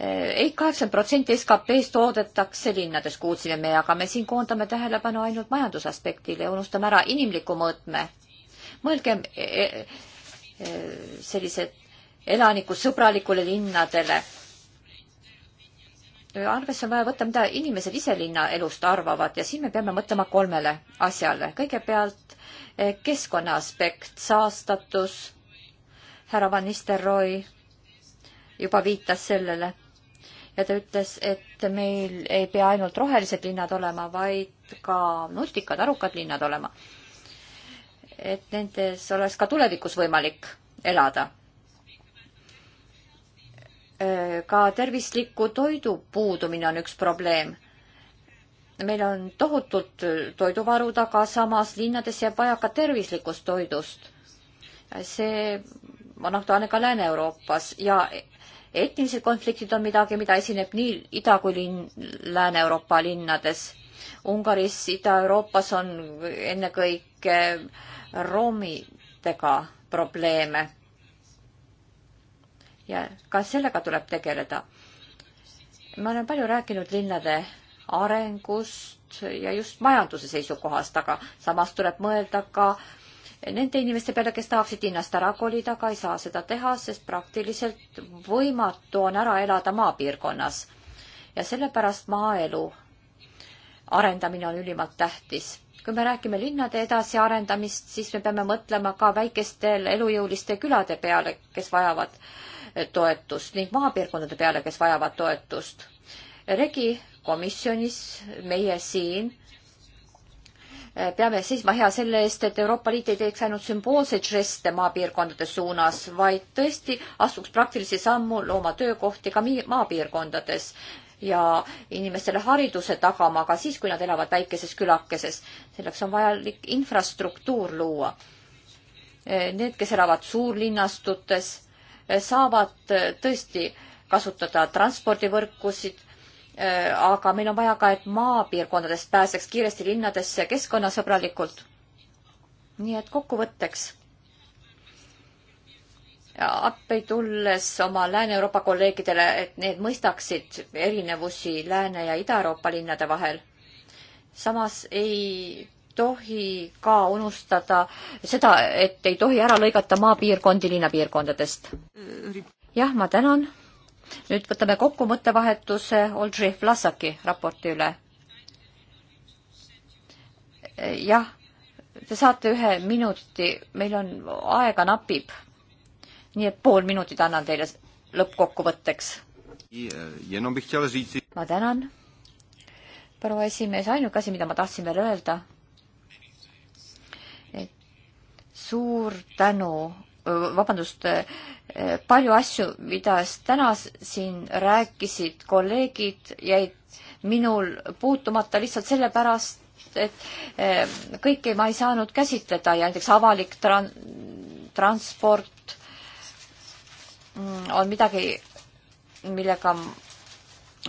Eh, ei, kaheksakümmend protsenti SKP-st toodetakse linnades, kuulsime me, aga me siin koondame tähelepanu ainult majandusaspektile ja unustame ära inimliku mõõtme. mõelgem e e, e sellised elanikusõbralikule linnadele. arvesse on vaja võtta, mida inimesed ise linnaelust arvavad ja siin me peame mõtlema kolmele asjale. kõigepealt e, keskkonna aspekt, saastatus, härra Van Nistelrooy juba viitas sellele ja ta ütles, et meil ei pea ainult rohelised linnad olema, vaid ka nutikad, arukad linnad olema. et nendes oleks ka tulevikus võimalik elada. ka tervisliku toidu puudumine on üks probleem meil on tohutult toiduvarud, aga samas linnades jääb vaja ka tervislikust toidust. see on aktuaalne ka Lääne-Euroopas ja etnilised konfliktid on midagi, mida esineb nii Ida kui linn, Lääne-Euroopa linnades. Ungaris, Ida-Euroopas on ennekõike roomidega probleeme. ja ka sellega tuleb tegeleda. ma olen palju rääkinud linnade arengust ja just majanduse seisukohast, aga samas tuleb mõelda ka äh, nende inimeste peale, kes tahaksid linnast ära kolida, aga ei saa seda teha, sest praktiliselt võimatu on ära elada maapiirkonnas. ja sellepärast maaelu arendamine on ülimalt tähtis. kui me räägime linnade edasiarendamist, siis me peame mõtlema ka väikestel elujõuliste külade peale, kes vajavad eh, toetust ning maapiirkondade peale, kes vajavad toetust. regi komisjonis, meie siin peame seisma hea selle eest, et Euroopa Liit ei teeks ainult sümboolseid žeste maapiirkondade suunas, vaid tõesti astuks praktilisi sammu looma töökohti ka maapiirkondades ja inimestele hariduse tagama ka siis, kui nad elavad väikeses külakeses. selleks on vajalik infrastruktuur luua. Need, kes elavad suurlinnastutes, saavad tõesti kasutada transpordivõrkusid Äh, aga meil on vaja ka, et maapiirkondadest pääseks kiiresti linnadesse keskkonnasõbralikult. nii et kokkuvõtteks. appi tulles oma Lääne-Euroopa kolleegidele, et need mõistaksid erinevusi Lääne- ja Ida-Euroopa linnade vahel. samas ei tohi ka unustada seda, et ei tohi ära lõigata maapiirkondi linnapiirkondadest. Äh, jah, ma tänan nüüd võtame kokku mõttevahetuse Oldřich Vlasaki raporti üle. jah, te saate ühe minuti, meil on, aega napib. nii et pool minutit annan teile lõppkokkuvõtteks. E, ma tänan, proua esimees, ainuke asi, mida ma tahtsin veel öelda, et suur tänu vabandust, eh, palju asju, mida täna siin rääkisid kolleegid, jäid minul puutumata lihtsalt sellepärast, et eh, kõike ma ei saanud käsitleda ja näiteks avalik tran-, transport mm, on midagi, millega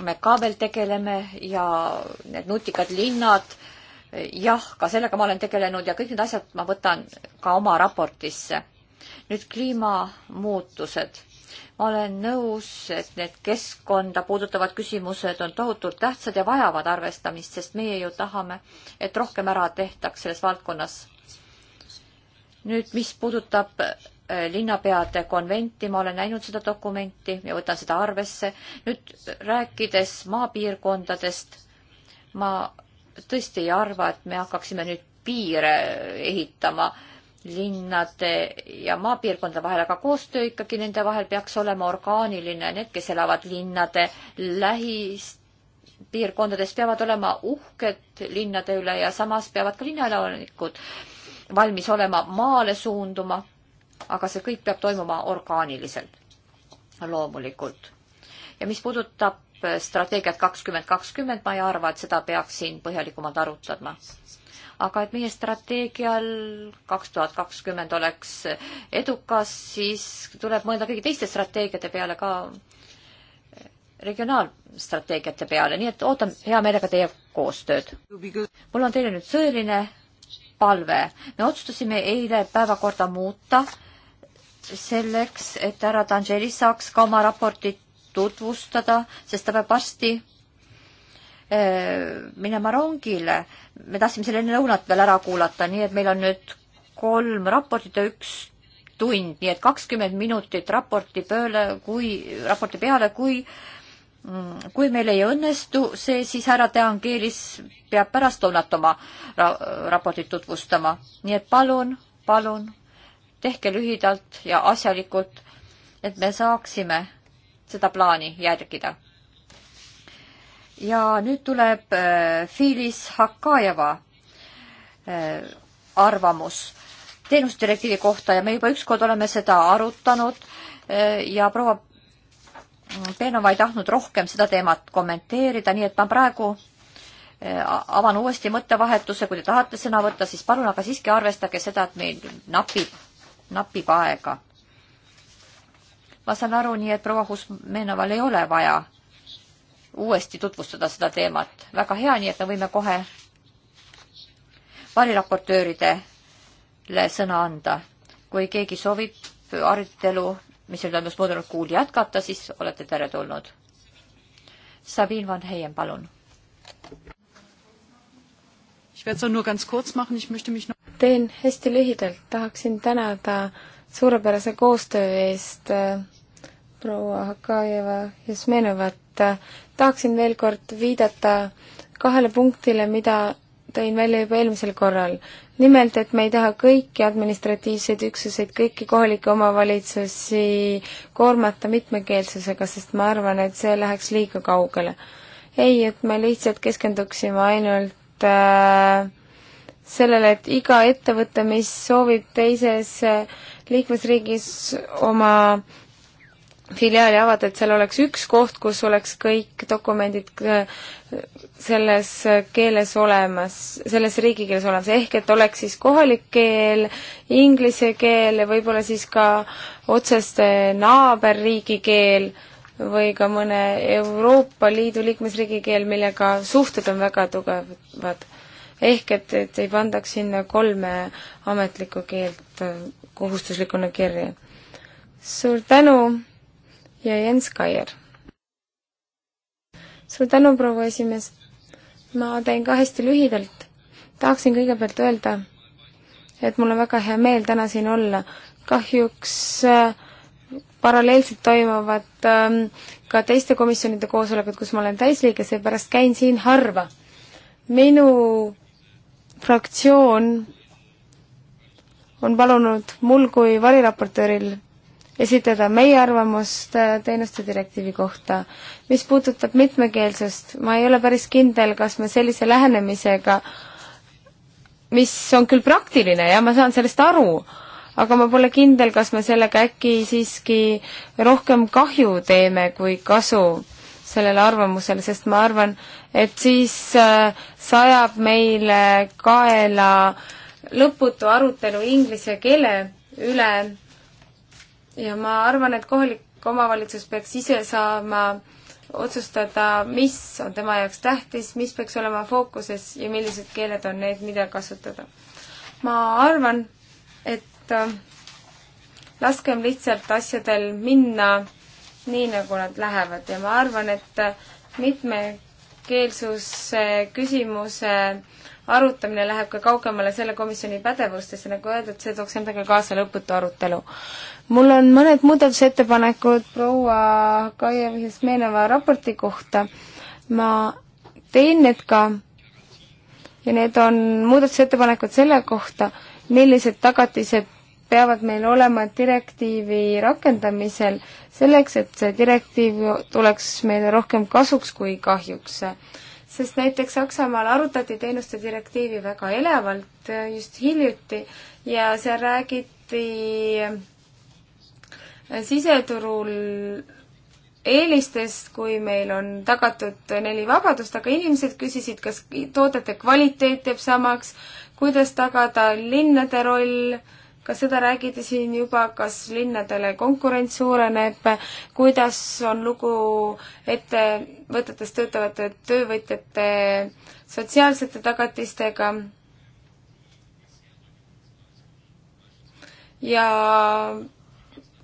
me ka veel tegeleme ja need nutikad linnad, jah, ka sellega ma olen tegelenud ja kõik need asjad ma võtan ka oma raportisse nüüd kliimamuutused. ma olen nõus, et need keskkonda puudutavad küsimused on tohutult tähtsad ja vajavad arvestamist, sest meie ju tahame, et rohkem ära tehtaks selles valdkonnas. nüüd, mis puudutab äh, linnapeade konventi, ma olen näinud seda dokumenti ja võtan seda arvesse. nüüd rääkides maapiirkondadest, ma tõesti ei arva, et me hakkaksime nüüd piire ehitama äh, linnade ja maapiirkondade vahel, aga koostöö ikkagi nende vahel peaks olema orgaaniline, need, kes elavad linnade lähipiirkondades, peavad olema uhked linnade üle ja samas peavad ka linnaelanikud valmis olema maale suunduma. aga see kõik peab toimuma orgaaniliselt, loomulikult. ja mis puudutab strateegiat kakskümmend kakskümmend, ma ei arva, et seda peaks siin põhjalikumalt arutama aga et meie strateegial kaks tuhat kakskümmend oleks edukas, siis tuleb mõelda kõigi teiste strateegiate peale ka, regionaalstrateegiate peale, nii et ootan hea meelega teie koostööd. mul on teile nüüd sõeline palve. me otsustasime eile päevakorda muuta selleks, et härra Dangelis saaks ka oma raportit tutvustada, sest ta peab varsti minema rongile. me tahtsime selle enne lõunat veel ära kuulata, nii et meil on nüüd kolm raportit ja üks tund, nii et kakskümmend minutit raporti peale, kui, raporti peale, kui mm, kui meil ei õnnestu see, siis härra De Angelis peab pärast lõunat oma ra raportit tutvustama. nii et palun, palun, tehke lühidalt ja asjalikult, et me saaksime seda plaani järgida ja nüüd tuleb Filis äh, Hakajeva äh, arvamus teenusdirektiivi kohta ja me juba ükskord oleme seda arutanud äh, ja proua Peenova ei tahtnud rohkem seda teemat kommenteerida, nii et ma praegu avan uuesti mõttevahetuse, kui te tahate sõna võtta, siis palun, aga siiski arvestage seda, et meil napib, napib aega. ma saan aru nii, et proua Husmenoval ei ole vaja uuesti tutvustada seda teemat. väga hea, nii et me võime kohe variraportööridele sõna anda. kui keegi soovib arutelu, mis on toimus muudunud kuul jätkata, siis olete teretulnud. Sabine van Heien, palun. teen hästi lühidalt, tahaksin tänada tänada suurepärase koostöö eest äh, proua Hakajeva Jasmenovat et äh, tahaksin veel kord viidata kahele punktile, mida tõin välja juba eelmisel korral. nimelt, et me ei taha kõiki administratiivseid üksuseid, kõiki kohalikke omavalitsusi koormata mitmekeelsusega, sest ma arvan, et see läheks liiga kaugele. ei, et me lihtsalt keskenduksime ainult äh, sellele, et iga ettevõte, mis soovib teises äh, liikmesriigis oma filiaali avada, et seal oleks üks koht, kus oleks kõik dokumendid äh, selles keeles olemas, selles riigikeeles olemas, ehk et oleks siis kohalik keel, inglise keel ja võib-olla siis ka otseste naaberriigi keel või ka mõne Euroopa Liidu liikmesriigi keel, millega suhted on väga tugevad. ehk et, et ei pandaks sinna kolme ametlikku keelt äh, kohustuslikuna kirja. suur tänu! ja Jens Kaier. suur tänu, proua esimees. ma teen ka hästi lühidalt. tahaksin kõigepealt öelda, et mul on väga hea meel täna siin olla. kahjuks äh, paralleelselt toimuvad ähm, ka teiste komisjonide koosolekud, kus ma olen täisliige, seepärast käin siin harva. minu fraktsioon on palunud mul kui variraportööril esitleda meie arvamust äh, teenuste direktiivi kohta. mis puudutab mitmekeelsust, ma ei ole päris kindel, kas me sellise lähenemisega, mis on küll praktiline ja ma saan sellest aru, aga ma pole kindel, kas me sellega äkki siiski rohkem kahju teeme kui kasu sellele arvamusele, sest ma arvan, et siis äh, sajab meile kaela lõputu arutelu inglise keele üle ja ma arvan, et kohalik omavalitsus peaks ise saama otsustada, mis on tema jaoks tähtis, mis peaks olema fookuses ja millised keeled on need, mida kasutada. ma arvan, et äh, laskem lihtsalt asjadel minna nii, nagu nad lähevad ja ma arvan, et äh, mitmekeelsuse küsimuse äh, arutamine läheb ka kaugemale selle komisjoni pädevustesse, nagu öeldud, see tooks endaga kaasa lõputu arutelu. mul on mõned muudatusettepanekud proua Kaia Vihasmeenova raporti kohta, ma teen need ka ja need on muudatusettepanekud selle kohta, millised tagatised peavad meil olema direktiivi rakendamisel selleks, et see direktiiv tuleks meile rohkem kasuks kui kahjuks sest näiteks Saksamaal arutati teenuste direktiivi väga elavalt äh, just hiljuti ja seal räägiti äh, siseturul eelistest, kui meil on tagatud neli vabadust, aga inimesed küsisid, kas toodete kvaliteet jääb samaks, kuidas tagada linnade roll ka seda räägiti siin juba, kas linnadele konkurents suureneb, kuidas on lugu ettevõtetes töötavate töövõtjate sotsiaalsete tagatistega ja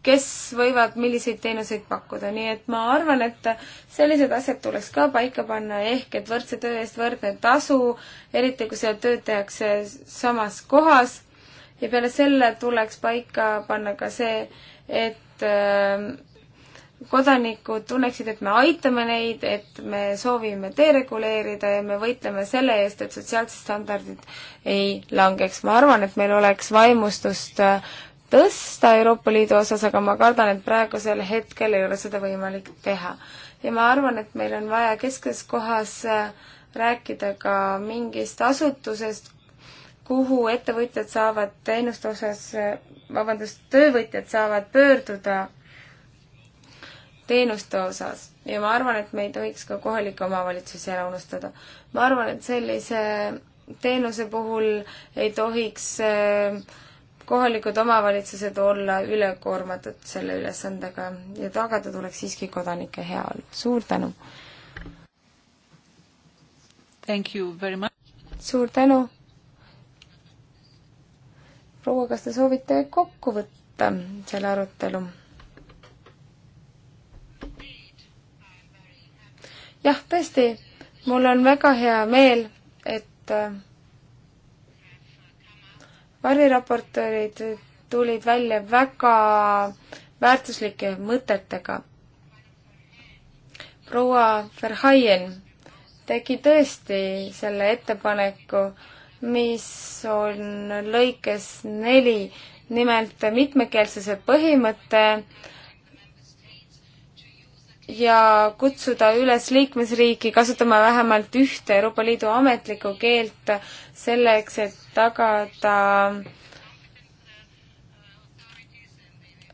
kes võivad milliseid teenuseid pakkuda, nii et ma arvan, et sellised asjad tuleks ka paika panna, ehk et võrdse töö eest võrdne tasu, eriti kui seda tööd tehakse samas kohas ja peale selle tuleks paika panna ka see, et ähm, kodanikud tunneksid, et me aitame neid, et me soovime dereguleerida ja me võitleme selle eest, et sotsiaalsed standardid ei langeks. ma arvan, et meil oleks vaimustust äh, tõsta Euroopa Liidu osas, aga ma kardan, et praegusel hetkel ei ole seda võimalik teha. ja ma arvan, et meil on vaja keskses kohas äh, rääkida ka mingist asutusest, kuhu ettevõtjad saavad teenuste osas, vabandust, töövõtjad saavad pöörduda teenuste osas ja ma arvan, et me ei tohiks ka kohalikke omavalitsusi ära unustada. ma arvan, et sellise teenuse puhul ei tohiks eh, kohalikud omavalitsused olla ülekoormatud selle ülesandega ja tagada tuleks siiski kodanike heaolu. suur tänu! suur tänu! proua, kas te soovite kokku võtta selle arutelu? jah, tõesti, mul on väga hea meel, et äh, variraportöörid tulid välja väga väärtuslike mõtetega. proua Verhaien tegi tõesti selle ettepaneku, mis on lõikes neli, nimelt mitmekeelsuse põhimõte ja kutsuda üles liikmesriiki kasutama vähemalt ühte Euroopa Liidu ametlikku keelt selleks, et tagada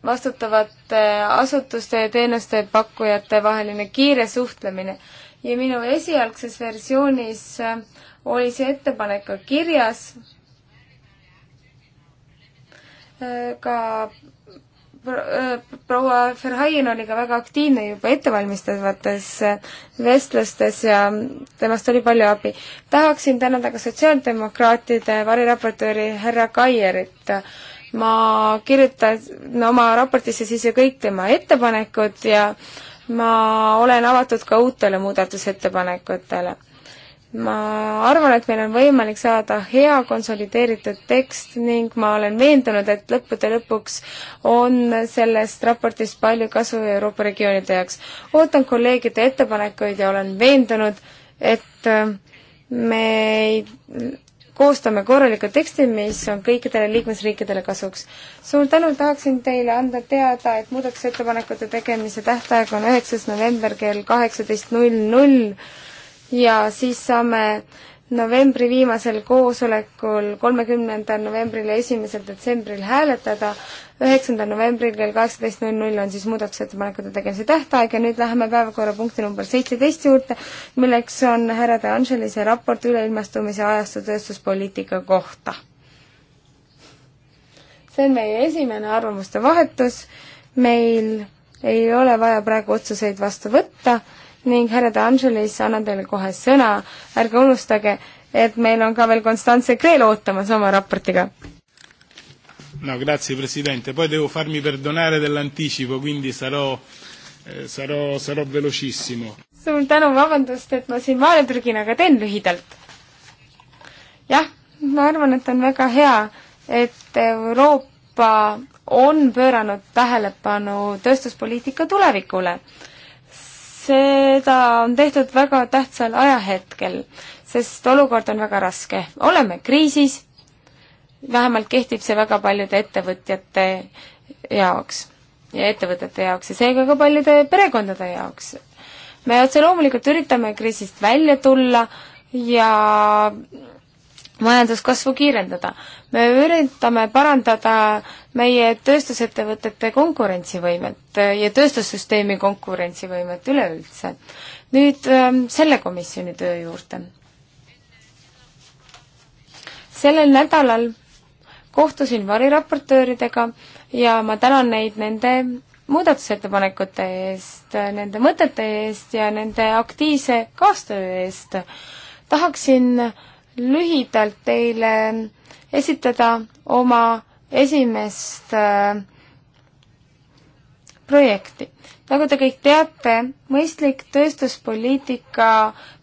vastutavate asutuste ja teenuste pakkujate vaheline kiire suhtlemine. ja minu esialgses versioonis oli see ettepanek ka kirjas, ka proua Verhaien oli ka väga aktiivne juba ettevalmistavates vestlustes ja temast oli palju abi. tahaksin tänada ka sotsiaaldemokraatide variraportööri härra Kaierit. ma kirjutan no, oma raportisse siis ju kõik tema ettepanekud ja ma olen avatud ka uutele muudatusettepanekutele ma arvan, et meil on võimalik saada hea konsolideeritud tekst ning ma olen veendunud, et lõppude lõpuks on sellest raportist palju kasu Euroopa regioonide jaoks. ootan kolleegide ettepanekuid ja olen veendunud, et äh, me koostame korraliku teksti, mis on kõikidele liikmesriikidele kasuks. suur tänu, tahaksin teile anda teada, et muudatusettepanekute tegemise tähtaeg on üheksas november kell kaheksateist null null ja siis saame novembri viimasel koosolekul, kolmekümnendal novembril ja esimesel detsembril hääletada. üheksandal novembril kell kaheksateist null null on siis muudatusettepanekute tegemise tähtaeg ja nüüd läheme päevakorrapunkti number seitseteist juurde, milleks on härra De Angelise raport üleilmastumise ajastu tööstuspoliitika kohta. see on meie esimene arvamuste vahetus, meil ei ole vaja praegu otsuseid vastu võtta ning härra De Angelis, annan teile kohe sõna, ärge unustage, et meil on ka veel Konstantse Kreel ootamas oma raportiga. no grazie presidente, poi devo farmi perdonare dell'anticipo, quindi sarò eh, sarò, sarò velocissimo. suur tänu, vabandust, et ma siin vaaletrügin, aga teen lühidalt. jah, ma arvan, et on väga hea, et Euroopa on pööranud tähelepanu tööstuspoliitika tulevikule seda on tehtud väga tähtsal ajahetkel, sest olukord on väga raske. oleme kriisis, vähemalt kehtib see väga paljude ettevõtjate jaoks ja ettevõtete jaoks ja seega ka paljude perekondade jaoks. me otse loomulikult üritame kriisist välja tulla ja majanduskasvu kiirendada me üritame parandada meie tööstusettevõtete konkurentsivõimet ja tööstussüsteemi konkurentsivõimet üleüldse. nüüd ähm, selle komisjoni töö juurde. sellel nädalal kohtusin variraportööridega ja ma tänan neid nende muudatusettepanekute eest, nende mõtete eest ja nende aktiivse kaastöö eest. tahaksin äh, lühidalt teile esitleda oma esimest äh, projekti. nagu te kõik teate, mõistlik tööstuspoliitika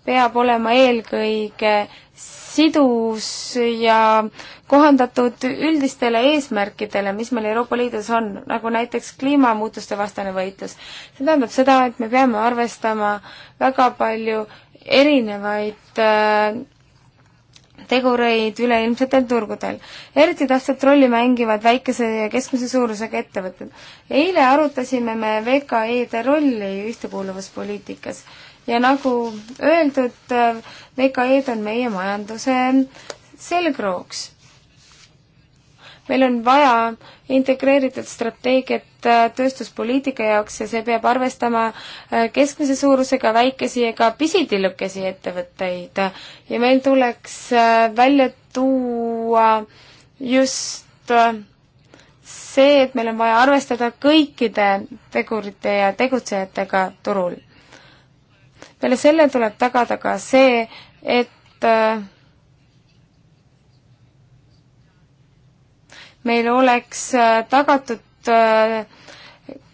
peab olema eelkõige sidus ja kohandatud üldistele eesmärkidele, mis meil Euroopa Liidus on, nagu näiteks kliimamuutuste vastane võitlus. see tähendab seda, et me peame arvestama väga palju erinevaid äh, tegureid üleilmsetel turgudel. eriti tähtsat rolli mängivad väikese ja keskmise suurusega ettevõtted. eile arutasime me VKE-de rolli ühtekuuluvuspoliitikas ja nagu öeldud, VKE-d on meie majanduse selgrooks meil on vaja integreeritud strateegiat äh, tööstuspoliitika jaoks ja see peab arvestama äh, keskmise suurusega väikesi ja ka pisitillukesi ettevõtteid. ja meil tuleks äh, välja tuua just see, et meil on vaja arvestada kõikide tegurite ja tegutsejatega turul. peale selle tuleb tagada ka see, et äh, meil oleks äh, tagatud äh,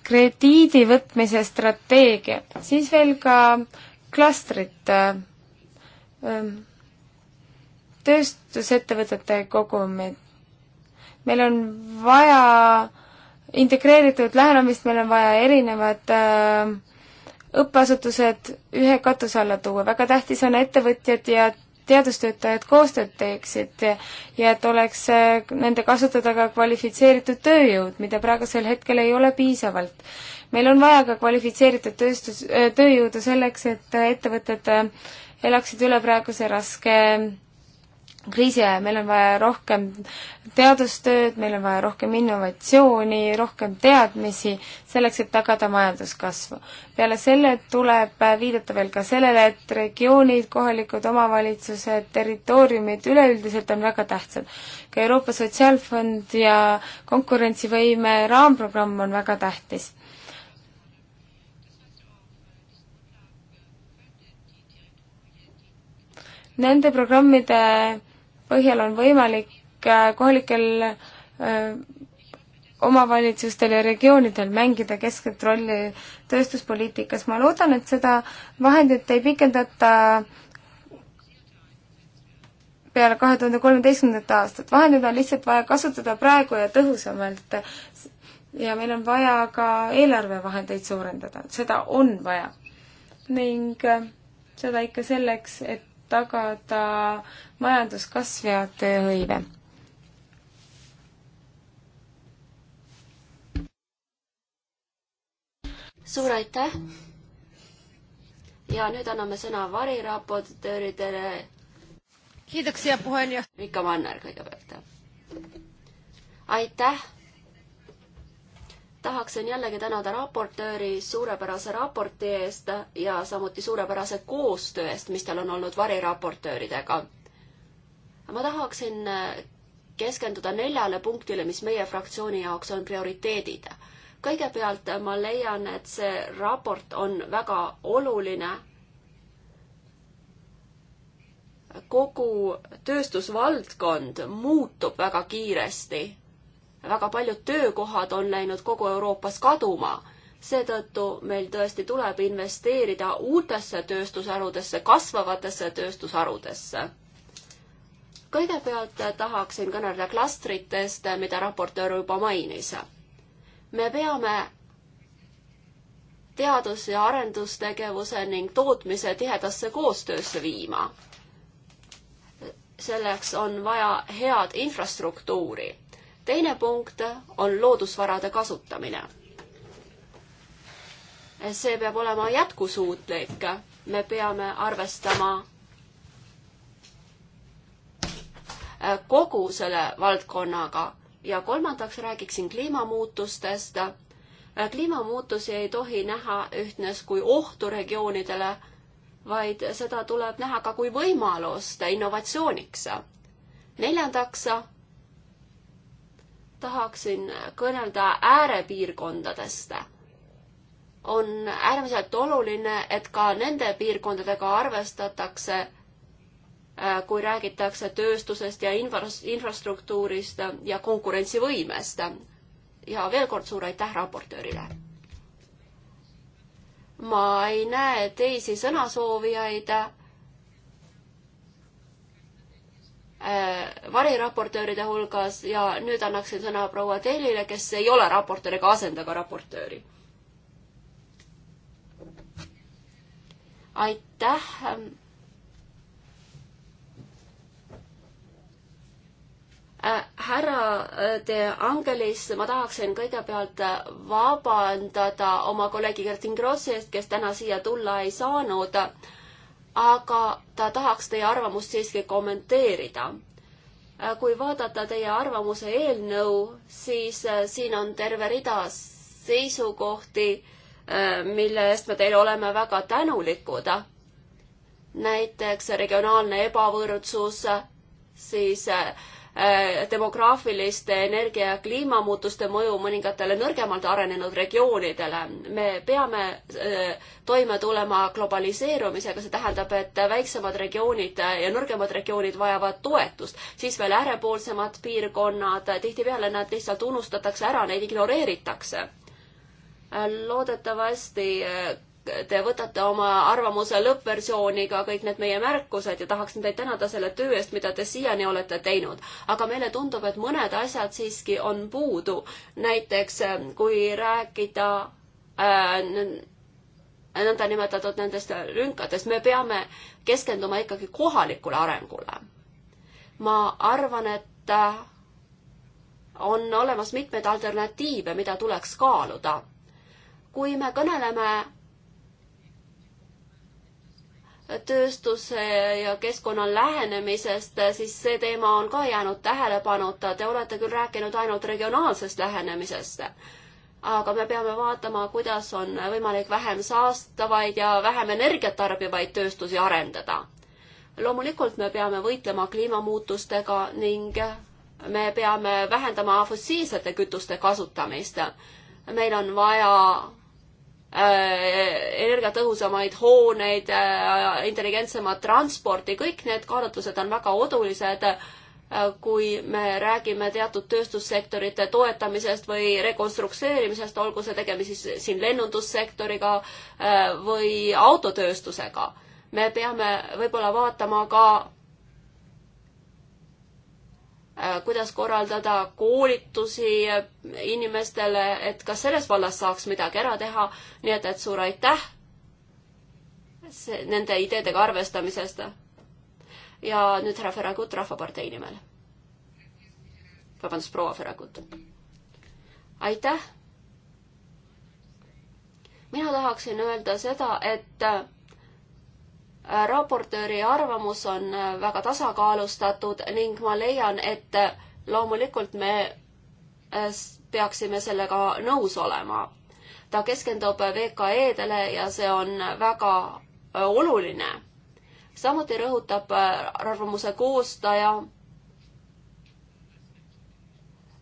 krediidi võtmise strateegia, siis veel ka klastrid, äh, ähm, tööstusettevõtete kogumid. meil on vaja integreeritud lähenemist, meil on vaja erinevad õppeasutused ühe katuse alla tuua, väga tähtis on ettevõtjad ja teadustöötajad koostööd teeksid ja et oleks äh, nende kasutada ka kvalifitseeritud tööjõud, mida praegusel hetkel ei ole piisavalt. meil on vaja ka kvalifitseeritud tööstus, tööjõudu selleks, et ettevõtted äh, elaksid üle praeguse raske kriisi ajal meil on vaja rohkem teadustööd, meil on vaja rohkem innovatsiooni, rohkem teadmisi, selleks, et tagada majanduskasvu. peale selle tuleb viidata veel ka sellele, et regioonid, kohalikud omavalitsused, territooriumid üleüldiselt on väga tähtsad. ka Euroopa Sotsiaalfond ja konkurentsivõime raamprogramm on väga tähtis nende programmide põhjal on võimalik äh, kohalikel äh, omavalitsustel ja regioonidel mängida keskset rolli tööstuspoliitikas. ma loodan, et seda vahendit ei pikendata peale kahe tuhande kolmeteistkümnendat aastat. vahendeid on lihtsalt vaja kasutada praegu ja tõhusamalt. ja meil on vaja ka eelarvevahendeid suurendada, seda on vaja. ning äh, seda ikka selleks, et tagada majanduskasv ja tööhõive. suur aitäh! ja nüüd anname sõna variraportööridele. kiitoksia, puhenja. Rika Manner kõigepealt. aitäh tahaksin jällegi tänada raportööri suurepärase raporti eest ja samuti suurepärase koostöö eest, mis tal on olnud variraportööridega. ma tahaksin keskenduda neljale punktile, mis meie fraktsiooni jaoks on prioriteedid. kõigepealt ma leian, et see raport on väga oluline kogu tööstusvaldkond muutub väga kiiresti väga paljud töökohad on läinud kogu Euroopas kaduma. seetõttu meil tõesti tuleb investeerida uutesse tööstusharudesse, kasvavatesse tööstusharudesse. kõigepealt tahaksin kõneleda klastritest, mida raportöör juba mainis. me peame teadus- ja arendustegevuse ning tootmise tihedasse koostöösse viima. selleks on vaja head infrastruktuuri teine punkt on loodusvarade kasutamine. see peab olema jätkusuutlik, me peame arvestama kogu selle valdkonnaga ja kolmandaks räägiksin kliimamuutustest. kliimamuutusi ei tohi näha ühtnes kui ohtu regioonidele, vaid seda tuleb näha ka kui võimalust innovatsiooniks. neljandaks tahaksin kõnelda äärepiirkondadest. on äärmiselt oluline, et ka nende piirkondadega arvestatakse, äh, kui räägitakse tööstusest ja infras-, infrastruktuurist ja konkurentsivõimest. ja veel kord suur aitäh raportöörile! ma ei näe teisi sõnasoovijaid Äh, variraportööride hulgas ja nüüd annaksin sõna proua Tellile, kes ei ole raportöör ega asenda ka raportööri. aitäh äh, härra äh, De Angelis, ma tahaksin kõigepealt vabandada oma kolleegi Gertin Grossi eest, kes täna siia tulla ei saanud aga ta tahaks teie arvamust siiski kommenteerida. Äh, kui vaadata teie arvamuse eelnõu, siis äh, siin on terve rida seisukohti, äh, mille eest me teile oleme väga tänulikud. näiteks regionaalne ebavõrdsus, siis Äh, demograafiliste energia ja kliimamuutuste mõju mõningatele nõrgemalt arenenud regioonidele. me peame äh, toime tulema globaliseerumisega, see tähendab, et väiksemad regioonid ja nõrgemad regioonid vajavad toetust, siis veel äärepoolsemad piirkonnad, tihtipeale nad lihtsalt unustatakse ära, neid ignoreeritakse äh, loodetavasti te võtate oma arvamuse lõppversiooniga kõik need meie märkused ja tahaksin teid tänada selle töö eest, mida te siiani olete teinud. aga meile tundub, et mõned asjad siiski on puudu. näiteks äh, kui rääkida äh, nõndanimetatud nendest lünkadest, me peame keskenduma ikkagi kohalikule arengule. ma arvan, et äh, on olemas mitmeid alternatiive, mida tuleks kaaluda kui me kõneleme tööstuse ja keskkonna lähenemisest, siis see teema on ka jäänud tähelepanuta. Te olete küll rääkinud ainult regionaalsest lähenemisest, aga me peame vaatama, kuidas on võimalik vähem saastavaid ja vähem energiat tarbivaid tööstusi arendada. loomulikult me peame võitlema kliimamuutustega ning me peame vähendama fossiilsete kütuste kasutamist. meil on vaja Äh, energiatõhusamaid hooneid, äh, intelligentsemat transporti, kõik need kaalutlused on väga olulised, äh, kui me räägime teatud tööstussektorite toetamisest või rekonstrukteerimisest, olgu see tegemist siis siin lennundussektoriga või autotööstusega. me peame võib-olla vaatama ka Äh, kuidas korraldada koolitusi inimestele, et kas selles vallas saaks midagi ära teha. nii et, et suur aitäh see, nende ideedega arvestamisest. ja nüüd härra Ferragut Rahvapartei nimel. vabandust, proua Ferragut. aitäh. mina tahaksin öelda seda, et raportööri arvamus on äh, väga tasakaalustatud ning ma leian, et äh, loomulikult me äh, peaksime sellega nõus olema. ta keskendub VKE-dele ja see on väga oluline. samuti rõhutab arvamuse koostaja,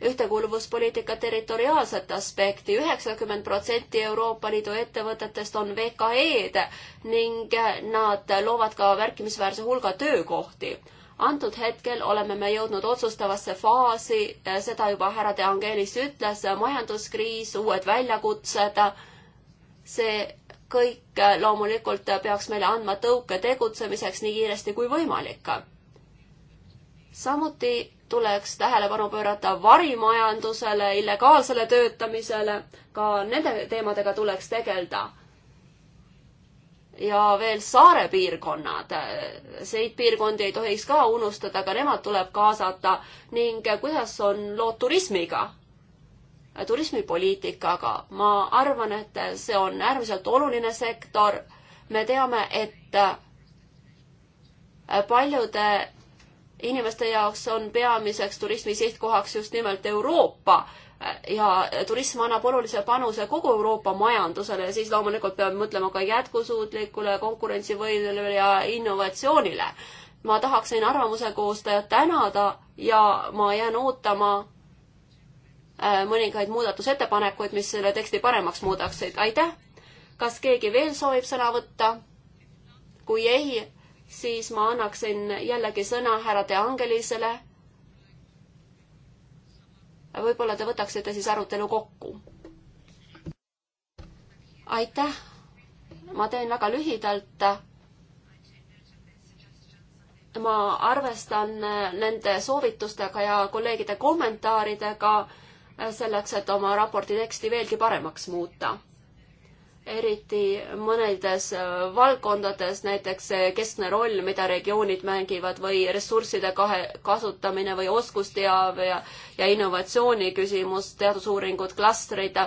ühtekuuluvuspoliitika territoriaalset aspekti. üheksakümmend protsenti Euroopa Liidu ettevõtetest on VKE-d ning nad loovad ka märkimisväärse hulga töökohti. antud hetkel oleme me jõudnud otsustavasse faasi, seda juba härra De Angelis ütles, majanduskriis, uued väljakutsed, see kõik loomulikult peaks meile andma tõuke tegutsemiseks nii kiiresti kui võimalik. samuti tuleks tähelepanu pöörata varimajandusele, illegaalsele töötamisele, ka nende teemadega tuleks tegeleda. ja veel saare piirkonnad, neid piirkondi ei tohiks ka unustada, ka nemad tuleb kaasata ning kuidas on lood turismiga? turismipoliitikaga, ma arvan, et see on äärmiselt oluline sektor. me teame, et paljude inimeste jaoks on peamiseks turismi sihtkohaks just nimelt Euroopa ja turism annab olulise panuse kogu Euroopa majandusele ja siis loomulikult peame mõtlema ka jätkusuutlikule konkurentsivõimele ja innovatsioonile. ma tahaksin arvamuse koostajat tänada ja ma jään ootama äh, mõningaid muudatusettepanekuid, mis selle teksti paremaks muudaksid. aitäh! kas keegi veel soovib sõna võtta? kui ei, siis ma annaksin jällegi sõna härra De Angelisele. võib-olla te võtaksite siis arutelu kokku. aitäh. ma teen väga lühidalt. ma arvestan nende soovitustega ja kolleegide kommentaaridega selleks, et oma raporti teksti veelgi paremaks muuta eriti mõnedes äh, valdkondades, näiteks keskne roll, mida regioonid mängivad või ressursside kahe, kasutamine või oskusteave ja, ja innovatsiooni küsimus, teadusuuringud, klastrid.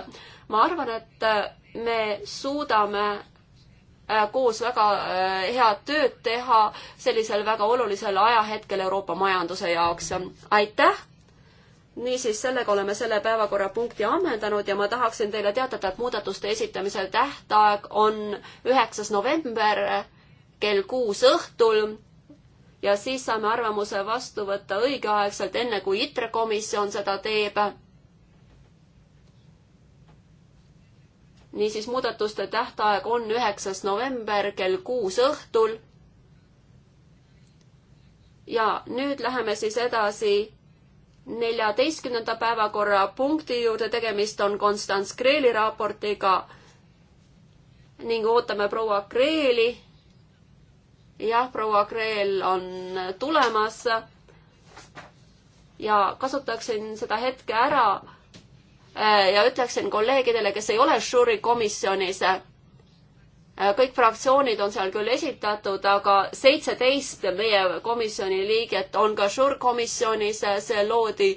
ma arvan, et äh, me suudame äh, koos väga head tööd teha sellisel väga olulisel ajahetkel Euroopa majanduse jaoks. aitäh! niisiis, sellega oleme selle päevakorrapunkti ammendanud ja ma tahaksin teile teatada, et muudatuste esitamise tähtaeg on üheksas november kell kuus õhtul ja siis saame arvamuse vastu võtta õigeaegselt, enne kui ITRE komisjon seda teeb. niisiis, muudatuste tähtaeg on üheksas november kell kuus õhtul. ja nüüd läheme siis edasi neljateistkümnenda päevakorrapunkti juurde, tegemist on Konstants Kreeli raportiga ning ootame proua Kreeli. jah, proua Kreel on tulemas. ja kasutaksin seda hetke ära äh, ja ütleksin kolleegidele, kes ei ole žüürikomisjonis, Äh, kõik fraktsioonid on seal küll esitatud, aga seitseteist meie komisjoni liiget on ka žurkomisjonis, see loodi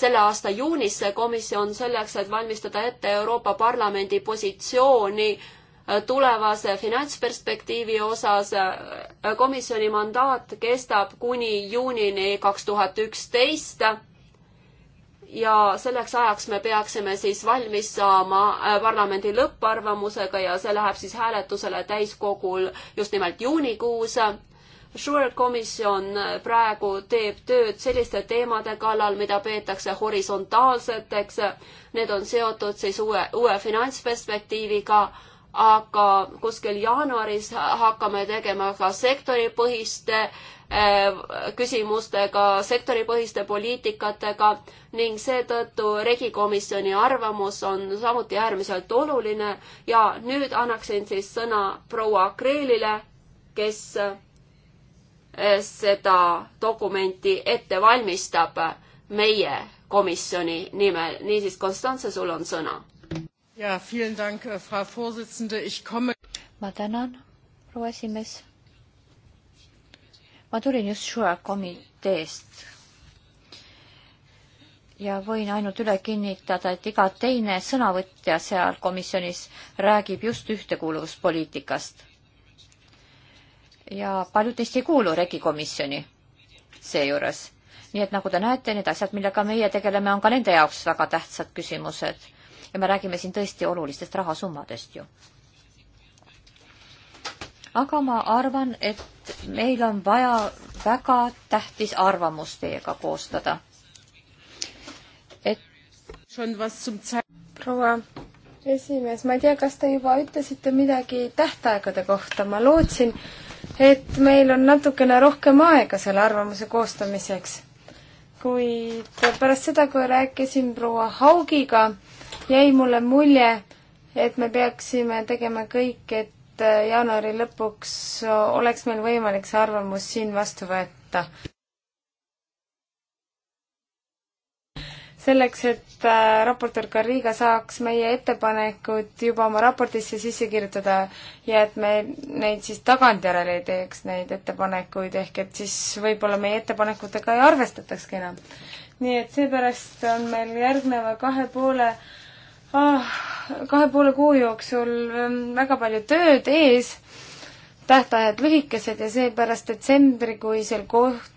selle aasta juunis, see komisjon selleks, et valmistada ette Euroopa Parlamendi positsiooni äh, tulevase finantsperspektiivi osas. Äh, komisjoni mandaat kestab kuni juunini kaks tuhat üksteist ja selleks ajaks me peaksime siis valmis saama äh, parlamendi lõpparvamusega ja see läheb siis hääletusele täiskogul just nimelt juunikuus. Sure komisjon äh, praegu teeb tööd selliste teemade kallal, mida peetakse horisontaalseteks. Need on seotud siis uue, uue finantsperspektiiviga, aga kuskil jaanuaris hakkame tegema ka sektoripõhiste Äh, küsimustega, sektoripõhiste poliitikatega ning seetõttu regikomisjoni arvamus on samuti äärmiselt oluline ja nüüd annaksin siis sõna proua Kreelile, kes äh, seda dokumenti ette valmistab meie komisjoni nimel. niisiis, Konstantse, sul on sõna. jaa, äh, ma tänan, proua esimees ma tulin just Shura-komiteest ja võin ainult üle kinnitada, et iga teine sõnavõtja seal komisjonis räägib just ühtekuuluvuspoliitikast. ja paljud neist ei kuulu regikomisjoni seejuures. nii et nagu te näete, need asjad, millega meie tegeleme, on ka nende jaoks väga tähtsad küsimused. ja me räägime siin tõesti olulistest rahasummadest ju aga ma arvan, et meil on vaja väga tähtis arvamus teiega koostada. et proua esimees, ma ei tea, kas te juba ütlesite midagi tähtaegade kohta, ma lootsin, et meil on natukene rohkem aega selle arvamuse koostamiseks. kuid pärast seda, kui rääkisin proua Haugiga, jäi mulle mulje, et me peaksime tegema kõik, et et jaanuari lõpuks oleks meil võimalik see arvamus siin vastu võtta. selleks, et äh, raportöör Kariga saaks meie ettepanekud juba oma raportisse sisse kirjutada ja et me neid siis tagantjärele ei teeks, neid ettepanekuid, ehk et siis võib-olla meie ettepanekutega ei arvestatakski enam. nii et seepärast on meil järgneva kahe poole äh, Ah, kahe poole kuu jooksul ähm, väga palju tööd ees, tähtajad lühikesed ja seepärast detsembrikuisel koht-,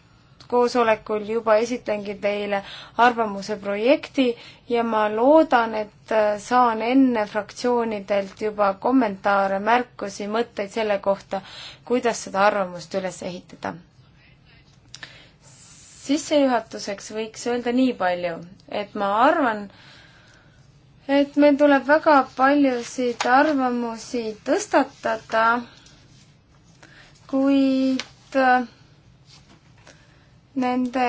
koosolekul juba esitlengi teile arvamuse projekti ja ma loodan, et äh, saan enne fraktsioonidelt juba kommentaare, märkusi, mõtteid selle kohta, kuidas seda arvamust üles ehitada. sissejuhatuseks võiks öelda nii palju, et ma arvan, et meil tuleb väga paljusid arvamusi tõstatada, kuid äh, nende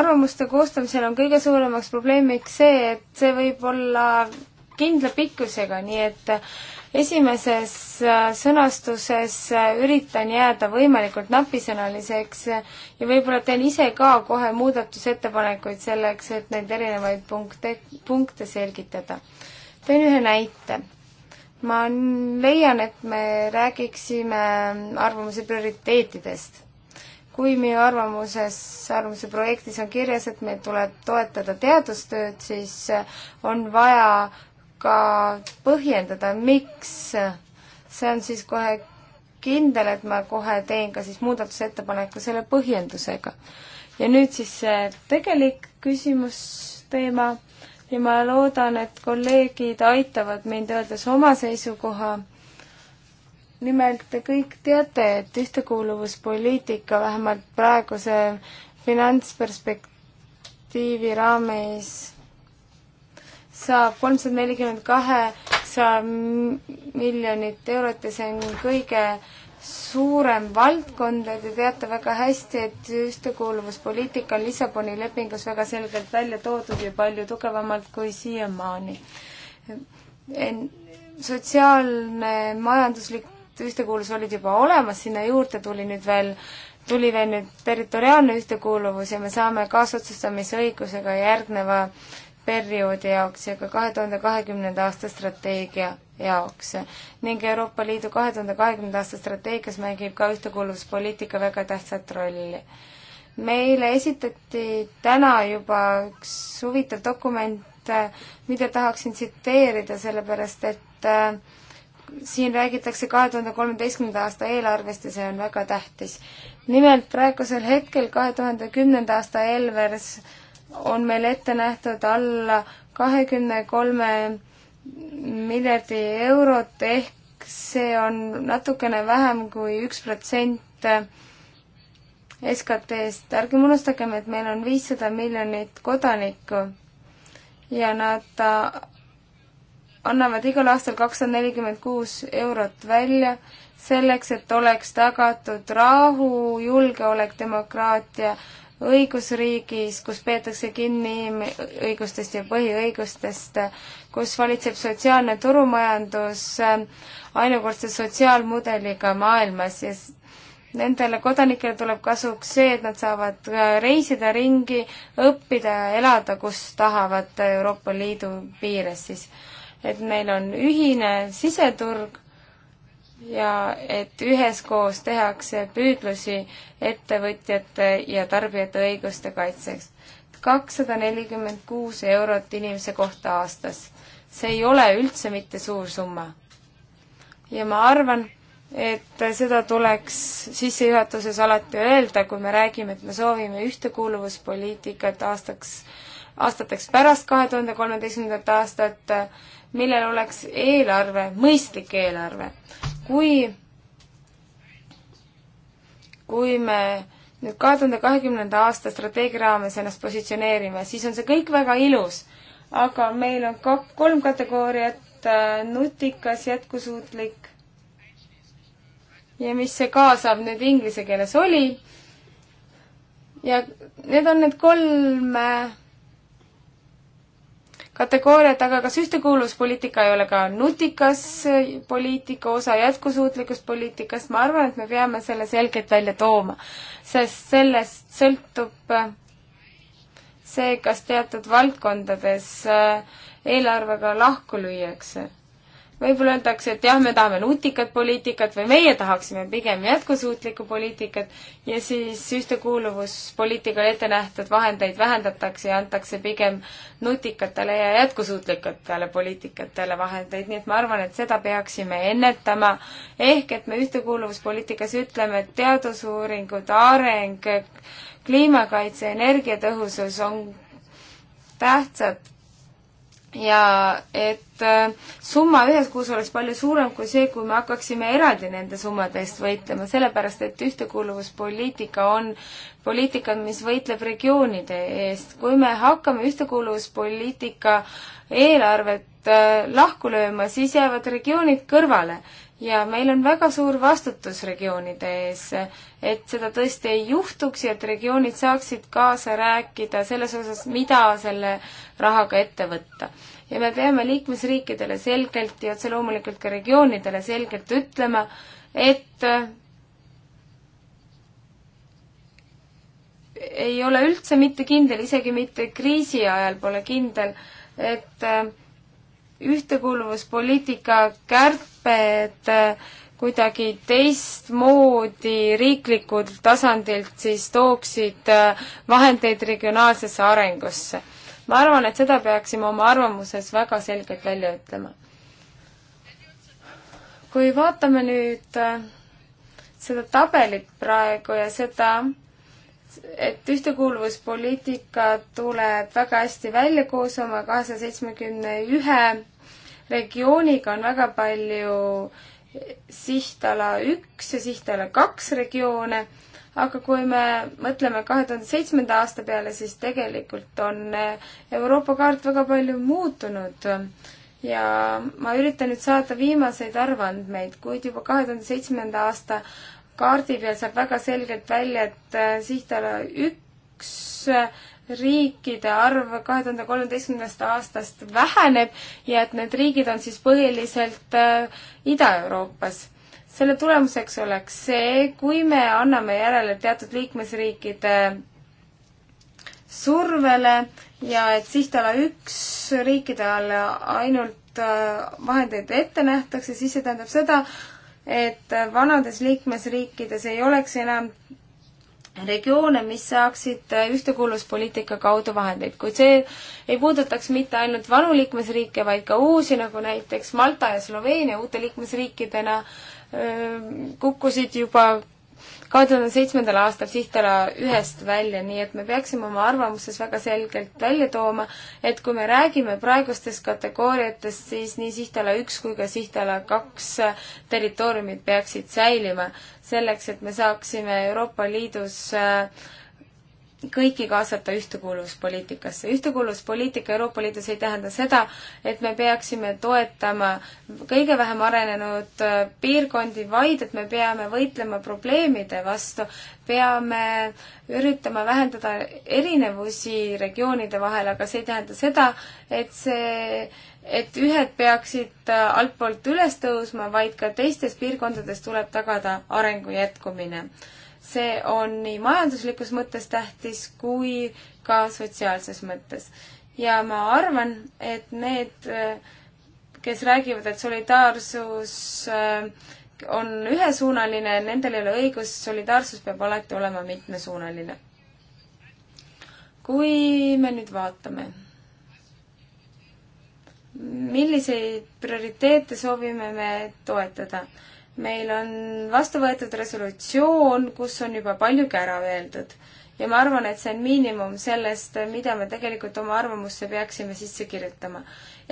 arvamuste koostamisel on kõige suuremaks probleemiks see, et see võib olla kindla pikkusega, nii et esimeses äh, sõnastuses äh, üritan jääda võimalikult napisõnaliseks äh, ja võib-olla teen ise ka kohe muudatusettepanekuid selleks, et neid erinevaid punkte, punkte selgitada. teen ühe näite. ma leian, et me räägiksime arvamuse prioriteetidest. kui minu arvamuses, arvamuse projektis on kirjas, et meil tuleb toetada teadustööd, siis on vaja ka põhjendada, miks. see on siis kohe kindel, et ma kohe teen ka siis muudatusettepaneku selle põhjendusega. ja nüüd siis see tegelik küsimus, teema ja ma loodan, et kolleegid aitavad mind öeldes oma seisukoha. nimelt te kõik teate, et ühtekuuluvuspoliitika vähemalt praeguse finantsperspektiivi raames saab kolmsada nelikümmend kaheksa miljonit eurot ja see on kõige suurem valdkond ja te teate väga hästi, et ühtekuuluvuspoliitika on Lissaboni lepingus väga selgelt välja toodud ja palju tugevamalt kui siiamaani. sotsiaalne, majanduslik ühtekuuluvus olid juba olemas, sinna juurde tuli nüüd veel tuli veel nüüd territoriaalne ühtekuuluvus ja me saame kaasotsustamisõigusega järgneva äh, perioodi jaoks ja ka kahe tuhande kahekümnenda aasta strateegia jaoks. ning Euroopa Liidu kahe tuhande kahekümnenda aasta strateegias mängib ka ühtekuuluvuspoliitika väga tähtsat rolli. meile esitati täna juba üks huvitav dokument, mida tahaksin tsiteerida, sellepärast et äh, siin räägitakse kahe tuhande kolmeteistkümnenda aasta eelarvest ja see on väga tähtis. nimelt praegusel hetkel kahe tuhande kümnenda aasta eelarves on meil ette nähtud alla kahekümne kolme miljardi eurot ehk see on natukene vähem kui üks protsent SKT-st. ärgem unustagem, et meil on viissada miljonit kodanikku ja nad äh, annavad igal aastal kakssada nelikümmend kuus eurot välja selleks, et oleks tagatud rahu, julgeolek, demokraatia, õigusriigis, kus peetakse kinni inimõigustest ja põhiõigustest, kus valitseb sotsiaalne turumajandus ainukordse sotsiaalmudeliga maailmas ja nendele kodanikele tuleb kasuks see, et nad saavad äh, reisida ringi, õppida ja elada, kus tahavad Euroopa Liidu piires siis. et meil on ühine siseturg ja et üheskoos tehakse püüdlusi ettevõtjate ja tarbijate õiguste kaitseks. kakssada nelikümmend kuus eurot inimese kohta aastas. see ei ole üldse mitte suur summa. ja ma arvan, et seda tuleks sissejuhatuses alati öelda, kui me räägime, et me soovime ühtekuuluvuspoliitikat aastaks, aastateks pärast kahe tuhande kolmeteistkümnendat aastat, millel oleks eelarve, mõistlik eelarve kui, kui me nüüd kahe tuhande kahekümnenda aasta strateegia raames ennast positsioneerime, siis on see kõik väga ilus, aga meil on ka kolm kategooriat, äh, nutikas, jätkusuutlik ja mis see kaasab nüüd inglise keeles oli. ja need on need kolm äh, kategooriat, aga kas ühtekuuluvuspoliitika ei ole ka nutikas poliitika osa jätkusuutlikust poliitikast, ma arvan, et me peame selle selgelt välja tooma, sest sellest sõltub äh, see, kas teatud valdkondades äh, eelarvega lahku lüüakse võib-olla öeldakse, et jah, me tahame nutikat poliitikat või meie tahaksime pigem jätkusuutlikku poliitikat ja siis ühtekuuluvuspoliitikale ette nähtud vahendeid vähendatakse ja antakse pigem nutikatele ja jätkusuutlikatele poliitikatele vahendeid, nii et ma arvan, et seda peaksime ennetama. ehk et me ühtekuuluvuspoliitikas ütleme, et teadusuuringud, areng, kliimakaitse, energiatõhusus on tähtsad ja et äh, summa ühes kuus oleks palju suurem kui see, kui me hakkaksime eraldi nende summade eest võitlema, sellepärast et ühtekuuluvuspoliitika on poliitika, mis võitleb regioonide eest. kui me hakkame ühtekuuluvuspoliitika eelarvet äh, lahku lööma, siis jäävad regioonid kõrvale ja meil on väga suur vastutus regioonide ees, et seda tõesti ei juhtuks ja et regioonid saaksid kaasa rääkida selles osas, mida selle rahaga ette võtta. ja me peame liikmesriikidele selgelt ja otse loomulikult ka regioonidele selgelt ütlema, et ei ole üldse mitte kindel, isegi mitte kriisi ajal pole kindel, et ühtekuuluvuspoliitika kärt-, leped äh, kuidagi teistmoodi riiklikult tasandilt siis tooksid äh, vahendeid regionaalsesse arengusse. ma arvan, et seda peaksime oma arvamuses väga selgelt välja ütlema. kui vaatame nüüd äh, seda tabelit praegu ja seda, et ühtekuuluvuspoliitika tuleb väga hästi välja koos oma kahesaja seitsmekümne ühe regiooniga on väga palju sihtala üks ja sihtala kaks regioone, aga kui me mõtleme kahe tuhande seitsmenda aasta peale, siis tegelikult on Euroopa kaart väga palju muutunud ja ma üritan nüüd saada viimaseid arvandmeid, kuid juba kahe tuhande seitsmenda aasta kaardi peal saab väga selgelt välja, et sihtala üks riikide arv kahe tuhande kolmeteistkümnendast aastast väheneb ja et need riigid on siis põhiliselt äh, Ida-Euroopas. selle tulemuseks oleks see, kui me anname järele teatud liikmesriikide survele ja et sihtala üks riikide all ainult äh, vahendeid ette nähtakse, siis see tähendab seda, et vanades liikmesriikides ei oleks enam regioone, mis saaksid äh, ühtekuuluvuspoliitika kaudu vahendeid, kuid see ei puudutaks mitte ainult vanu liikmesriike, vaid ka uusi, nagu näiteks Malta ja Sloveenia uute liikmesriikidena kukkusid juba kahe tuhande seitsmendal aastal sihtala ühest välja, nii et me peaksime oma arvamuses väga selgelt välja tooma, et kui me räägime praegustest kategooriatest, siis nii sihtala üks kui ka sihtala kaks territooriumid peaksid säilima selleks, et me saaksime Euroopa Liidus äh, kõiki kaasata ühtekuuluvuspoliitikasse. ühtekuuluvuspoliitika Euroopa Liidus ei tähenda seda, et me peaksime toetama kõige vähem arenenud äh, piirkondi, vaid et me peame võitlema probleemide vastu, peame üritama vähendada erinevusi regioonide vahel, aga see ei tähenda seda, et see et ühed peaksid äh, altpoolt üles tõusma, vaid ka teistes piirkondades tuleb tagada arengu jätkumine. see on nii majanduslikus mõttes tähtis kui ka sotsiaalses mõttes. ja ma arvan, et need, äh, kes räägivad, et solidaarsus äh, on ühesuunaline, nendel ei ole õigust, solidaarsus peab alati olema mitmesuunaline. kui me nüüd vaatame milliseid prioriteete soovime me toetada? meil on vastu võetud resolutsioon, kus on juba paljugi ära öeldud ja ma arvan, et see on miinimum sellest, mida me tegelikult oma arvamusse peaksime sisse kirjutama.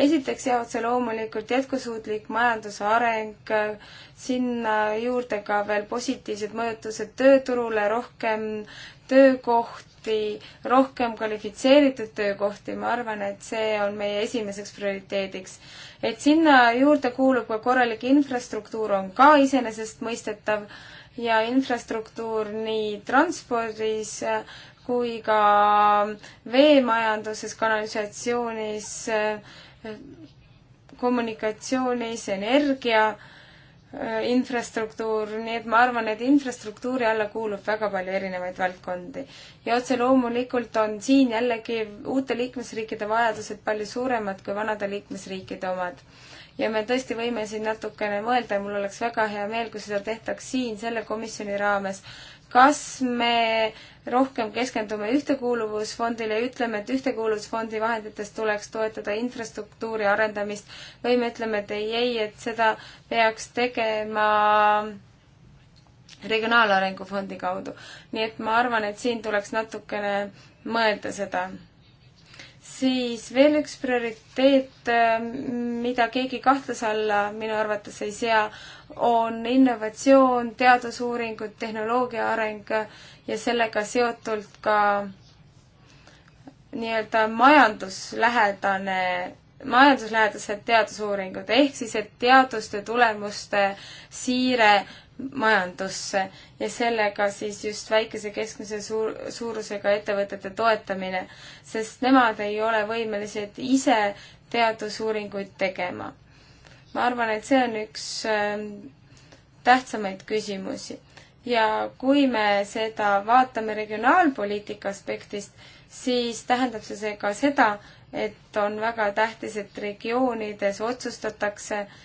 esiteks jah, otse loomulikult jätkusuutlik majanduse areng, sinna juurde ka veel positiivsed mõjutused tööturule, rohkem töökohti, rohkem kvalifitseeritud töökohti, ma arvan, et see on meie esimeseks prioriteediks. et sinna juurde kuulub ka korralik infrastruktuur, on ka iseenesestmõistetav ja infrastruktuur nii transpordis kui ka veemajanduses, kanalisatsioonis, kommunikatsioonis, energia äh, Äh, infrastruktuur, nii et ma arvan, et infrastruktuuri alla kuulub väga palju erinevaid valdkondi. ja otse loomulikult on siin jällegi uute liikmesriikide vajadused palju suuremad kui vanade liikmesriikide omad. ja me tõesti võime siin natukene mõelda ja mul oleks väga hea meel, kui seda tehtaks siin selle komisjoni raames, kas me rohkem keskendume Ühtekuuluvusfondile ja ütleme, et Ühtekuuluvusfondi vahenditest tuleks toetada infrastruktuuri arendamist või me ütleme, et ei, ei, et seda peaks tegema regionaalarengu fondi kaudu. nii et ma arvan, et siin tuleks natukene mõelda seda siis veel üks prioriteet, äh, mida keegi kahtluse alla minu arvates ei sea, on innovatsioon, teadusuuringud, tehnoloogia areng ja sellega seotult ka nii-öelda majanduslähedane, majanduslähedased teadusuuringud ehk siis, et teaduste tulemuste siire majandusse ja sellega siis just väikese keskmise suur, suurusega ettevõtete toetamine, sest nemad ei ole võimelised ise teadusuuringuid tegema. ma arvan, et see on üks ähm, tähtsamaid küsimusi. ja kui me seda vaatame regionaalpoliitika aspektist, siis tähendab see, see ka seda, et on väga tähtis, et regioonides otsustatakse äh,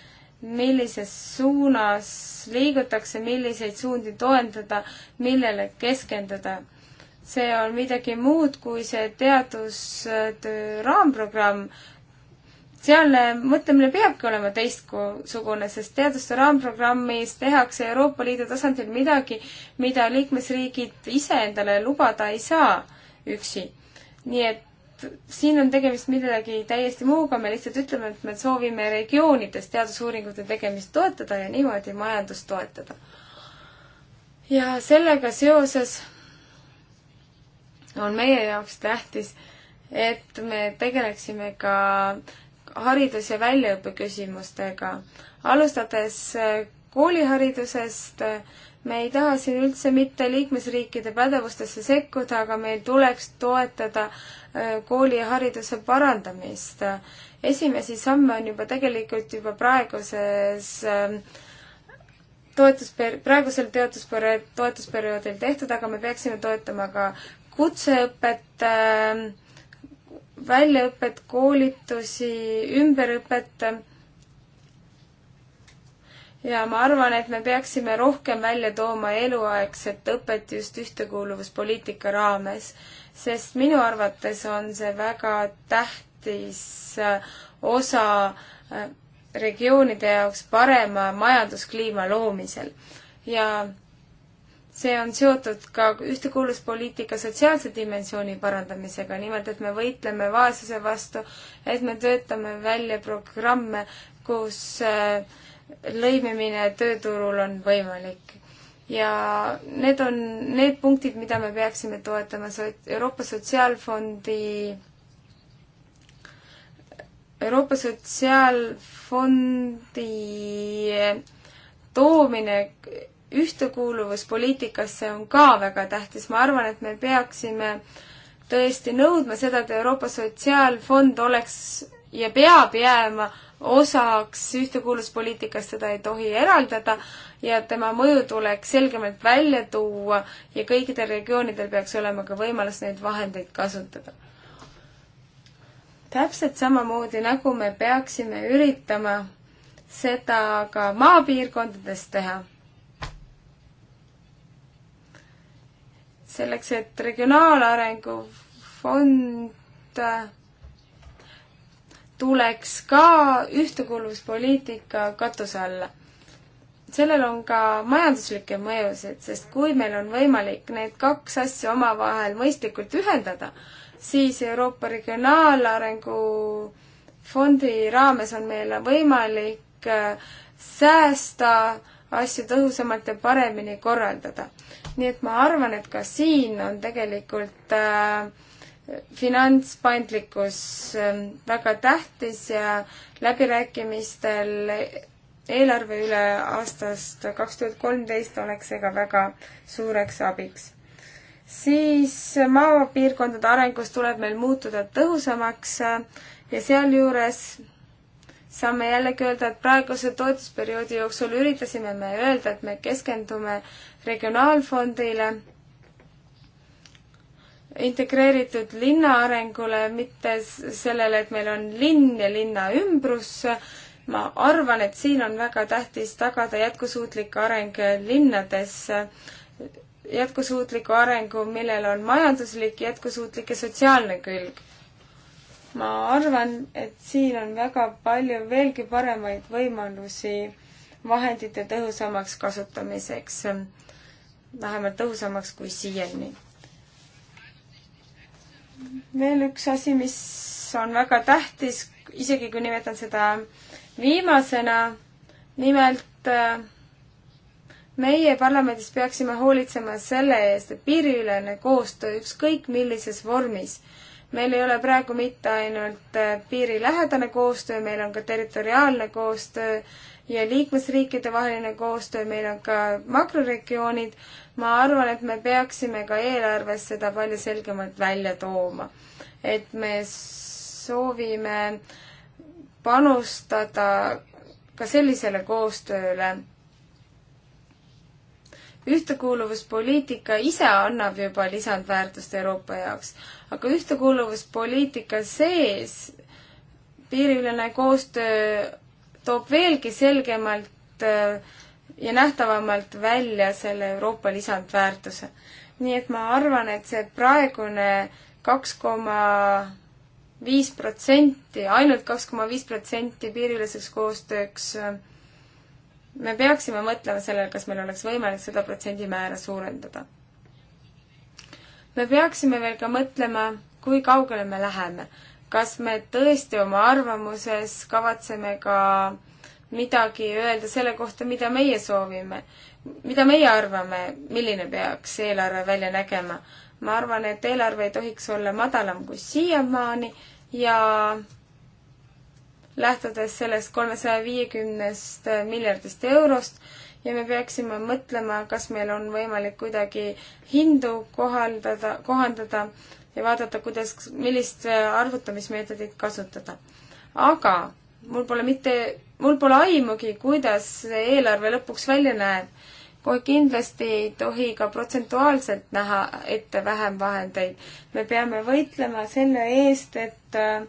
millises suunas liigutakse, milliseid suundi toendada, millele keskenduda. see on midagi muud kui see teadustöö raamprogramm, seal mõtlemine peabki olema teistsugune, sest teaduste raamprogrammis tehakse Euroopa Liidu tasandil midagi, mida liikmesriigid ise endale lubada ei saa üksi. nii et siin on tegemist midagi täiesti muuga, me lihtsalt ütleme, et me soovime regioonides teadusuuringute tegemist toetada ja niimoodi majandust toetada. ja sellega seoses on meie jaoks tähtis, et me tegeleksime ka haridus- ja väljaõppe küsimustega. alustades äh, kooliharidusest, me ei taha siin üldse mitte liikmesriikide pädevustesse sekkuda, aga meil tuleks toetada äh, koolihariduse parandamist. esimesi samme on juba tegelikult juba praeguses ähm, toetusper-, praegusel teadusper-, toetusperioodil tehtud, aga me peaksime toetama ka kutseõpet, ähm, väljaõpet, koolitusi, ümberõpet. ja ma arvan, et me peaksime rohkem välja tooma eluaegset õpet just ühtekuuluvuspoliitika raames sest minu arvates on see väga tähtis äh, osa äh, regioonide jaoks parema majanduskliima loomisel. ja see on seotud ka ühtekuuluvuspoliitika sotsiaalse dimensiooni parandamisega, nimelt et me võitleme vaesuse vastu, et me töötame välja programme, kus äh, lõimimine tööturul on võimalik ja need on need punktid, mida me peaksime toetama, Euroopa Sotsiaalfondi, Euroopa Sotsiaalfondi toomine ühtekuuluvuspoliitikasse on ka väga tähtis, ma arvan, et me peaksime tõesti nõudma seda, et Euroopa Sotsiaalfond oleks ja peab jääma osaks ühtekuuluvuspoliitikast, seda ei tohi eraldada ja tema mõju tuleks selgemalt välja tuua ja kõikidel regioonidel peaks olema ka võimalus neid vahendeid kasutada. täpselt samamoodi, nagu me peaksime üritama seda ka maapiirkondades teha selleks, et regionaalarengu fond äh, tuleks ka ühtekuuluvuspoliitika katuse alla sellel on ka majanduslikke mõjusid, sest kui meil on võimalik need kaks asja omavahel mõistlikult ühendada, siis Euroopa Regionaalarengu Fondi raames on meil võimalik äh, säästa asju tõhusamalt ja paremini korraldada. nii et ma arvan, et ka siin on tegelikult äh, finantspaindlikkus äh, väga tähtis ja läbirääkimistel eelarve üle aastast kaks tuhat kolmteist oleks see ka väga suureks abiks. siis maapiirkondade arengus tuleb meil muutuda tõhusamaks ja sealjuures saame jällegi öelda, et praeguse toetusperioodi jooksul üritasime me öelda, et me keskendume regionaalfondile, integreeritud linna arengule, mitte sellele, et meil on linn ja linna ümbrus ma arvan, et siin on väga tähtis tagada jätkusuutlik areng linnades, jätkusuutliku arengu, millel on majanduslik jätkusuutlik ja sotsiaalne külg. ma arvan, et siin on väga palju veelgi paremaid võimalusi vahendite tõhusamaks kasutamiseks, vähemalt tõhusamaks kui siiani. veel üks asi, mis on väga tähtis, isegi kui nimetan seda äh, viimasena nimelt äh, meie parlamendis peaksime hoolitsema selle eest, et piiriülene koostöö ükskõik millises vormis, meil ei ole praegu mitte ainult äh, piirilähedane koostöö, meil on ka territoriaalne koostöö ja liikmesriikide vaheline koostöö, meil on ka makroregioonid, ma arvan, et me peaksime ka eelarves seda palju selgemalt välja tooma. et me soovime äh, panustada ka sellisele koostööle. ühtekuuluvuspoliitika ise annab juba lisandväärtust Euroopa jaoks, aga ühtekuuluvuspoliitika sees piiriülene koostöö toob veelgi selgemalt äh, ja nähtavamalt välja selle Euroopa lisandväärtuse. nii et ma arvan, et see praegune kaks koma viis protsenti, ainult kaks koma viis protsenti piiriliseks koostööks. me peaksime mõtlema sellele, kas meil oleks võimalik seda protsendimäära suurendada. me peaksime veel ka mõtlema, kui kaugele me läheme. kas me tõesti oma arvamuses kavatseme ka midagi öelda selle kohta, mida meie soovime, mida meie arvame, milline peaks eelarve välja nägema. ma arvan, et eelarve ei tohiks olla madalam kui siiamaani ja lähtudes sellest kolmesaja viiekümnest miljardist eurost ja me peaksime mõtlema, kas meil on võimalik kuidagi hindu kohaldada, kohandada ja vaadata, kuidas, millist arvutamismeetodit kasutada. aga mul pole mitte, mul pole aimugi, kuidas see eelarve lõpuks välja näeb kohe kindlasti ei tohi ka protsentuaalselt näha ette vähem vahendeid. me peame võitlema selle eest, et äh,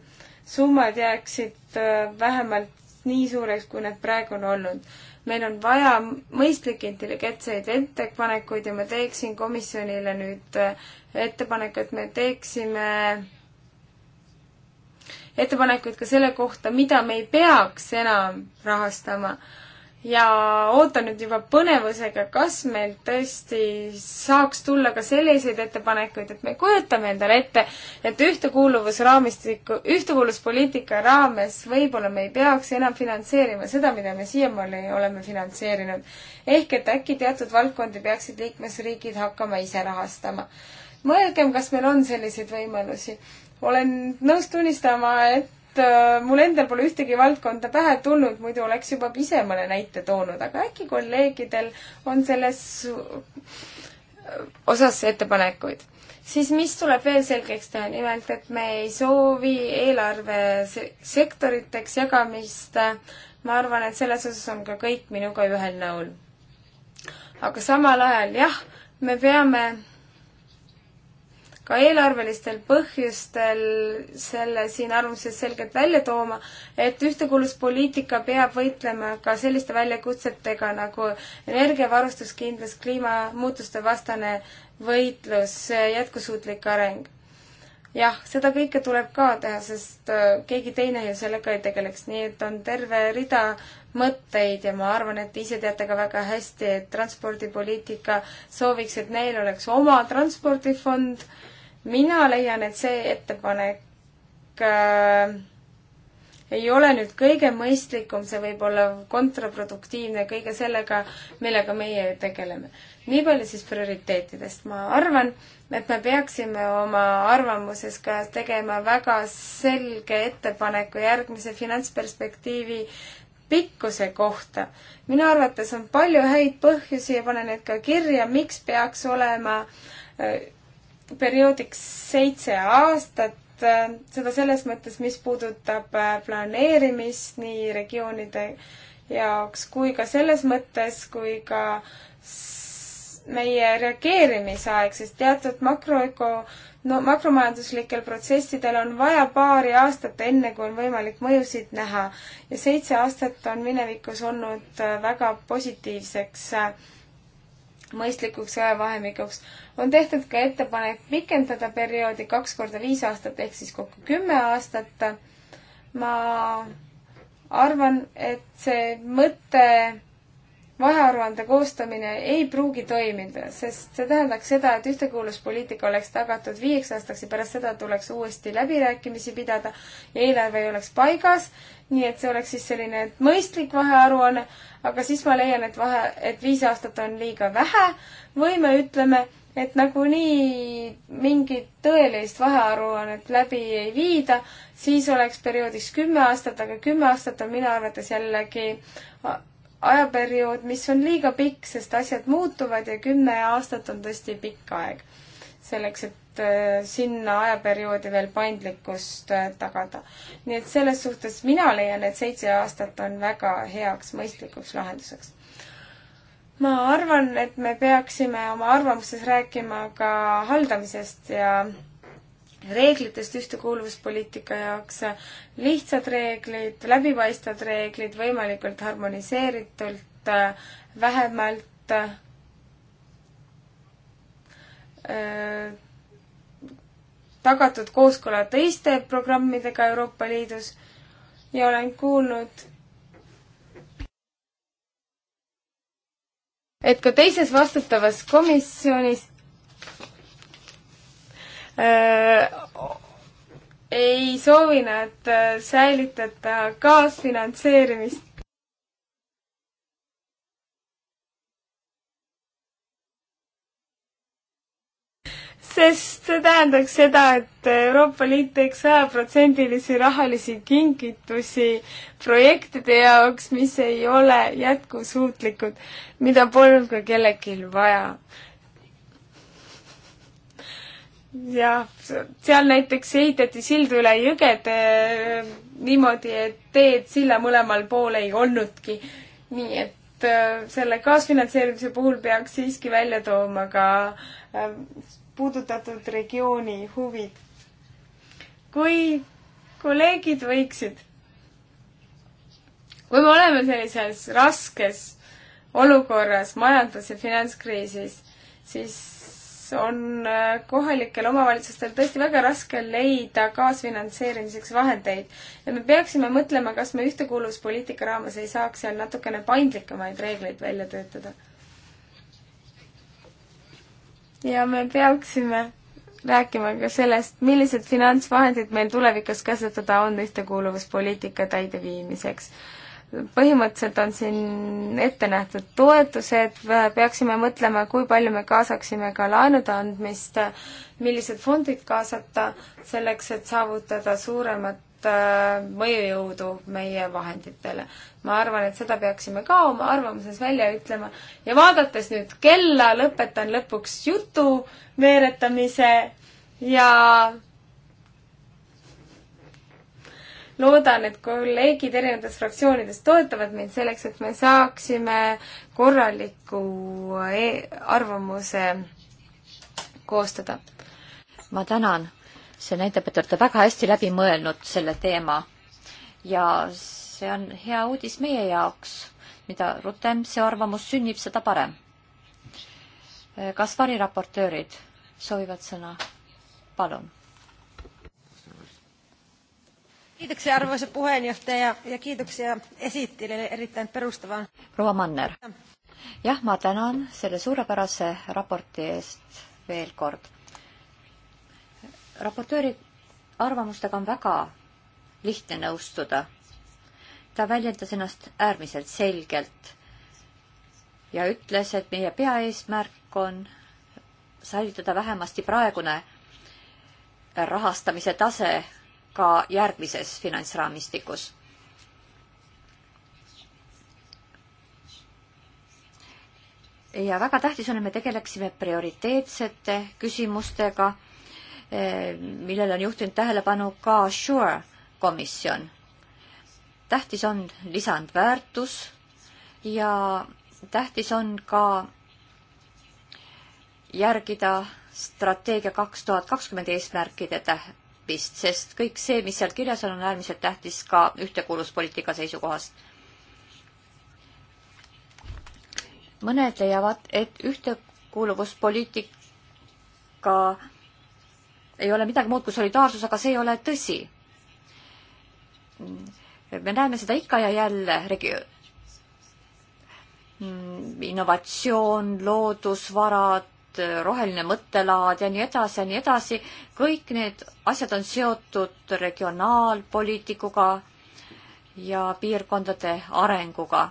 summad jääksid äh, vähemalt nii suureks, kui need praegu on olnud. meil on vaja mõistlikke intelligentseid ettepanekuid ja ma teeksin komisjonile nüüd äh, ettepaneku, et me teeksime ettepanekuid ka selle kohta, mida me ei peaks enam rahastama ja ootan nüüd juba põnevusega, kas meil tõesti saaks tulla ka selliseid ettepanekuid, et me kujutame endale ette, et ühtekuuluvusraamistiku, ühtekuuluvuspoliitika raames võib-olla me ei peaks enam finantseerima seda, mida me siiamaani oleme finantseerinud. ehk et äkki teatud valdkondi peaksid liikmesriigid hakkama ise rahastama. mõelgem, kas meil on selliseid võimalusi. olen nõus tunnistama, et Äh, mul endal pole ühtegi valdkonda pähe tulnud, muidu oleks juba ise mõne näite toonud, aga äkki kolleegidel on selles osas ettepanekuid. siis mis tuleb veel selgeks teha, nimelt et me ei soovi eelarvesektoriteks jagamist. ma arvan, et selles osas on ka kõik minuga ühel nõul. aga samal ajal jah, me peame ka eelarvelistel põhjustel selle siin arvamuses selgelt välja tooma, et ühtekuuluvuspoliitika peab võitlema ka selliste väljakutsetega nagu energiavarustuskindlus, kliimamuutuste vastane võitlus, jätkusuutlik areng. jah, seda kõike tuleb ka teha, sest äh, keegi teine ju sellega ei tegeleks, nii et on terve rida mõtteid ja ma arvan, et ise teate ka väga hästi, et transpordipoliitika sooviks, et neil oleks oma transpordifond mina leian, et see ettepanek äh, ei ole nüüd kõige mõistlikum, see võib olla kontraproduktiivne kõige sellega, millega meie tegeleme. nii palju siis prioriteetidest. ma arvan, et me peaksime oma arvamuses ka tegema väga selge ettepaneku järgmise finantsperspektiivi pikkuse kohta. minu arvates on palju häid põhjusi ja panen need ka kirja, miks peaks olema äh, perioodiks seitse aastat, äh, seda selles mõttes, mis puudutab äh, planeerimist nii regioonide jaoks kui ka selles mõttes, kui ka meie reageerimisaeg, sest teatud makroöko, no makromajanduslikel protsessidel on vaja paari aastat, enne kui on võimalik mõjusid näha. ja seitse aastat on minevikus olnud äh, väga positiivseks äh, mõistlikuks ajavahemikuks, on tehtud ka ettepanek pikendada perioodi kaks korda viis aastat ehk siis kokku kümme aastat. ma arvan, et see mõte vahearuande koostamine ei pruugi toimida, sest see tähendaks seda, et ühtekuuluvuspoliitika oleks tagatud viieks aastaks ja pärast seda tuleks uuesti läbirääkimisi pidada ja eelarve ei oleks paigas nii et see oleks siis selline mõistlik vahearuanne, aga siis ma leian, et vahe, et viis aastat on liiga vähe või me ütleme, et nagunii mingit tõelist vahearuannet läbi ei viida, siis oleks perioodiks kümme aastat, aga kümme aastat on minu arvates jällegi ajaperiood, mis on liiga pikk, sest asjad muutuvad ja kümme aastat on tõesti pikk aeg selleks, et Äh, sinna ajaperioodi veel paindlikkust äh, tagada. nii et selles suhtes mina leian, et seitse aastat on väga heaks mõistlikuks lahenduseks. ma arvan, et me peaksime oma arvamuses rääkima ka haldamisest ja reeglitest ühtekuuluvuspoliitika jaoks, lihtsad reeglid, läbipaistvad reeglid, võimalikult harmoniseeritult, äh, vähemalt öö, tagatud kooskõla teiste programmidega Euroopa Liidus ja olen kuulnud, et ka teises vastutavas komisjonis äh, ei soovi nad äh, säilitada kaasfinantseerimist sest see tähendaks seda, et Euroopa Liit teeks sajaprotsendilisi rahalisi kingitusi projektide jaoks, mis ei ole jätkusuutlikud, mida polnud ka kellelgi vaja. jah, seal näiteks ehitati sildu üle jõgede äh, niimoodi, et teed silla mõlemal pool ei olnudki. nii et äh, selle kaasfinantseerimise puhul peaks siiski välja tooma ka äh, puudutatud regiooni huvid. kui kolleegid võiksid, kui me oleme sellises raskes olukorras majandus- ja finantskriisis, siis on äh, kohalikel omavalitsustel tõesti väga raske leida kaasfinantseerimiseks vahendeid ja me peaksime mõtlema, kas me ühtekuuluvuspoliitika raames ei saaks seal natukene paindlikumaid reegleid välja töötada ja me peaksime rääkima ka sellest, millised finantsvahendid meil tulevikus kasutada on ühtekuuluvuspoliitika täideviimiseks. põhimõtteliselt on siin ette nähtud toetused, peaksime mõtlema, kui palju me kaasaksime ka laenude andmist, millised fondid kaasata selleks, et saavutada suuremat Äh, mõjujõudu meie vahenditele. ma arvan, et seda peaksime ka oma arvamuses välja ütlema ja vaadates nüüd kella, lõpetan lõpuks jutu veeretamise ja loodan, et kolleegid erinevatest fraktsioonidest toetavad meid selleks, et me saaksime korraliku e arvamuse koostada. ma tänan see näitab, et te olete väga hästi läbi mõelnud selle teema ja see on hea uudis meie jaoks. mida rutem see arvamus sünnib, seda parem. kas variraportöörid soovivad sõna? palun. kiitoksia, arvamuse puheenjohtaja ja kiitoksia esitile erittäin perustavan. proua Manner. jah, ma tänan selle suurepärase raporti eest veel kord raportööri arvamustega on väga lihtne nõustuda. ta väljendas ennast äärmiselt selgelt ja ütles, et meie peaeesmärk on säilitada vähemasti praegune rahastamise tase ka järgmises finantsraamistikus. ja väga tähtis on, et me tegeleksime prioriteetsete küsimustega Eh, millele on juhtinud tähelepanu ka Sure komisjon. tähtis on lisandväärtus ja tähtis on ka järgida strateegia kaks tuhat kakskümmend eesmärkide tähtmist, sest kõik see, mis seal kirjas on, on äärmiselt tähtis ka ühtekuuluvuspoliitika seisukohast. mõned leiavad, et ühtekuuluvuspoliitika ei ole midagi muud kui solidaarsus, aga see ei ole tõsi. me näeme seda ikka ja jälle regi-, mm, innovatsioon, loodusvarad, roheline mõttelaad ja nii edasi ja nii edasi, kõik need asjad on seotud regionaalpoliitikuga ja piirkondade arenguga.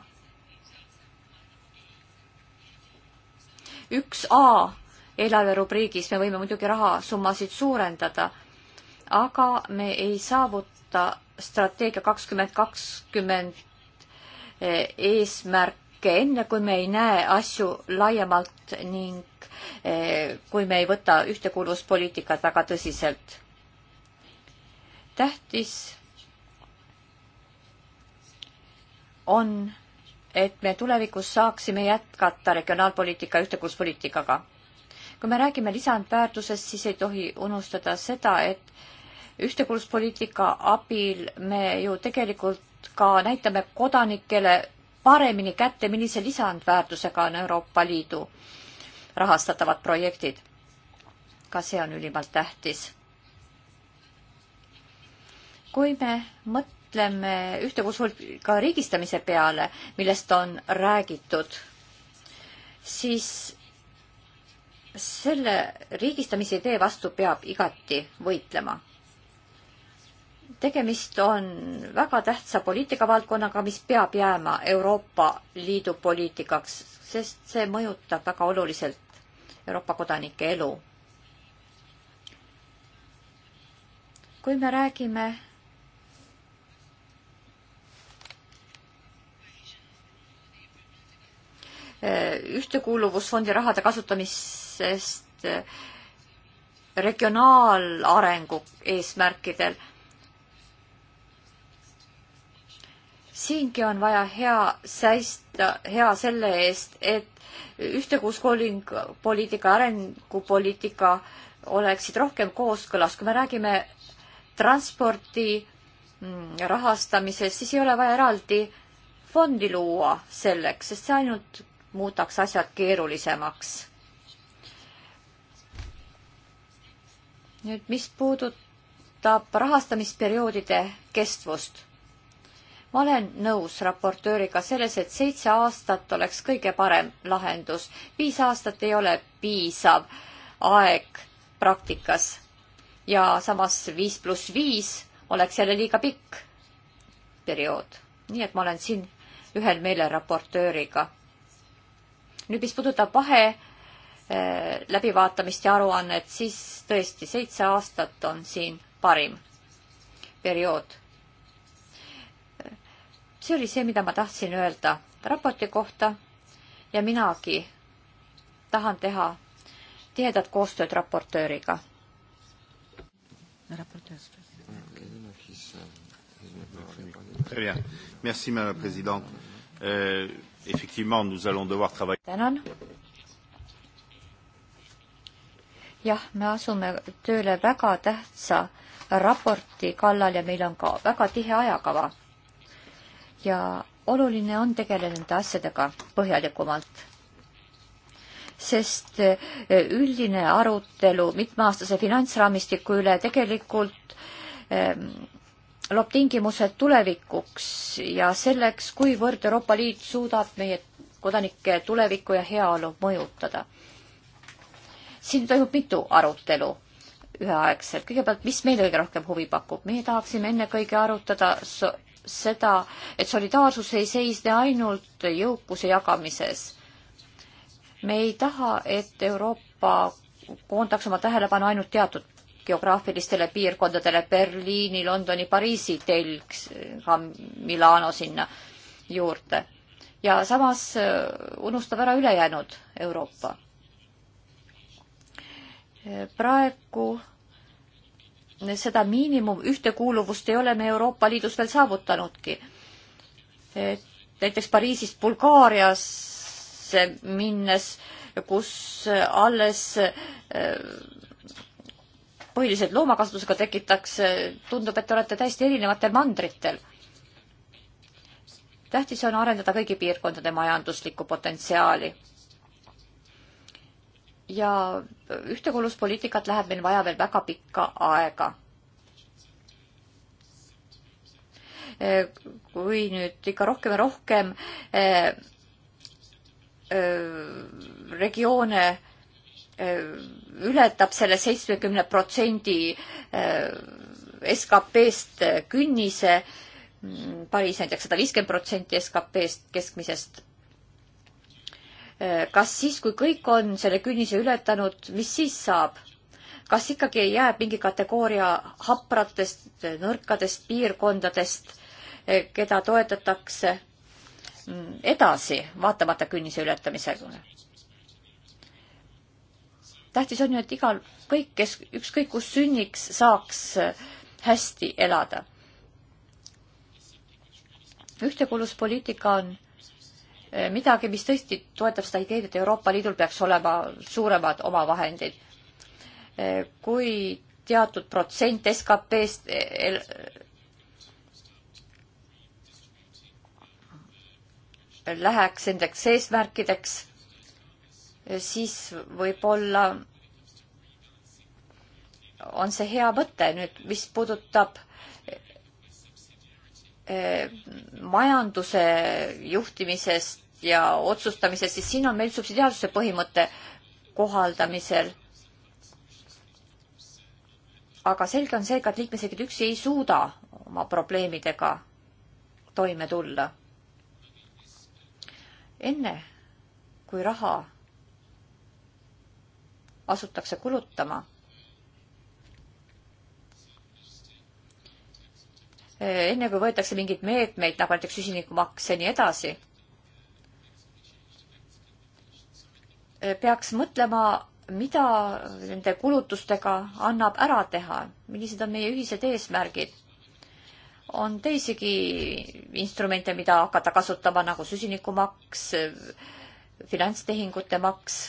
üks A eelarverubriigis me võime muidugi rahasummasid suurendada, aga me ei saavuta strateegia kakskümmend kakskümmend eh, eesmärke enne, kui me ei näe asju laiemalt ning eh, kui me ei võta ühtekuuluvuspoliitikat väga tõsiselt. tähtis on, et me tulevikus saaksime jätkata regionaalpoliitika ühtekuuluvuspoliitikaga kui me räägime lisandväärtusest, siis ei tohi unustada seda, et ühtekuuluvuspoliitika abil me ju tegelikult ka näitame kodanikele paremini kätte, millise lisandväärtusega on Euroopa Liidu rahastatavad projektid. ka see on ülimalt tähtis. kui me mõtleme ühtekuuluvuspoliitika riigistamise peale, millest on räägitud, siis selle riigistamise idee vastu peab igati võitlema. tegemist on väga tähtsa poliitikavaldkonnaga, mis peab jääma Euroopa Liidu poliitikaks, sest see mõjutab väga oluliselt Euroopa kodanike elu. kui me räägime Eh, ühtekuuluvusfondi rahade kasutamisest eh, regionaalarengu eesmärkidel. siingi on vaja hea seista, hea selle eest, et ühtekuuspoliitika ja arengupoliitika oleksid rohkem kooskõlas, kui me räägime transpordi mm, rahastamisest, siis ei ole vaja eraldi fondi luua selleks, sest see ainult muudaks asjad keerulisemaks. nüüd, mis puudutab rahastamisperioodide kestvust. ma olen nõus raportööriga selles, et seitse aastat oleks kõige parem lahendus. viis aastat ei ole piisav aeg praktikas ja samas viis pluss viis oleks jälle liiga pikk periood. nii et ma olen siin ühel meelel raportööriga nüüd, mis puudutab vahe äh, läbivaatamist ja aruannet, siis tõesti seitse aastat on siin parim periood. see oli see, mida ma tahtsin öelda raporti kohta ja minagi tahan teha tihedat koostööd raportööriga. Très bien. Merci, Madame la Présidente. Euh, effectivement, nous allons devoir travailler. tänan. jah, me asume tööle väga tähtsa raporti kallal ja meil on ka väga tihe ajakava. ja oluline on tegeleda nende asjadega põhjalikumalt. sest eh, üldine arutelu mitmeaastase finantsraamistiku üle tegelikult ähm, loob tingimused tulevikuks ja selleks, kuivõrd Euroopa Liit suudab meie kodanike tulevikku ja heaolu mõjutada. siin toimub mitu arutelu üheaegselt. kõigepealt, mis meile kõige rohkem huvi pakub? meie tahaksime ennekõike arutada so seda, et solidaarsus ei seisne ainult jõukuse jagamises. me ei taha, et Euroopa koondaks oma tähelepanu ainult teatud geograafilistele piirkondadele Berliini, Londoni, Pariisi telg, ka Milano sinna juurde. ja samas äh, unustab ära ülejäänud Euroopa. praegu seda miinimum ühtekuuluvust ei ole me Euroopa Liidus veel saavutanudki. et näiteks Pariisist Bulgaariasse minnes, kus alles äh, põhiliselt loomakasvatusega tekitakse, tundub, et te olete täiesti erinevatel mandritel. tähtis on arendada kõigi piirkondade majanduslikku potentsiaali. ja ühtekuuluvuspoliitikat läheb meil vaja veel väga pikka aega. kui nüüd ikka rohkem ja rohkem eh, eh, regioone Äh, ületab selle seitsmekümne protsendi äh, SKP-st äh, künnise, mm, Pariis näiteks sada viiskümmend protsenti SKP-st keskmisest. kas siis, kui kõik on selle künnise ületanud, mis siis saab? kas ikkagi jääb mingi kategooria hapratest, nõrkadest piirkondadest, keda toetatakse mm, edasi, vaatamata künnise ületamisega? tähtis on ju, et igal, kõik, kes ükskõik kus sünniks, saaks äh, hästi elada. ühtekuuluvuspoliitika on äh, midagi, mis tõesti toetab seda ideed, et Euroopa Liidul peaks olema suuremad omavahendid. Äh, kui teatud protsent SKP-st läheks nendeks eesmärkideks Äh, siis võib-olla on see hea mõte nüüd, mis puudutab äh, majanduse juhtimisest ja otsustamisest, siis siin on meil subsidiaarsuse põhimõte kohaldamisel. aga selge on see ka, et liikmesriigid üksi ei suuda oma probleemidega toime tulla. enne kui raha asutakse kulutama. enne kui võetakse mingeid meetmeid, nagu näiteks süsinikumaks ja nii edasi, peaks mõtlema, mida nende kulutustega annab ära teha, millised on meie ühised eesmärgid on teisigi instrumente, mida hakata kasutama nagu süsinikumaks, finantstehingute maks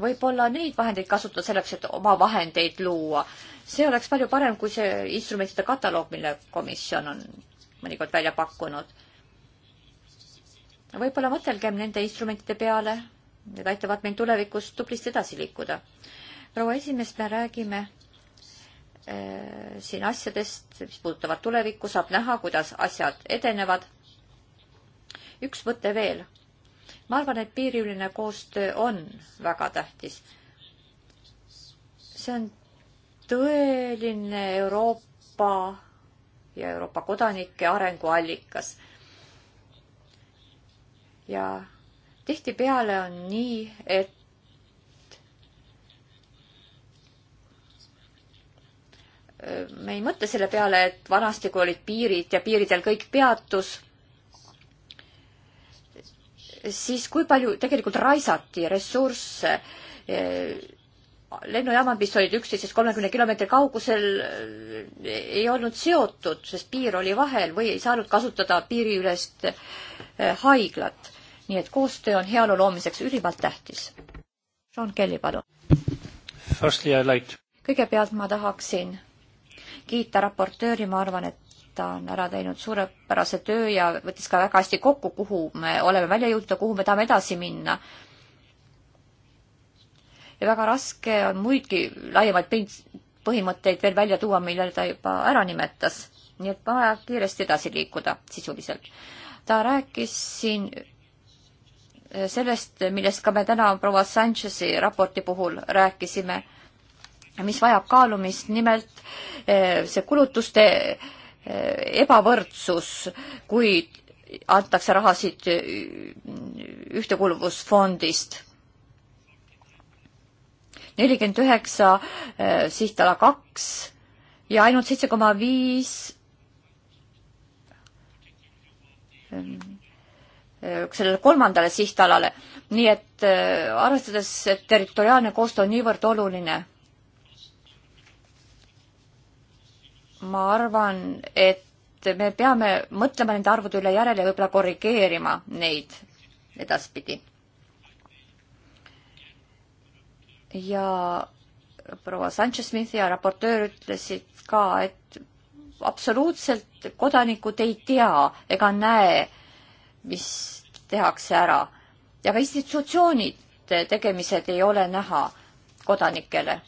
võib-olla neid vahendeid kasutada selleks, et oma vahendeid luua. see oleks palju parem kui see instrumentide kataloog, mille komisjon on mõnikord välja pakkunud. võib-olla mõtelgem nende instrumentide peale, need aitavad meil tulevikus tublisti edasi liikuda. proua esimees, me räägime äh, siin asjadest, mis puudutavad tulevikku, saab näha, kuidas asjad edenevad. üks mõte veel ma arvan, et piiriüline koostöö on väga tähtis. see on tõeline Euroopa ja Euroopa kodanike arenguallikas. ja tihtipeale on nii, et me ei mõtle selle peale, et vanasti, kui olid piirid ja piiridel kõik peatus siis kui palju tegelikult raisati ressursse lennujaamad, mis olid üksteisest kolmekümne kilomeetri kaugusel, ei olnud seotud, sest piir oli vahel või ei saanud kasutada piiriülest eh, haiglat. nii et koostöö on heaolu loomiseks ülimalt tähtis. Sean Kelly, palun. Firstly I like to kõigepealt ma tahaksin kiita raportööri, ma arvan, et ta on ära teinud suurepärase töö ja võttis ka väga hästi kokku, kuhu me oleme välja jõudnud ja kuhu me tahame edasi minna. ja väga raske on muidki laiemaid põhimõtteid veel välja tuua, mille ta juba ära nimetas. nii et vaja kiiresti edasi liikuda sisuliselt. ta rääkis siin sellest, millest ka me täna proua Sanchez'i raporti puhul rääkisime, mis vajab kaalumist, nimelt eh, see kulutuste ebavõrdsus, kui antakse rahasid ühtekuuluvusfondist. nelikümmend üheksa eh, sihtala kaks ja ainult seitse koma viis eh, sellele kolmandale sihtalale. nii et eh, arvestades, et territoriaalne koostöö on niivõrd oluline ma arvan, et me peame mõtlema nende arvude üle järele ja võib-olla korrigeerima neid edaspidi. ja proua Sanchez-Smith ja raportöör ütlesid ka, et absoluutselt kodanikud ei tea ega näe, mis tehakse ära ja ka institutsioonid tegemised ei ole näha kodanikele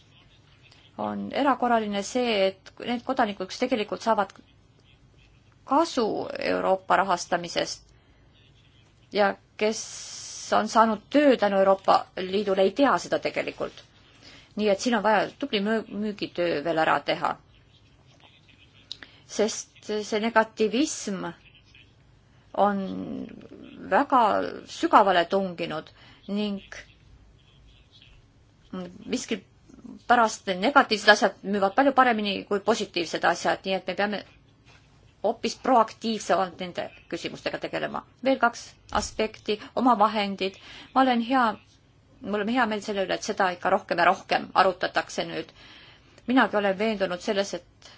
on erakorraline see, et need kodanikud, kes tegelikult saavad kasu Euroopa rahastamisest ja kes on saanud töö tänu Euroopa Liidule, ei tea seda tegelikult. nii et siin on vaja tubli müügitöö veel ära teha. sest see negatiivism on väga sügavale tunginud ning miski pärast negatiivsed asjad müüvad palju paremini kui positiivsed asjad, nii et me peame hoopis proaktiivsemalt nende küsimustega tegelema. veel kaks aspekti, omavahendid. ma olen hea, mul on hea meel selle üle, et seda ikka rohkem ja rohkem arutatakse nüüd. minagi olen veendunud selles, et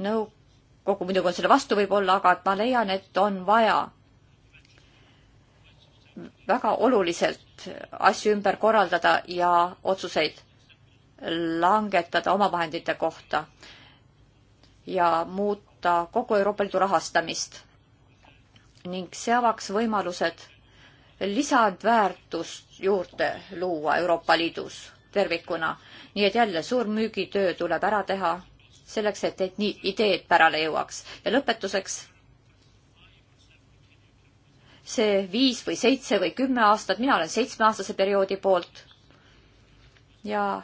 nõukogu muidugi on selle vastu võib-olla, aga et ma leian, et on vaja väga oluliselt asju ümber korraldada ja otsuseid langetada omavahendite kohta ja muuta kogu Euroopa Liidu rahastamist ning see avaks võimalused lisandväärtust juurde luua Euroopa Liidus tervikuna. nii et jälle suur müügitöö tuleb ära teha selleks, et need nii ideed pärale jõuaks. ja lõpetuseks see viis või seitse või kümme aastat, mina olen seitsmeaastase perioodi poolt ja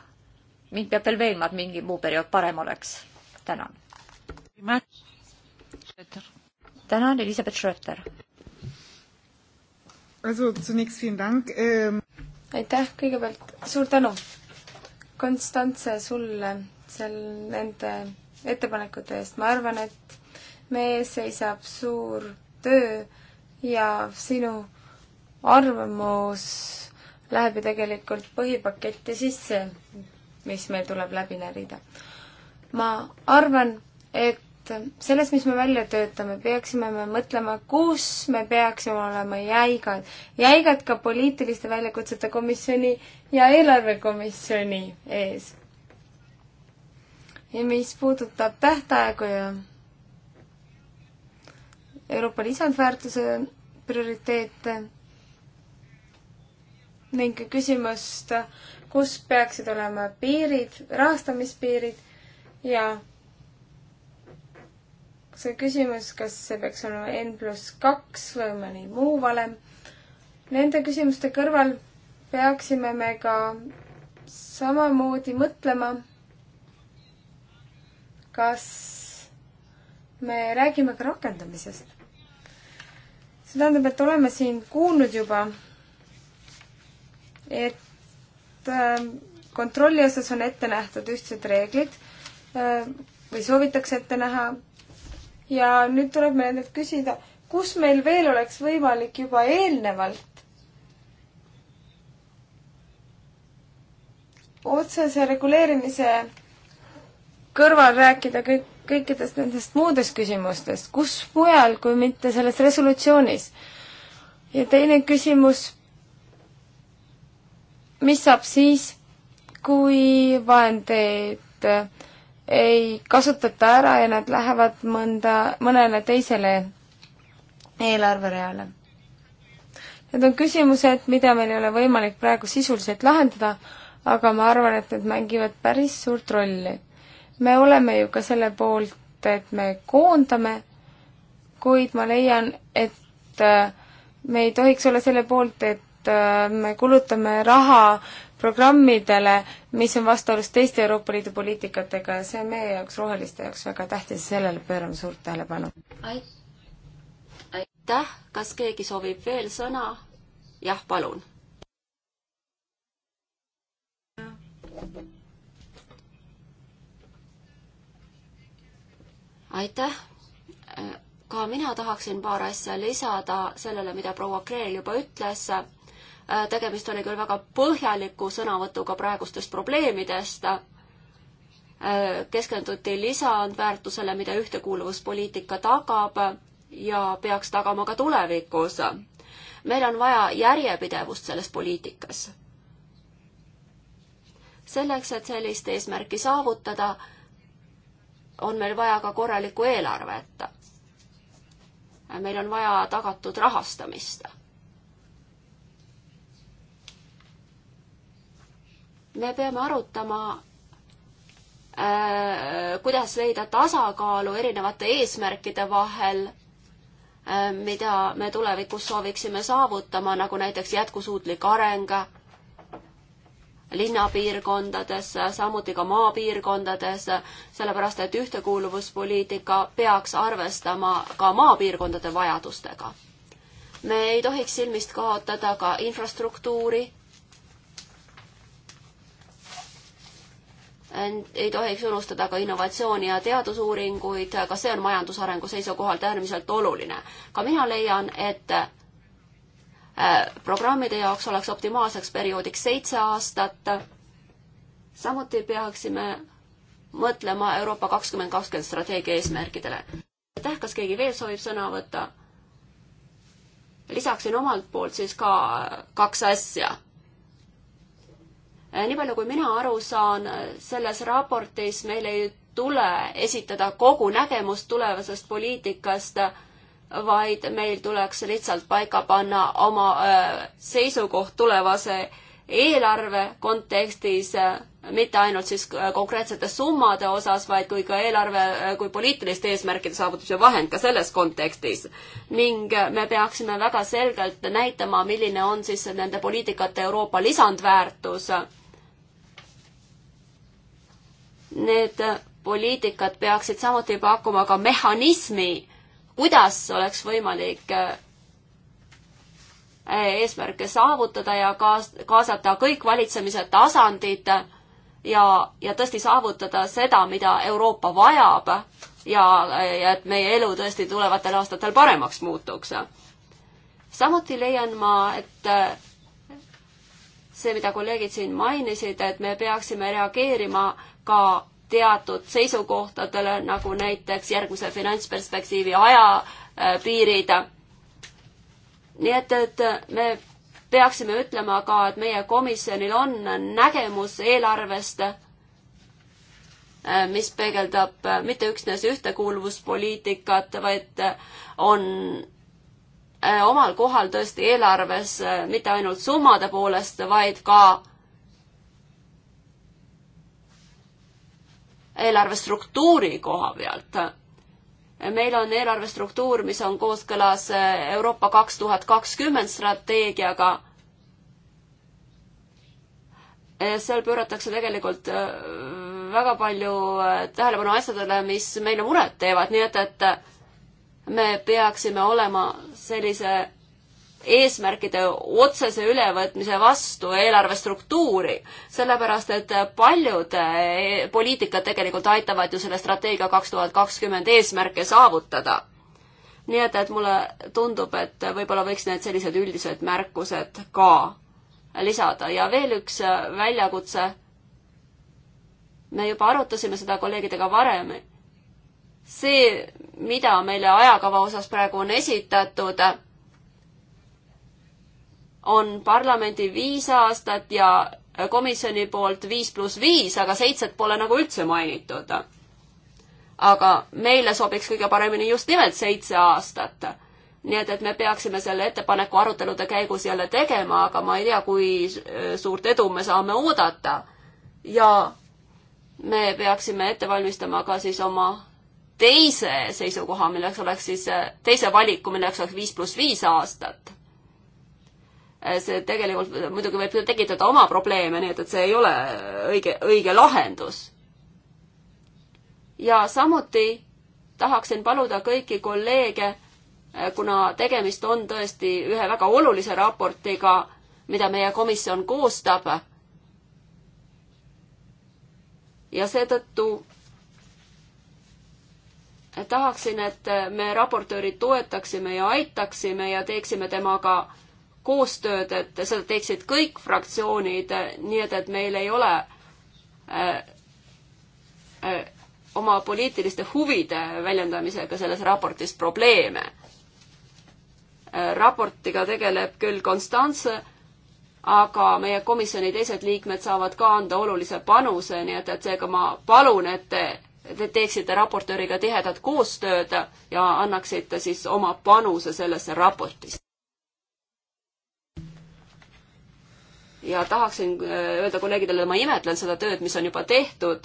mind peab veel veenma, et mingi muu periood parem oleks. tänan. tänan, Elizabeth Schröter. Ähm, aitäh, kõigepealt suur tänu, Konstantse, sulle seal nende ettepanekute eest. ma arvan, et meie ees seisab suur töö ja sinu arvamus läheb ju tegelikult põhipaketti sisse mis meil tuleb läbi närida. ma arvan, et selles, mis me välja töötame, peaksime me mõtlema, kus me peaksime olema jäigad. jäigad ka poliitiliste väljakutsete komisjoni ja eelarvekomisjoni ees. ja mis puudutab tähtaegu ja Euroopa lisandväärtuse prioriteete ning küsimust äh, kus peaksid olema piirid, rahastamispiirid ja see küsimus, kas see peaks olema N pluss kaks või mõni muu valem. Nende küsimuste kõrval peaksime me ka samamoodi mõtlema, kas me räägime ka rakendamisest. see tähendab, et oleme siin kuulnud juba, et Ähm, kontrolli osas on ette nähtud ühtsed reeglid ähm, või soovitakse ette näha. ja nüüd tuleb meil endalt küsida, kus meil veel oleks võimalik juba eelnevalt otsese reguleerimise kõrval rääkida kõik, kõikidest nendest muudest küsimustest, kus mujal kui mitte selles resolutsioonis. ja teine küsimus mis saab siis, kui vahendeid ei kasutata ära ja nad lähevad mõnda, mõnele teisele eelarvereale? Need on küsimused, mida meil ei ole võimalik praegu sisuliselt lahendada, aga ma arvan, et need mängivad päris suurt rolli. me oleme ju ka selle poolt, et me koondame, kuid ma leian, et äh, me ei tohiks olla selle poolt, et Äh, me kulutame raha programmidele, mis on vastuolus teiste Euroopa Liidu poliitikatega ja see on meie jaoks, roheliste jaoks väga tähtis ja sellele pöörame suurt tähelepanu. aitäh, kas keegi soovib veel sõna? jah, palun. aitäh ka mina tahaksin paar asja lisada sellele, mida proua Kreel juba ütles. Äh, tegemist oli küll väga põhjaliku sõnavõtuga praegustest probleemidest, äh, keskenduti lisandväärtusele, mida ühtekuuluvuspoliitika tagab ja peaks tagama ka tulevikus. meil on vaja järjepidevust selles poliitikas. selleks, et sellist eesmärki saavutada, on meil vaja ka korralikku eelarvet. meil on vaja tagatud rahastamist me peame arutama, äh, kuidas leida tasakaalu erinevate eesmärkide vahel, äh, mida me tulevikus sooviksime saavutama, nagu näiteks jätkusuutlik areng linnapiirkondades, samuti ka maapiirkondades, sellepärast et ühtekuuluvuspoliitika peaks arvestama ka maapiirkondade vajadustega. me ei tohiks silmist kaotada ka infrastruktuuri ei tohiks unustada ka innovatsiooni ja teadusuuringuid, ka see on majandusarengu seisukohalt äärmiselt oluline. ka mina leian, et äh, programmide jaoks oleks optimaalseks perioodiks seitse aastat. samuti peaksime mõtlema Euroopa kakskümmend kakskümmend strateegia eesmärkidele. aitäh, kas keegi veel soovib sõna võtta? lisaksin omalt poolt siis ka kaks asja Äh, nii palju, kui mina aru saan, äh, selles raportis meil ei tule esitada kogu nägemust tulevasest poliitikast, vaid meil tuleks lihtsalt paika panna oma äh, seisukoht tulevase eelarve kontekstis, mitte ainult siis konkreetsete summade osas, vaid kui ka eelarve kui poliitiliste eesmärkide saavutamise vahend ka selles kontekstis. ning me peaksime väga selgelt näitama, milline on siis nende poliitikate Euroopa lisandväärtus Need poliitikad peaksid samuti pakkuma ka mehhanismi, kuidas oleks võimalik äh, eesmärke saavutada ja kaas-, kaasata kõik valitsemise tasandid ja, ja tõesti saavutada seda, mida Euroopa vajab ja, ja et meie elu tõesti tulevatel aastatel paremaks muutuks. samuti leian ma, et äh, see, mida kolleegid siin mainisid, et me peaksime reageerima ka teatud seisukohtadele, nagu näiteks järgmise finantsperspektiivi ajapiirid. Äh, nii et, et me peaksime ütlema ka, et meie komisjonil on nägemus eelarvest, äh, mis peegeldab äh, mitte üksnes ühtekuuluvuspoliitikat, vaid on omal kohal tõesti eelarves mitte ainult summade poolest, vaid ka eelarve struktuuri koha pealt. meil on eelarve struktuur, mis on kooskõlas Euroopa kaks tuhat kakskümmend strateegiaga. seal pööratakse tegelikult äh, väga palju äh, tähelepanu asjadele, mis meile muret teevad, nii et, et me peaksime olema sellise eesmärkide otsese ülevõtmise vastu eelarve struktuuri, sellepärast et paljud eh, poliitikad tegelikult aitavad ju selle strateegia kaks tuhat kakskümmend eesmärke saavutada. nii et, et mulle tundub, et võib-olla võiks need sellised üldised märkused ka lisada ja veel üks eh, väljakutse. me juba arutasime seda kolleegidega varem. see, mida meile ajakava osas praegu on esitatud on parlamendi viis aastat ja komisjoni poolt viis pluss viis, aga seitset pole nagu üldse mainitud. aga meile sobiks kõige paremini just nimelt seitse aastat. nii et, et me peaksime selle ettepaneku arutelude käigus jälle tegema, aga ma ei tea, kui suurt edu me saame oodata. ja me peaksime ette valmistama ka siis oma teise seisukoha, milleks oleks siis, teise valiku, milleks oleks viis pluss viis aastat Äh, see tegelikult muidugi võib tekitada oma probleeme, nii et, et see ei ole õige, õige lahendus. ja samuti tahaksin paluda kõiki kolleege, äh, kuna tegemist on tõesti ühe väga olulise raportiga, mida meie komisjon koostab. ja seetõttu tahaksin, et me raportööri toetaksime ja aitaksime ja teeksime temaga koostööd, et seda teeksid kõik fraktsioonid, nii et, et meil ei ole äh, äh, oma poliitiliste huvide väljendamisega selles raportis probleeme äh,. raportiga tegeleb küll Konstantse, aga meie komisjoni teised liikmed saavad ka anda olulise panuse, nii et, et seega ma palun, et te, te teeksite raportööriga tihedat koostööd ja annaksite siis oma panuse sellesse raportisse. ja tahaksin äh, öelda kolleegidele, ma imetlen seda tööd, mis on juba tehtud.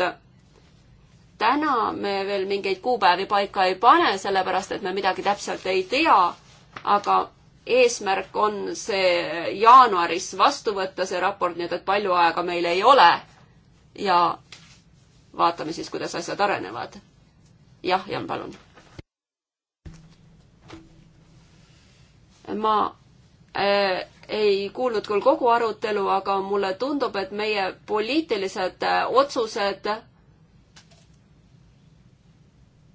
täna me veel mingeid kuupäevi paika ei pane, sellepärast et me midagi täpselt ei tea, aga eesmärk on see jaanuaris vastu võtta, see raport, nii et, et palju aega meil ei ole. ja vaatame siis, kuidas asjad arenevad. jah, Jan, palun. ma Äh, ei kuulnud küll kogu arutelu, aga mulle tundub, et meie poliitilised äh, otsused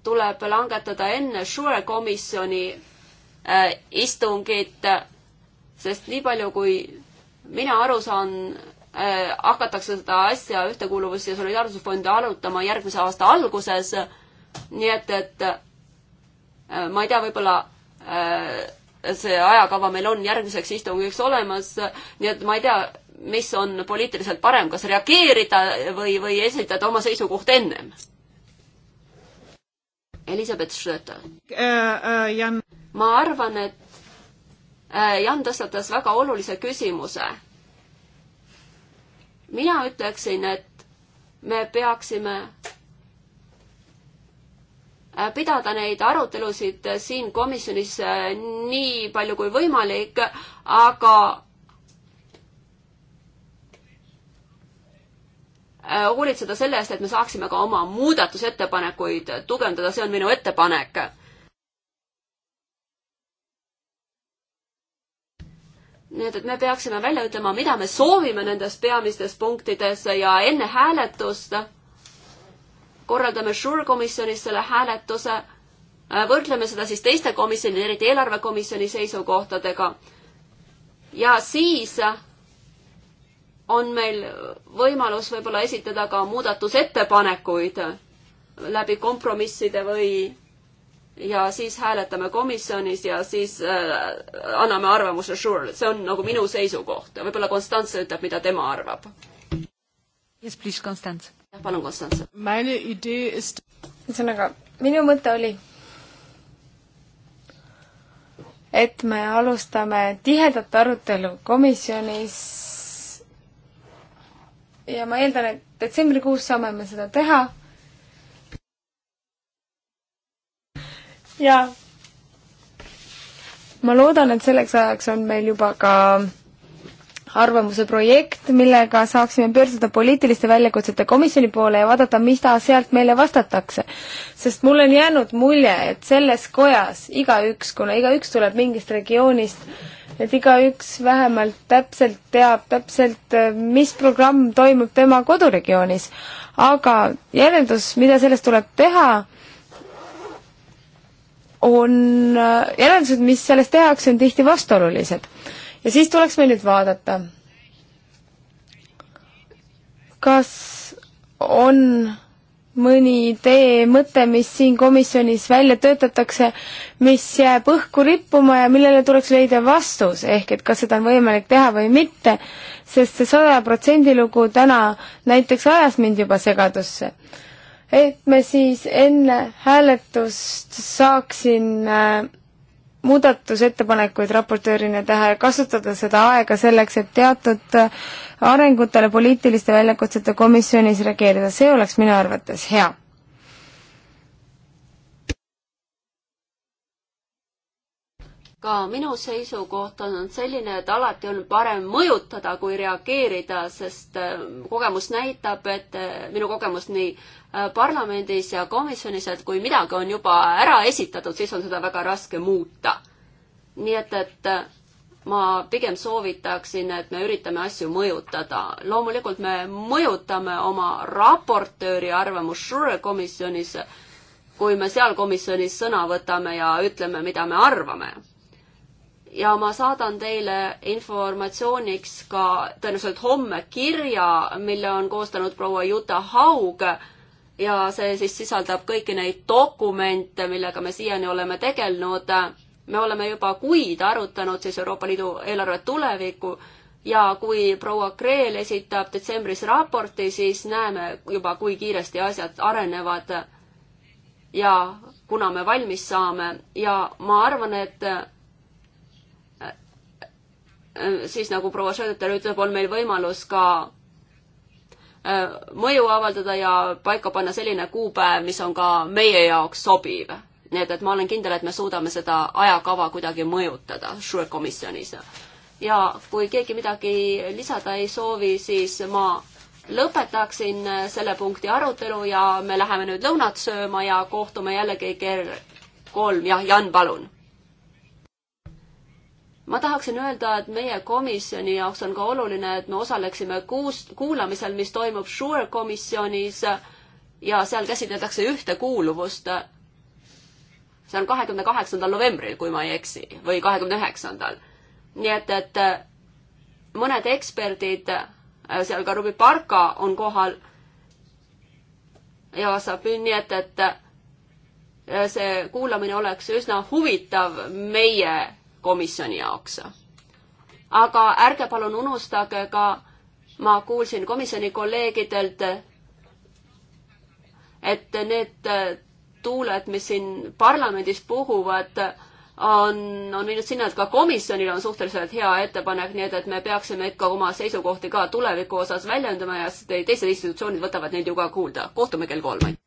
tuleb langetada enne Sure komisjoni äh, istungit, sest nii palju, kui mina aru saan, hakatakse seda asja Ühtekuuluvus- ja Solidaarsusfondi arutama järgmise aasta alguses. nii et, et ma ei tea, võib-olla see ajakava meil on järgmiseks istungiks olemas, nii et ma ei tea, mis on poliitiliselt parem, kas reageerida või, või esitada oma seisukoht ennem? Elizabeth Schröter äh,. Äh, Jan... ma arvan, et äh, Jan tõstatas väga olulise küsimuse. mina ütleksin, et me peaksime Äh, pidada neid arutelusid äh, siin komisjonis äh, nii palju kui võimalik, aga hoolitseda selle eest, et me saaksime ka oma muudatusettepanekuid tugevdada, see on minu ettepanek. nii et, et me peaksime välja ütlema, mida me soovime nendes peamistes punktides ja enne hääletust korraldame Sure-komisjonis selle hääletuse, äh, võrdleme seda siis teiste komisjoni, eriti eelarvekomisjoni seisukohtadega. ja siis on meil võimalus võib-olla esitada ka muudatusettepanekuid läbi kompromisside või ja siis hääletame komisjonis ja siis äh, anname arvamuse Sure, see on nagu minu seisukoht. võib-olla Konstantse ütleb, mida tema arvab. Yes, please, Konstantse palun, Konstantse. ühesõnaga, minu mõte oli, et me alustame tihedat arutelu komisjonis ja ma eeldan, et detsembrikuus saame me seda teha. ja ma loodan, et selleks ajaks on meil juba ka arvamuse projekt, millega saaksime pöörduda poliitiliste väljakutsete komisjoni poole ja vaadata, mida sealt meile vastatakse. sest mul on jäänud mulje, et selles kojas igaüks, kuna igaüks tuleb mingist regioonist, et igaüks vähemalt täpselt teab täpselt, mis programm toimub tema koduregioonis. aga järeldus, mida sellest tuleb teha, on, järeldused, mis sellest tehakse, on tihti vastuolulised ja siis tuleks meil nüüd vaadata, kas on mõni idee, mõte, mis siin komisjonis välja töötatakse, mis jääb õhku rippuma ja millele tuleks leida vastus, ehk et kas seda on võimalik teha või mitte, sest see saja protsendi lugu täna näiteks ajas mind juba segadusse. et me siis enne hääletust saaksin äh, muudatusettepanekuid raportöörina teha ja kasutada seda aega selleks, et teatud arengutele poliitiliste väljakutsete komisjonis reageerida, see oleks minu arvates hea ka minu seisukoht on selline, et alati on parem mõjutada kui reageerida, sest äh, kogemus näitab, et äh, minu kogemus nii äh, parlamendis ja komisjonis, et kui midagi on juba ära esitatud, siis on seda väga raske muuta. nii et, et ma pigem soovitaksin, et me üritame asju mõjutada. loomulikult me mõjutame oma raportööri arvamust Sure komisjonis, kui me seal komisjonis sõna võtame ja ütleme, mida me arvame ja ma saadan teile informatsiooniks ka tõenäoliselt homme kirja, mille on koostanud proua Juta Haug ja see siis sisaldab kõiki neid dokumente, millega me siiani oleme tegelenud. me oleme juba kuid arutanud siis Euroopa Liidu eelarve tulevikku ja kui proua Kreel esitab detsembris raporti, siis näeme juba, kui kiiresti asjad arenevad ja kuna me valmis saame ja ma arvan, et Äh, siis nagu proua Schröder ütleb, on meil võimalus ka äh, mõju avaldada ja paika panna selline kuupäev, mis on ka meie jaoks sobiv. nii et, et ma olen kindel, et me suudame seda ajakava kuidagi mõjutada Sure komisjonis. ja kui keegi midagi lisada ei soovi, siis ma lõpetaksin äh, selle punkti arutelu ja me läheme nüüd lõunat sööma ja kohtume jällegi kell kolm. jah, Jan, palun ma tahaksin öelda, et meie komisjoni jaoks on ka oluline, et me osaleksime kuus, kuulamisel, mis toimub Sure komisjonis ja seal käsitletakse ühtekuuluvust. see on kahekümne kaheksandal novembril, kui ma ei eksi, või kahekümne üheksandal. nii et, et äh, mõned eksperdid, äh, seal ka Rubi Parka on kohal ja saab nii, et, et äh, see kuulamine oleks üsna huvitav meie komisjoni jaoks. aga ärge palun unustage ka, ma kuulsin komisjoni kolleegidelt, et need tuuled, mis siin parlamendis puhuvad, on, on viinud sinna, et ka komisjonil on suhteliselt hea ettepanek, nii et, et me peaksime ikka oma seisukohti ka tuleviku osas väljendama ja teised institutsioonid võtavad neid ju ka kuulda. kohtume kell kolm.